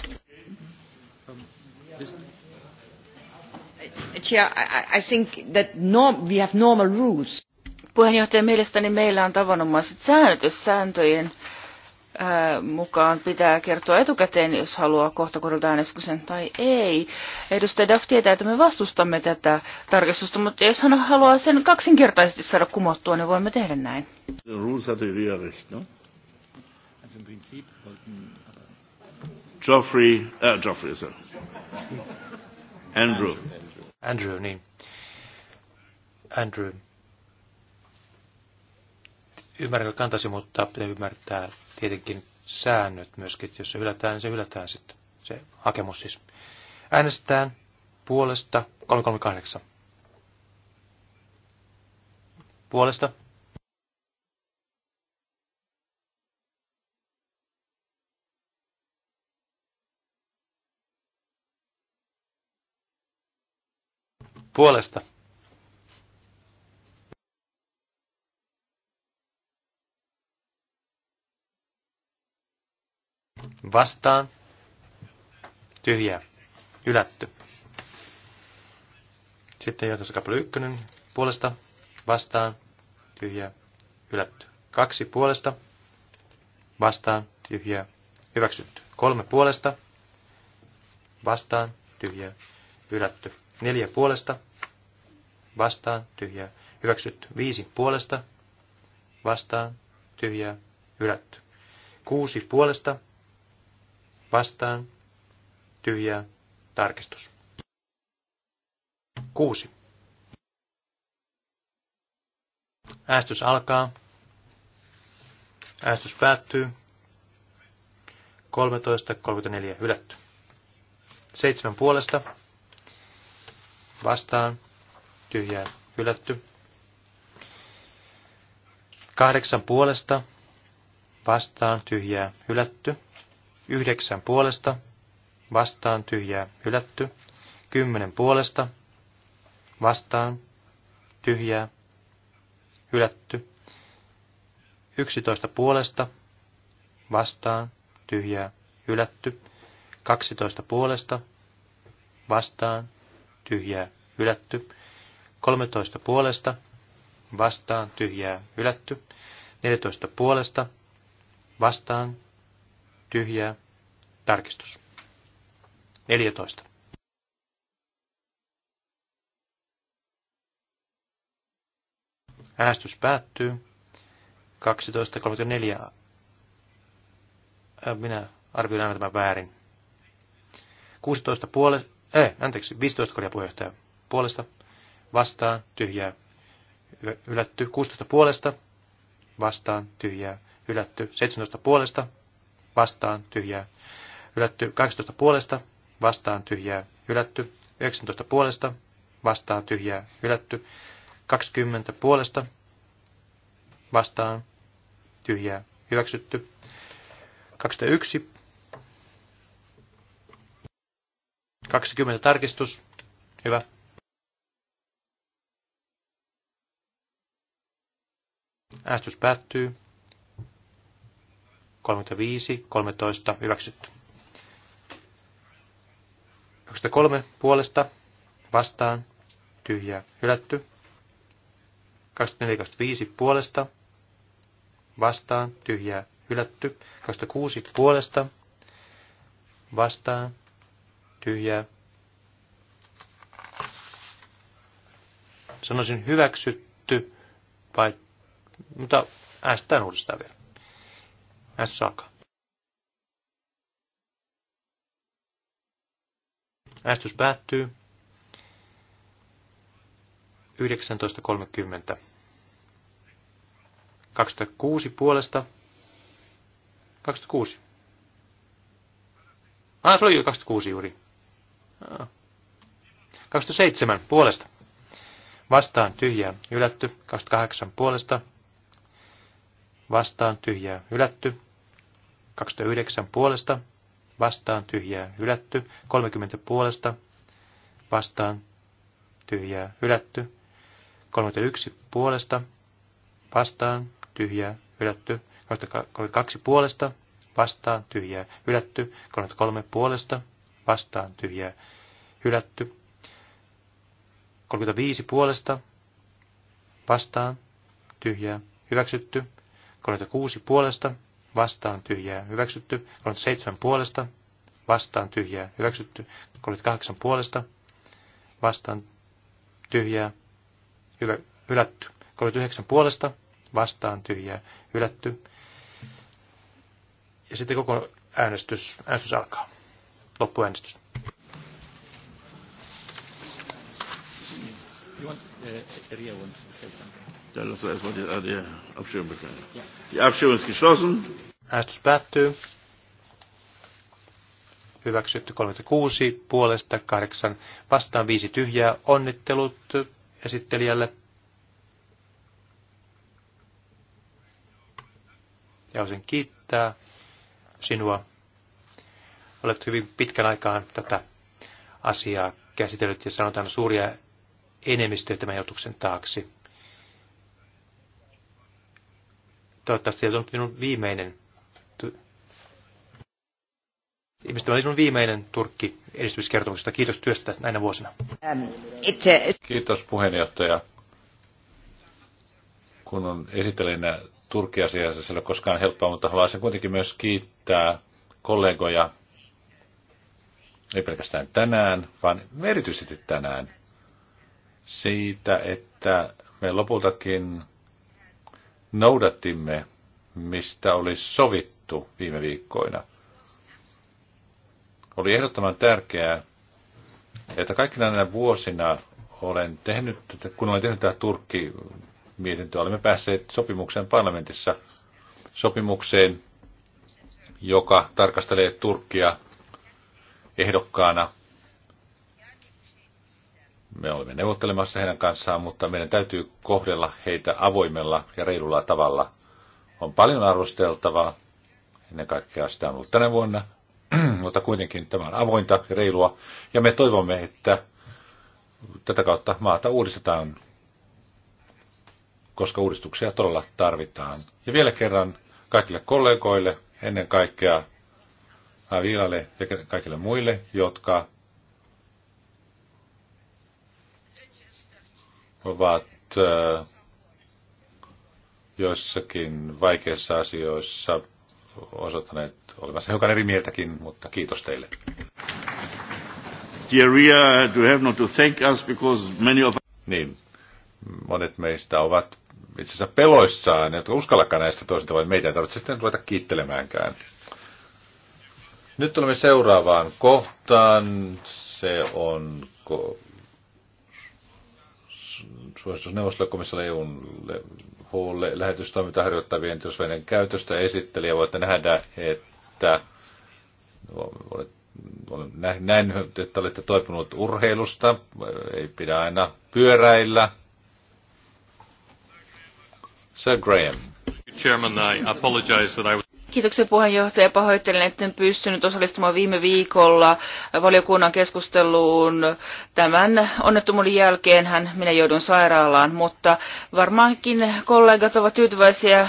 Puheenjohtaja, mielestäni meillä on tavanomaiset säännöt, jos sääntöjen mukaan pitää kertoa etukäteen, jos haluaa kohta kohdalta äänestyksen tai ei. Edustaja Duff tietää, että me vastustamme tätä tarkistusta, mutta jos hän haluaa sen kaksinkertaisesti saada kumottua, niin voimme tehdä näin. No? Äh, Geoffrey, äh, Geoffrey, sir. Andrew. Andrew, niin. Andrew. Ymmärrän kantasi, mutta pitää ymmärtää, tietenkin säännöt myöskin, että jos se hylätään, niin se hylätään sitten, se hakemus siis. Äänestetään puolesta 338. Puolesta puolesta. vastaan, tyhjä hylätty. Sitten johtossa kappale ykkönen. puolesta, vastaan, tyhjä hylätty. Kaksi puolesta, vastaan, tyhjä hyväksytty. Kolme puolesta, vastaan, tyhjä hylätty. Neljä puolesta, vastaan, tyhjä hyväksytty. Viisi puolesta, vastaan, tyhjä hylätty. Kuusi puolesta, Vastaan. Tyhjää. Tarkistus. Kuusi. Äästys alkaa. Äästys päättyy. 13.34 hylätty. Seitsemän puolesta. Vastaan. Tyhjää hylätty. Kahdeksan puolesta. Vastaan tyhjää hylätty. Yhdeksän puolesta, vastaan tyhjää hylätty. Kymmenen puolesta, vastaan tyhjää hylätty. yksitoista puolesta, vastaan tyhjää hylätty. kaksitoista puolesta, vastaan tyhjää hylätty. kolmetoista puolesta, vastaan tyhjää hylätty. neljätoista puolesta, vastaan tyhjää Tarkistus. 14. Äänestys päättyy. 12.34. Minä arvioin aina tämän väärin. 16 puolesta, ei, anteeksi, 15 kolja puheenjohtaja puolesta, vastaan, tyhjää, hylätty. 16 puolesta, vastaan, tyhjää, hylätty. 17 puolesta, vastaan, tyhjää, hylätty 18 puolesta, vastaan tyhjää, hylätty 19 puolesta, vastaan tyhjää, hylätty 20 puolesta, vastaan tyhjää, hyväksytty 21 20 tarkistus, hyvä. Äänestys päättyy. 35, 13, hyväksytty. 23 puolesta vastaan tyhjä, hylätty. 24-25 puolesta vastaan tyhjä, hylätty. 26 puolesta vastaan tyhjä. Sanoisin hyväksytty, vai, mutta äästään uudestaan vielä. Äänestys alkaa. Äänestys päättyy. 19.30. 26 puolesta. 26. Ah, se oli jo 26 juuri. Ah. 27 puolesta. Vastaan tyhjää ylätty. 28 puolesta. Vastaan tyhjää ylätty. 29 puolesta vastaan tyhjää hylätty, 30 puolesta vastaan tyhjää hylätty, 31 puolesta vastaan tyhjää hylätty, 32 puolesta vastaan tyhjää hylätty, 33 puolesta vastaan tyhjää hylätty, 35 puolesta vastaan tyhjää hyväksytty, 36 puolesta vastaan tyhjää hyväksytty, 37 puolesta, vastaan tyhjää hyväksytty, 38 puolesta, vastaan tyhjää hyvä, hylätty, 39 puolesta, vastaan tyhjää hylätty. Ja sitten koko äänestys, äänestys alkaa, loppuäänestys. You want, uh, Ria one, to say something. Dann lassen wir erstmal die, äh, die Abstimmung beginnen. Die Abstimmung ist geschlossen. Äänestys päättyy. Hyväksytty 36, puolesta 8, vastaan 5 tyhjää. Onnittelut esittelijälle. Ja haluaisin kiittää sinua. Olet hyvin pitkän aikaan tätä asiaa käsitellyt ja sanotaan suuria enemmistöjä tämän joutuksen taakse Toivottavasti on minun viimeinen Ihmiset, tämä oli sinun viimeinen Turkki edistyskertomuksesta. Kiitos työstä tästä näinä vuosina. Ähm, itse... Kiitos puheenjohtaja. Kun on esittelinä Turkki-asiassa, se ei ole koskaan helppoa, mutta haluaisin kuitenkin myös kiittää kollegoja, ei pelkästään tänään, vaan erityisesti tänään, siitä, että me lopultakin noudatimme, mistä oli sovittu viime viikkoina. Oli ehdottoman tärkeää, että kaikkina näinä vuosina olen tehnyt, kun olen tehnyt tämä Turkki mietintö, olemme päässeet sopimukseen parlamentissa, sopimukseen, joka tarkastelee Turkkia ehdokkaana me olemme neuvottelemassa heidän kanssaan, mutta meidän täytyy kohdella heitä avoimella ja reilulla tavalla. On paljon arvosteltavaa, ennen kaikkea sitä on ollut tänä vuonna, *clears throat* mutta kuitenkin tämä on avointa ja reilua. Ja me toivomme, että tätä kautta maata uudistetaan, koska uudistuksia todella tarvitaan. Ja vielä kerran kaikille kollegoille, ennen kaikkea Avilalle ja kaikille muille, jotka ovat äh, joissakin vaikeissa asioissa osoittaneet olevansa hiukan eri mieltäkin, mutta kiitos teille. have not to thank us because many of... Niin, monet meistä ovat itse asiassa peloissaan, jotka uskallakaan näistä toisilta, vaan meitä ei tarvitse sitten ruveta kiittelemäänkään. Nyt tulemme seuraavaan kohtaan. Se on suositus neuvostolle EUn HOlle lähetystoiminta harjoittavien tiedotusvälineiden käytöstä esitteli, ja Voitte nähdä, että näin, että olette toipunut urheilusta. Ei pidä aina pyöräillä. Sir Graham. Chairman, I apologize that I Kiitoksia puheenjohtaja. Pahoittelen, en pystynyt osallistumaan viime viikolla valiokunnan keskusteluun. Tämän onnettomuuden jälkeen hän minä joudun sairaalaan, mutta varmaankin kollegat ovat tyytyväisiä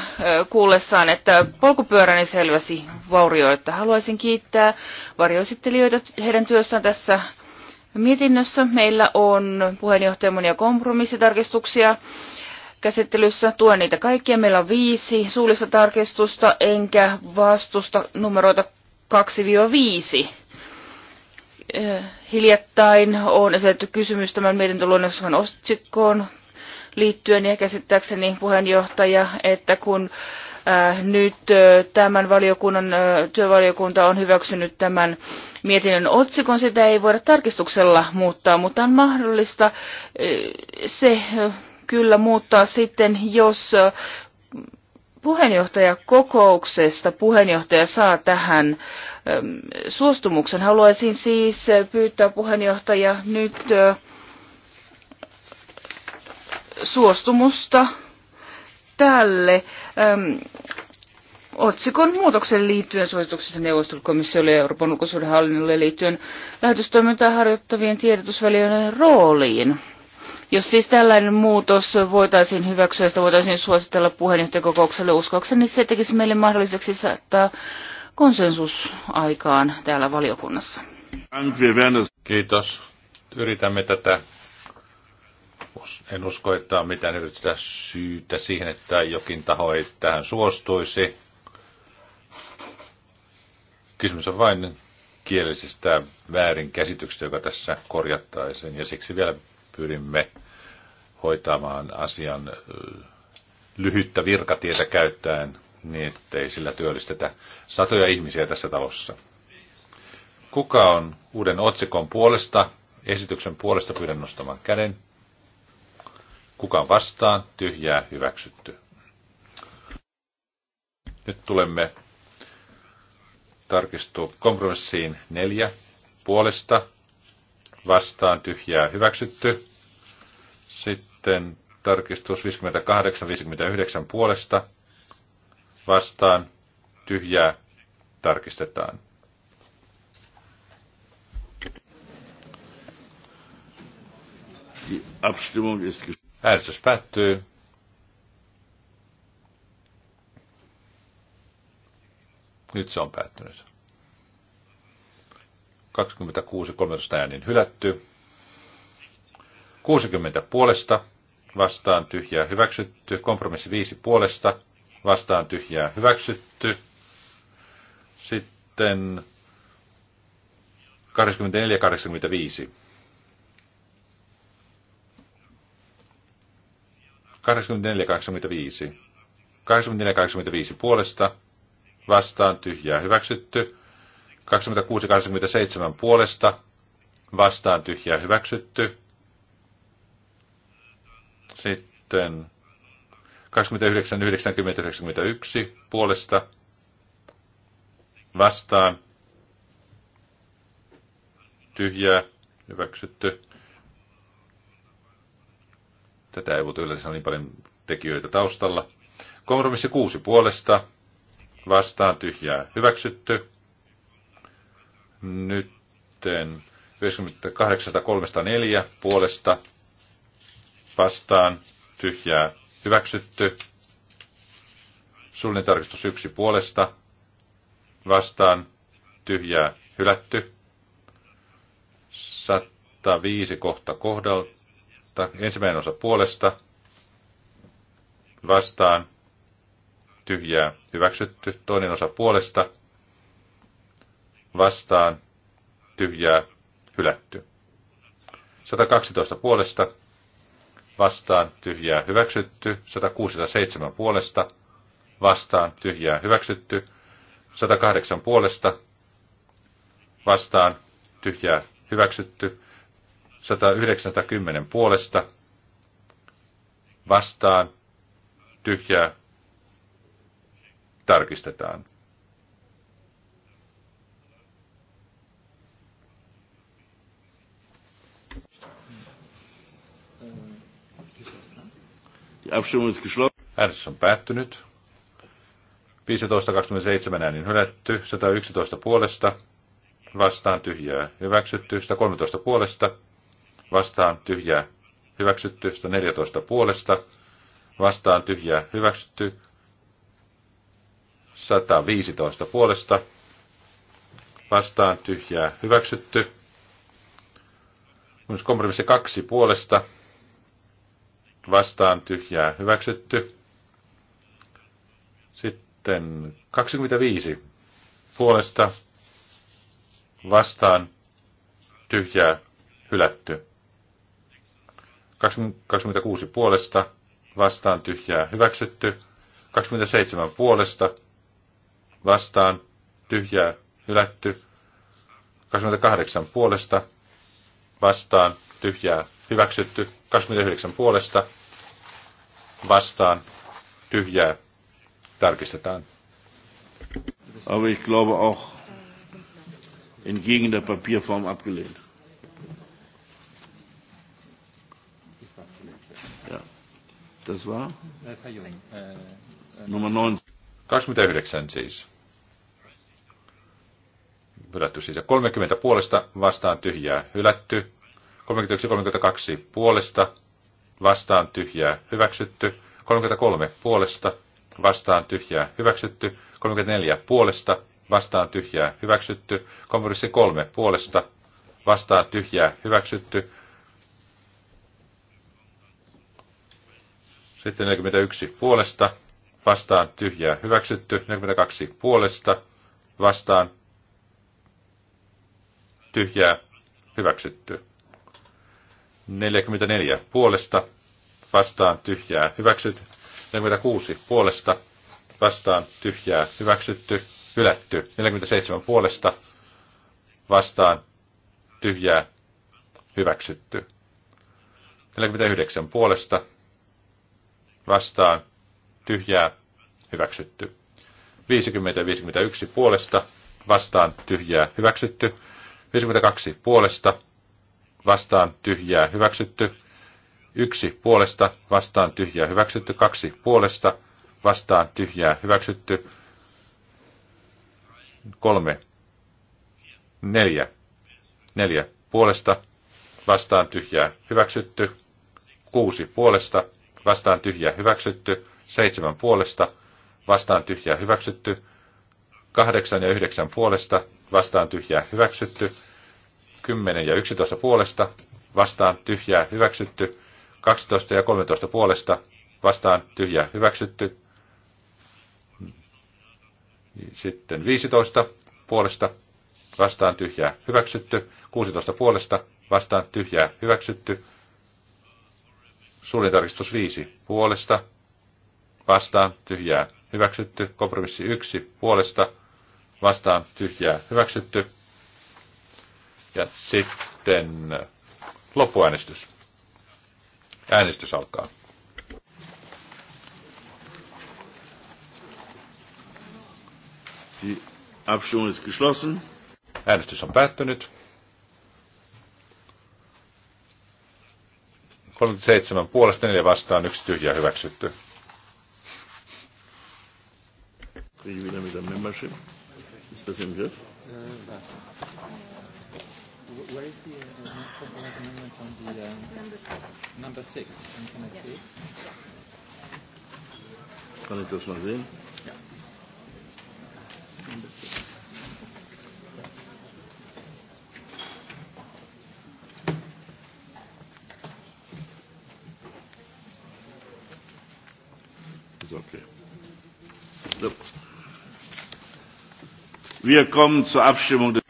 kuullessaan, että polkupyöräni niin selväsi vaurioita. Haluaisin kiittää varjoesittelijöitä heidän työssään tässä mietinnössä. Meillä on puheenjohtajan monia kompromissitarkistuksia käsittelyssä. Tuen niitä kaikkia. Meillä on viisi suullista tarkistusta, enkä vastusta numeroita 2-5. Eh, hiljattain on esitetty kysymys tämän mietintöluonnoksen otsikkoon liittyen ja käsittääkseni puheenjohtaja, että kun eh, nyt eh, tämän valiokunnan työvaliokunta on hyväksynyt tämän mietinnön otsikon. Sitä ei voida tarkistuksella muuttaa, mutta on mahdollista se kyllä muuttaa sitten, jos puheenjohtajakokouksesta puheenjohtaja saa tähän suostumuksen. Haluaisin siis pyytää puheenjohtaja nyt suostumusta tälle ähm, otsikon muutoksen liittyen suosituksessa neuvostokomissiolle ja Euroopan ulkosuudenhallinnolle liittyen lähetystoimintaa harjoittavien tiedotusvälineiden rooliin. Jos siis tällainen muutos voitaisiin hyväksyä, sitä voitaisiin suositella puheenjohtajakokoukselle uskokseni, se tekisi meille mahdolliseksi saattaa konsensus aikaan täällä valiokunnassa. Kiitos. Yritämme tätä. En usko, että on mitään yritetä syytä siihen, että jokin taho ei tähän suostuisi. Kysymys on vain kielisestä väärinkäsityksestä, joka tässä korjattaisiin, ja siksi vielä pyrimme hoitamaan asian lyhyttä virkatietä käyttäen niin, ettei sillä työllistetä satoja ihmisiä tässä talossa. Kuka on uuden otsikon puolesta, esityksen puolesta pyydän nostamaan käden. Kuka on vastaan, tyhjää, hyväksytty. Nyt tulemme tarkistua kompromissiin neljä puolesta, vastaan tyhjää hyväksytty. Sitten sitten tarkistus 58-59 puolesta vastaan tyhjää tarkistetaan. Äänestys päättyy. Nyt se on päättynyt. 26-13 äänin hylätty. 60 puolesta vastaan tyhjää hyväksytty. Kompromissi viisi puolesta vastaan tyhjää hyväksytty. Sitten 24 85 84-85. 84-85 puolesta vastaan tyhjää hyväksytty. 26-27 puolesta vastaan tyhjää hyväksytty. Sitten 29, 90, 91 puolesta vastaan tyhjää hyväksytty. Tätä ei voi yleensä niin paljon tekijöitä taustalla. Kompromissi 6 puolesta vastaan tyhjää hyväksytty. Nytten 98.304 puolesta vastaan tyhjää hyväksytty. Suullinen tarkistus yksi puolesta vastaan tyhjää hylätty. 105 kohta kohdalta ensimmäinen osa puolesta vastaan tyhjää hyväksytty. Toinen osa puolesta vastaan tyhjää hylätty. 112 puolesta vastaan tyhjää hyväksytty, 167 puolesta vastaan tyhjää hyväksytty, 108 puolesta vastaan tyhjää hyväksytty, 190 puolesta vastaan tyhjää tarkistetaan. Äänestys on päättynyt. 15.27 äänin hylätty, 111 puolesta, vastaan tyhjää, hyväksytty, 113 puolesta, vastaan tyhjää, hyväksytty, 114 puolesta, vastaan tyhjää, hyväksytty, 115 puolesta, vastaan tyhjää, hyväksytty, myös kompromissi 2 puolesta, vastaan tyhjää hyväksytty. Sitten 25 puolesta vastaan tyhjää hylätty. 26 puolesta vastaan tyhjää hyväksytty. 27 puolesta vastaan tyhjää hylätty. 28 puolesta vastaan tyhjää hyväksytty 29 puolesta vastaan tyhjää tarkistetaan. Aber ich glaube auch entgegen der Papierform abgelehnt. Ja. Das war? Nummer 9. 29 siis. Hylätty siis. Ja 30 puolesta vastaan tyhjää. Hylätty. 31-32 puolesta vastaan tyhjää hyväksytty. 33 puolesta vastaan tyhjää hyväksytty. 34 puolesta vastaan tyhjää hyväksytty. Kompromissi 3 puolesta vastaan tyhjää hyväksytty. Sitten 41 puolesta vastaan tyhjää hyväksytty. 42 puolesta vastaan tyhjää hyväksytty. 44 puolesta vastaan tyhjää hyväksytty. 46 puolesta vastaan tyhjää hyväksytty, hylätty. 47 puolesta vastaan tyhjää hyväksytty. 49 puolesta vastaan tyhjää hyväksytty. 50 ja 51 puolesta vastaan tyhjää hyväksytty. 52 puolesta vastaan tyhjää hyväksytty. Yksi puolesta vastaan tyhjää hyväksytty. Kaksi puolesta vastaan tyhjää hyväksytty. Kolme. Neljä. Neljä puolesta vastaan tyhjää hyväksytty. Kuusi puolesta vastaan tyhjää hyväksytty. Seitsemän puolesta vastaan tyhjää hyväksytty. Kahdeksan ja yhdeksän puolesta vastaan tyhjää hyväksytty. 10 ja 11 puolesta, vastaan tyhjää hyväksytty, 12 ja 13 puolesta, vastaan tyhjää hyväksytty, sitten 15 puolesta, vastaan tyhjää hyväksytty, 16 puolesta, vastaan tyhjää hyväksytty, suunnitelmistus 5 puolesta, vastaan tyhjää hyväksytty, kompromissi 1 puolesta, vastaan tyhjää hyväksytty, ja sitten loppuäänestys. Äänestys alkaa. Die Abstimmung ist geschlossen. Äänestys on päättynyt. 37 puolesta 4 vastaan, yksi tyhjä hyväksytty. Kriege wieder mit der Membership. Ist das im Griff? Äh, Where is the uh, amendment on the um, number six? And can I yeah. see it? Yeah. Kann ich das mal sehen? Ja. Number six. okay. So. Wir kommen zur Abstimmung. Nyt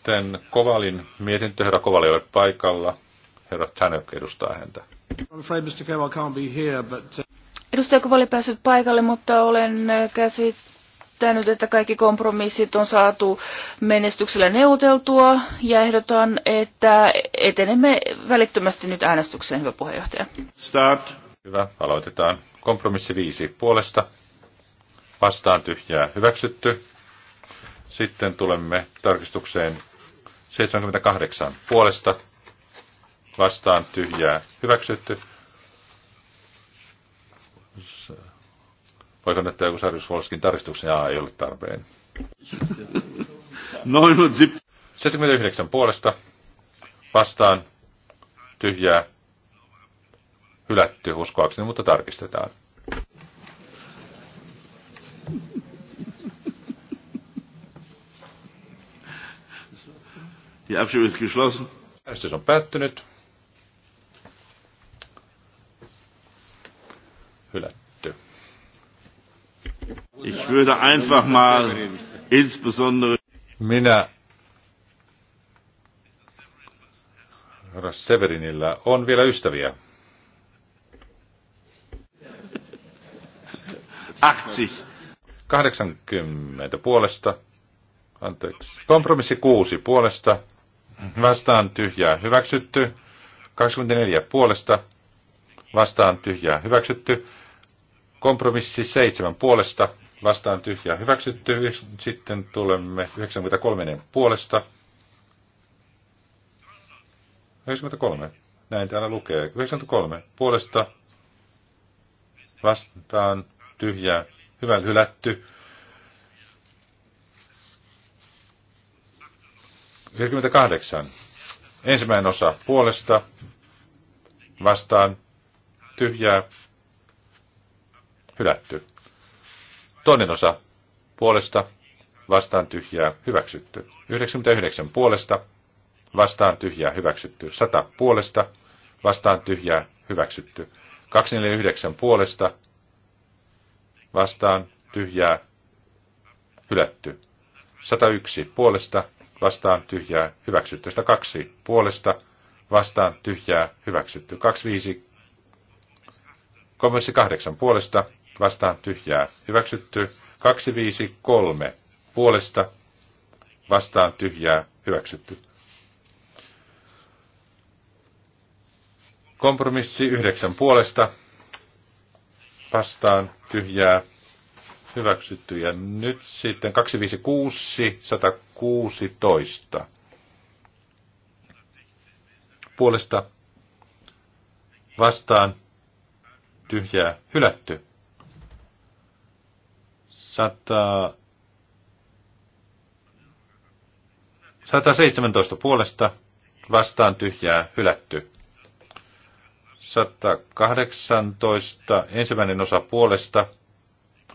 sitten Kovalin mietintö. Herra Kovali ei ole paikalla. Herra Tänök edustaa häntä. Uh, Edustaja Kovali päässyt paikalle, mutta olen uh, käsittänyt, että kaikki kompromissit on saatu menestyksellä neuvoteltua ja ehdotan, että etenemme välittömästi nyt äänestykseen, hyvä puheenjohtaja. Start. Hyvä, aloitetaan. Kompromissi viisi puolesta. Vastaan tyhjää hyväksytty. Sitten tulemme tarkistukseen 78 puolesta vastaan tyhjää hyväksytty. Voiko näyttää joku Sarjusvolskin tarkistuksen? Jaa, ei ole tarpeen. *laughs* Noin, 79 puolesta vastaan tyhjää hylätty uskoakseni, mutta tarkistetaan. Die Abstimmung ist geschlossen. Äänestys on päättynyt. Hylätty. Ich würde einfach mal insbesondere... Minä herra Severinillä on vielä ystäviä. 80. 80 puolesta. Anteeksi. Kompromissi 6 puolesta vastaan tyhjää hyväksytty. 24 puolesta vastaan tyhjää hyväksytty. Kompromissi 7 puolesta vastaan tyhjää hyväksytty. Sitten tulemme 93 puolesta. 93. Näin täällä lukee. 93 puolesta vastaan tyhjää hyvä hylätty. 58. Ensimmäinen osa puolesta vastaan tyhjää hylätty. Toinen osa puolesta vastaan tyhjää hyväksytty. 99 puolesta vastaan tyhjää hyväksytty. 100 puolesta vastaan tyhjää hyväksytty. 249 puolesta vastaan tyhjää hylätty. 101 puolesta vastaan tyhjää hyväksytty. kaksi puolesta vastaan tyhjää hyväksytty. viisi kompromissi kahdeksan puolesta vastaan tyhjää hyväksytty. kolme puolesta vastaan tyhjää hyväksytty. Kompromissi yhdeksän puolesta vastaan tyhjää hyväksytty. Ja nyt sitten 256, 116 puolesta vastaan tyhjää hylätty. 100, 117 puolesta vastaan tyhjää hylätty. 118 ensimmäinen osa puolesta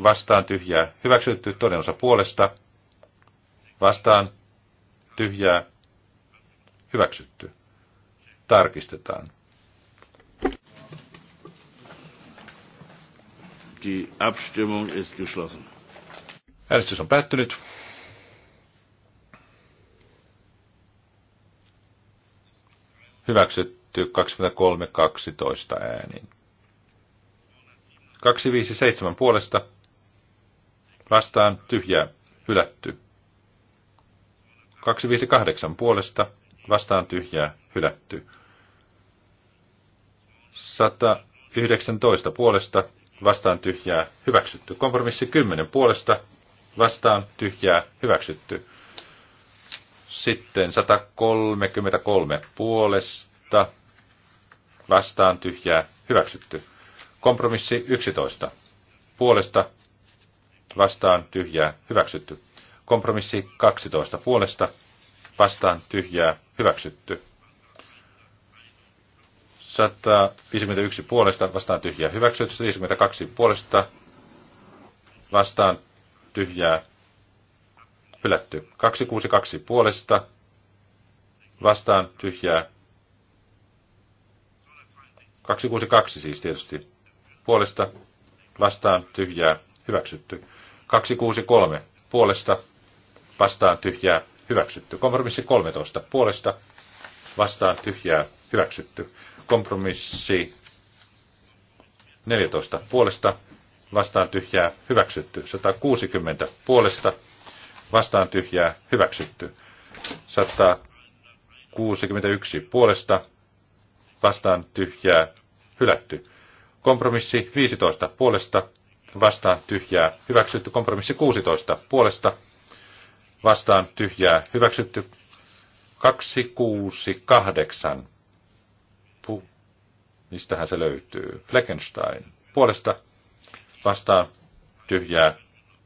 vastaan tyhjää hyväksytty, toinen osa puolesta vastaan tyhjää hyväksytty. Tarkistetaan. Die Abstimmung ist geschlossen. Äänestys on päättynyt. Hyväksytty 23.12 äänin. 257 puolesta Vastaan tyhjää. Hylätty. 258 puolesta. Vastaan tyhjää. Hylätty. 119 puolesta. Vastaan tyhjää. Hyväksytty. Kompromissi 10 puolesta. Vastaan tyhjää. Hyväksytty. Sitten 133 puolesta. Vastaan tyhjää. Hyväksytty. Kompromissi 11. Puolesta vastaan tyhjää hyväksytty. Kompromissi 12 puolesta vastaan tyhjää hyväksytty. 151 puolesta vastaan tyhjää hyväksytty. 152 puolesta vastaan tyhjää hylätty. 262 puolesta vastaan tyhjää 262 siis tietysti puolesta vastaan tyhjää hyväksytty. 263 puolesta vastaan tyhjää hyväksytty. Kompromissi 13 puolesta vastaan tyhjää hyväksytty. Kompromissi 14 puolesta vastaan tyhjää hyväksytty. 160 puolesta vastaan tyhjää hyväksytty. 161 puolesta vastaan tyhjää hylätty. Kompromissi 15 puolesta vastaan tyhjää hyväksytty. Kompromissi 16 puolesta vastaan tyhjää hyväksytty. 268. Pu- Mistähän se löytyy? Fleckenstein. Puolesta vastaan tyhjää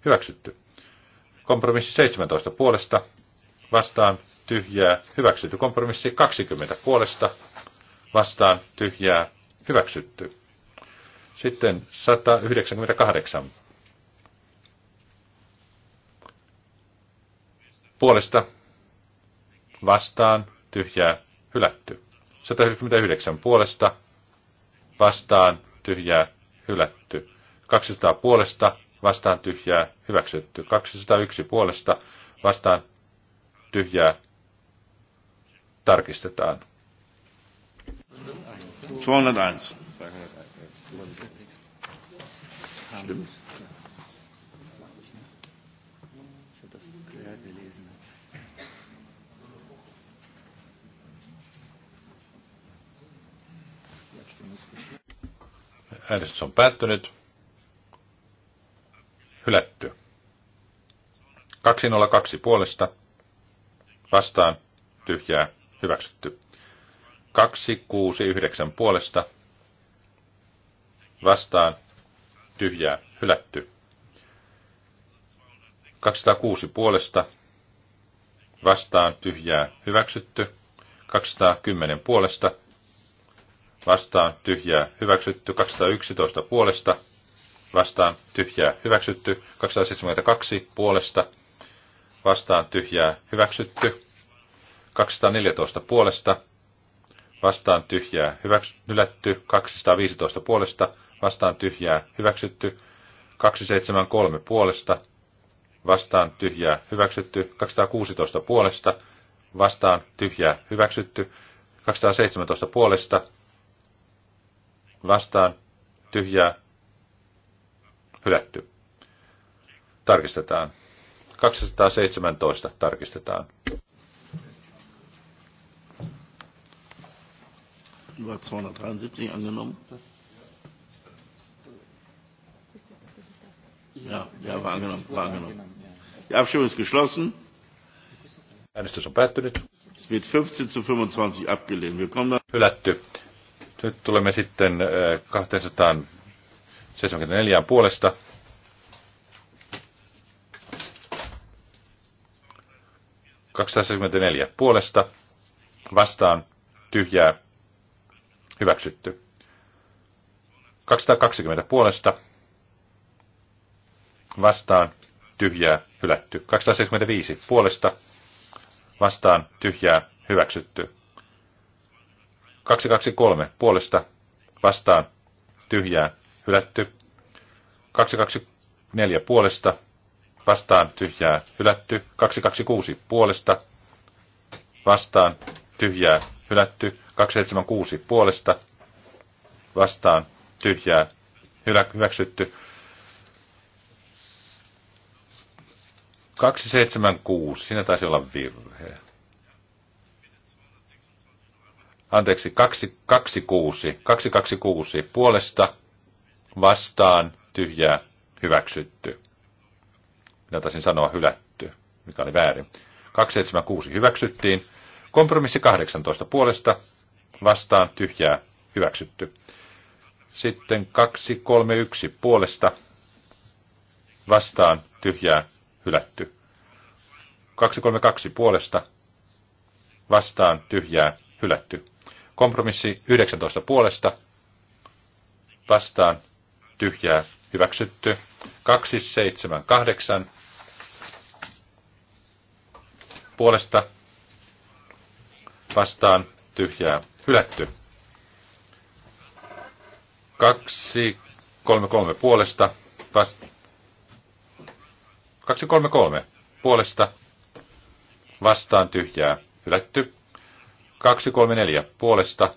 hyväksytty. Kompromissi 17 puolesta vastaan tyhjää hyväksytty. Kompromissi 20 puolesta vastaan tyhjää hyväksytty. Sitten 198. Puolesta vastaan tyhjää hylätty. 199 puolesta vastaan tyhjää hylätty. 200 puolesta vastaan tyhjää hyväksytty. 201 puolesta vastaan tyhjää tarkistetaan. 201. Stimmt. Ich habe das quer gelesen. Äänestys on päättynyt. Hylätty. 202 puolesta. Vastaan. Tyhjää. Hyväksytty. 269 puolesta vastaan tyhjää hylätty. 206 puolesta vastaan tyhjää hyväksytty. 210 puolesta vastaan tyhjää hyväksytty. 211 puolesta vastaan tyhjää hyväksytty. 272 puolesta vastaan tyhjää hyväksytty. 214 puolesta vastaan tyhjää hyväksytty. 215 puolesta vastaan tyhjää hyväksytty. 273 puolesta vastaan tyhjää hyväksytty. 216 puolesta vastaan tyhjää hyväksytty. 217 puolesta vastaan tyhjää hylätty. Tarkistetaan. 217 tarkistetaan. Über 273 angenommen. Ja, ja war angenommen. War angenommen. Die Abstimmung ist geschlossen. Äänestys on päättynyt. Es wird 15 zu 25 abgelehnt. Wir kommen dann... Hylätty. Nyt tulemme sitten 274 äh, puolesta. ...274 puolesta, vastaan tyhjää, hyväksytty. 220 puolesta, vastaan, tyhjää, hylätty. 275 puolesta, vastaan, tyhjää, hyväksytty. 223 puolesta, vastaan, tyhjää, hylätty. 224 puolesta, vastaan, tyhjää, hylätty. 226 puolesta, vastaan, tyhjää, hylätty. 276 puolesta, vastaan, tyhjää, hyväksytty. 276, siinä taisi olla virhe. Anteeksi, 226, 226, puolesta, vastaan, tyhjää, hyväksytty. Minä taisin sanoa hylätty, mikä oli väärin. 276 hyväksyttiin. Kompromissi 18 puolesta, vastaan, tyhjää, hyväksytty. Sitten 231 puolesta, vastaan, tyhjää, hylätty. 232 puolesta vastaan tyhjää hylätty. Kompromissi 19 puolesta vastaan tyhjää hyväksytty. 278 puolesta vastaan tyhjää hylätty. 233 puolesta vastaan 233 puolesta vastaan tyhjää hylätty. 234 puolesta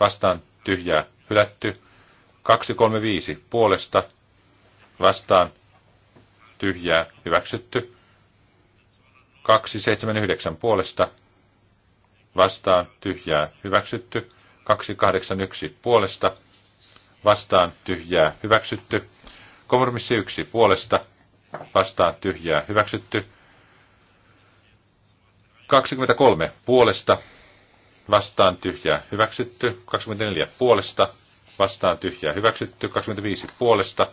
vastaan tyhjää hylätty. 235 puolesta vastaan tyhjää hyväksytty. 279 puolesta vastaan tyhjää hyväksytty. 281 puolesta vastaan tyhjää hyväksytty. Kompromissi 1 puolesta vastaan tyhjää hyväksytty. 23 puolesta vastaan tyhjää hyväksytty. 24 puolesta vastaan tyhjää hyväksytty. 25 puolesta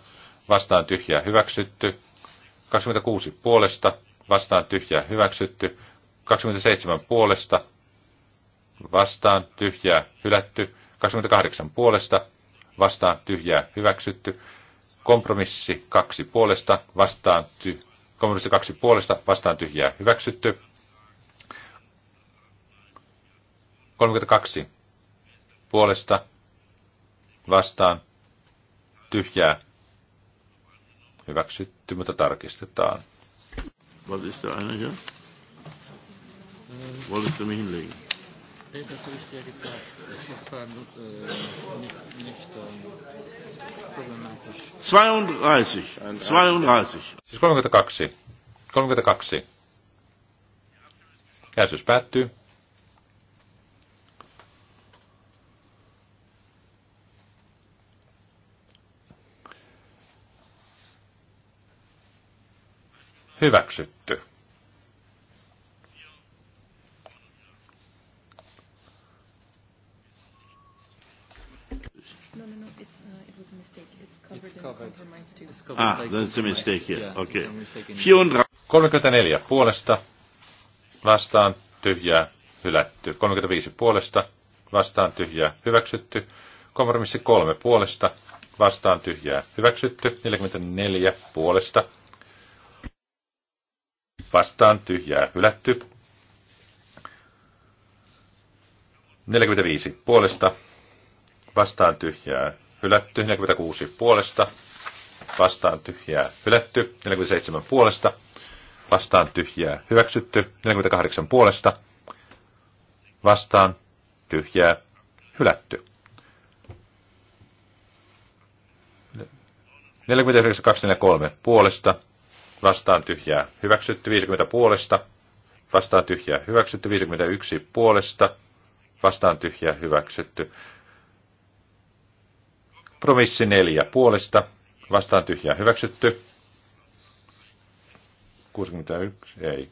vastaan tyhjää hyväksytty. 26 puolesta vastaan tyhjää hyväksytty. 27 puolesta vastaan tyhjää hylätty. 28 puolesta vastaan tyhjää hyväksytty. Kompromissi kaksi puolesta vastaan ty- kompromissi kaksi puolesta vastaan tyhjää hyväksytty. 32 puolesta vastaan tyhjää hyväksytty, mutta tarkistetaan. Was ist der eine hier? Wolltest du mich hinlegen? Nee, das habe ich dir Das ist äh, nicht, nicht ähm, problematisch. 32. 32. Siis 32. 32. Äänestys päättyy. Hyväksytty. Ah, that's a mistake here. Okay. 34 puolesta vastaan tyhjää hylätty. 35 puolesta vastaan tyhjää hyväksytty. Kompromissi 3 puolesta vastaan tyhjää hyväksytty. 44 puolesta vastaan tyhjää hylätty. 45 puolesta vastaan tyhjää hylätty. 46 puolesta vastaan tyhjää hylätty, 47 puolesta, vastaan tyhjää hyväksytty, 48 puolesta, vastaan tyhjää hylätty. 49.243 puolesta, vastaan tyhjää hyväksytty, 50 puolesta, vastaan tyhjää hyväksytty, 51 puolesta, vastaan tyhjää hyväksytty. Promissi 4 puolesta, Vastaan tyhjää hyväksytty. 61, ei.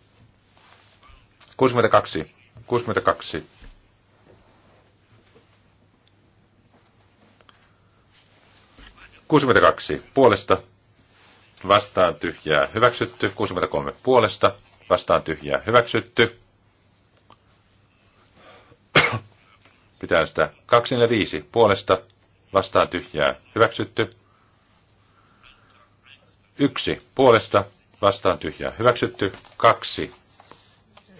62, 62. kaksi puolesta, vastaan tyhjää hyväksytty. 63 puolesta, vastaan tyhjää hyväksytty. Pitää sitä kaksi puolesta, vastaan tyhjää hyväksytty. Yksi puolesta vastaan tyhjää hyväksytty. Kaksi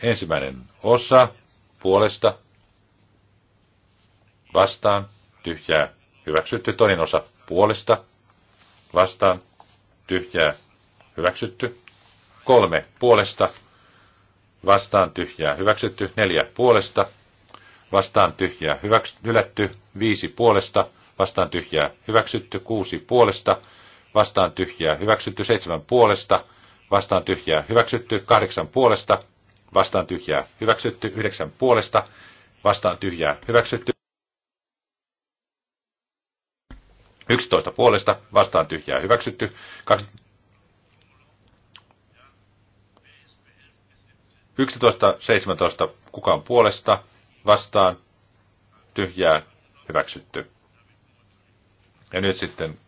ensimmäinen osa puolesta vastaan tyhjää hyväksytty. Toinen osa puolesta vastaan tyhjää hyväksytty. Kolme puolesta vastaan tyhjää hyväksytty. Neljä puolesta vastaan tyhjää hyväksytty. Viisi puolesta vastaan tyhjää hyväksytty. Kuusi puolesta vastaan tyhjää hyväksytty, seitsemän puolesta, vastaan tyhjää hyväksytty, kahdeksan puolesta, vastaan tyhjää hyväksytty, yhdeksän puolesta, vastaan tyhjää hyväksytty, 11 puolesta, vastaan tyhjää hyväksytty, 11, 17, kukaan puolesta, vastaan, tyhjää, hyväksytty. Ja nyt sitten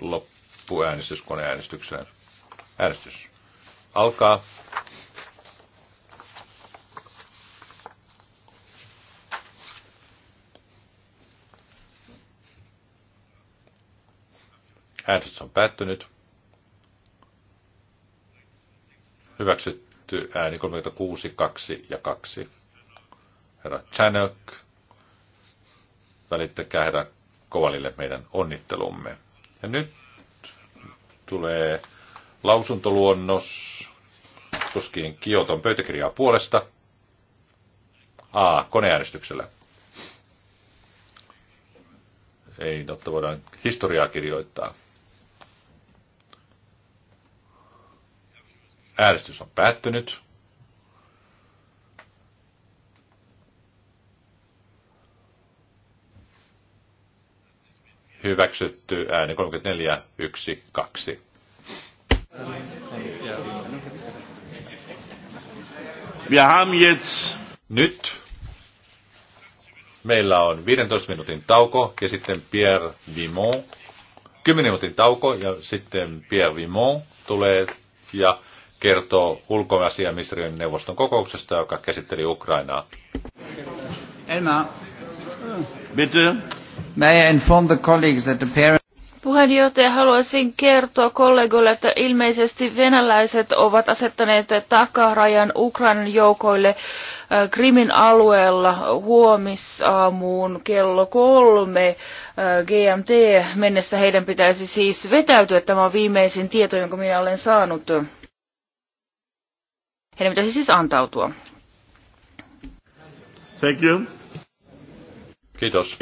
loppu loppuäänestys koneäänestyksellä. Äänestys alkaa. Äänestys on päättynyt. Hyväksytty ääni 36, 2 ja 2. Herra Chanok, välittäkää herra Kovalille meidän onnittelumme. Ja nyt tulee lausuntoluonnos koskien Kioton pöytäkirjaa puolesta. A. Koneäänestyksellä. Ei, totta voidaan historiaa kirjoittaa. Äänestys on päättynyt. hyväksytty ääni 34, 1, 2. Wir haben jetzt... Nyt meillä on 15 minuutin tauko ja sitten Pierre Vimon. 10 minuutin tauko ja sitten Pierre Vimon tulee ja kertoo ulkoasiaministeriön neuvoston kokouksesta, joka käsitteli Ukrainaa. Emma, Bitte. May I inform the colleagues that the parents... Puheenjohtaja, haluaisin kertoa kollegoille, että ilmeisesti venäläiset ovat asettaneet takarajan Ukrainan joukoille äh, Krimin alueella huomisaamuun kello kolme äh, GMT mennessä heidän pitäisi siis vetäytyä. Tämä on viimeisin tieto, jonka minä olen saanut. Heidän pitäisi siis antautua. Thank you. Kiitos.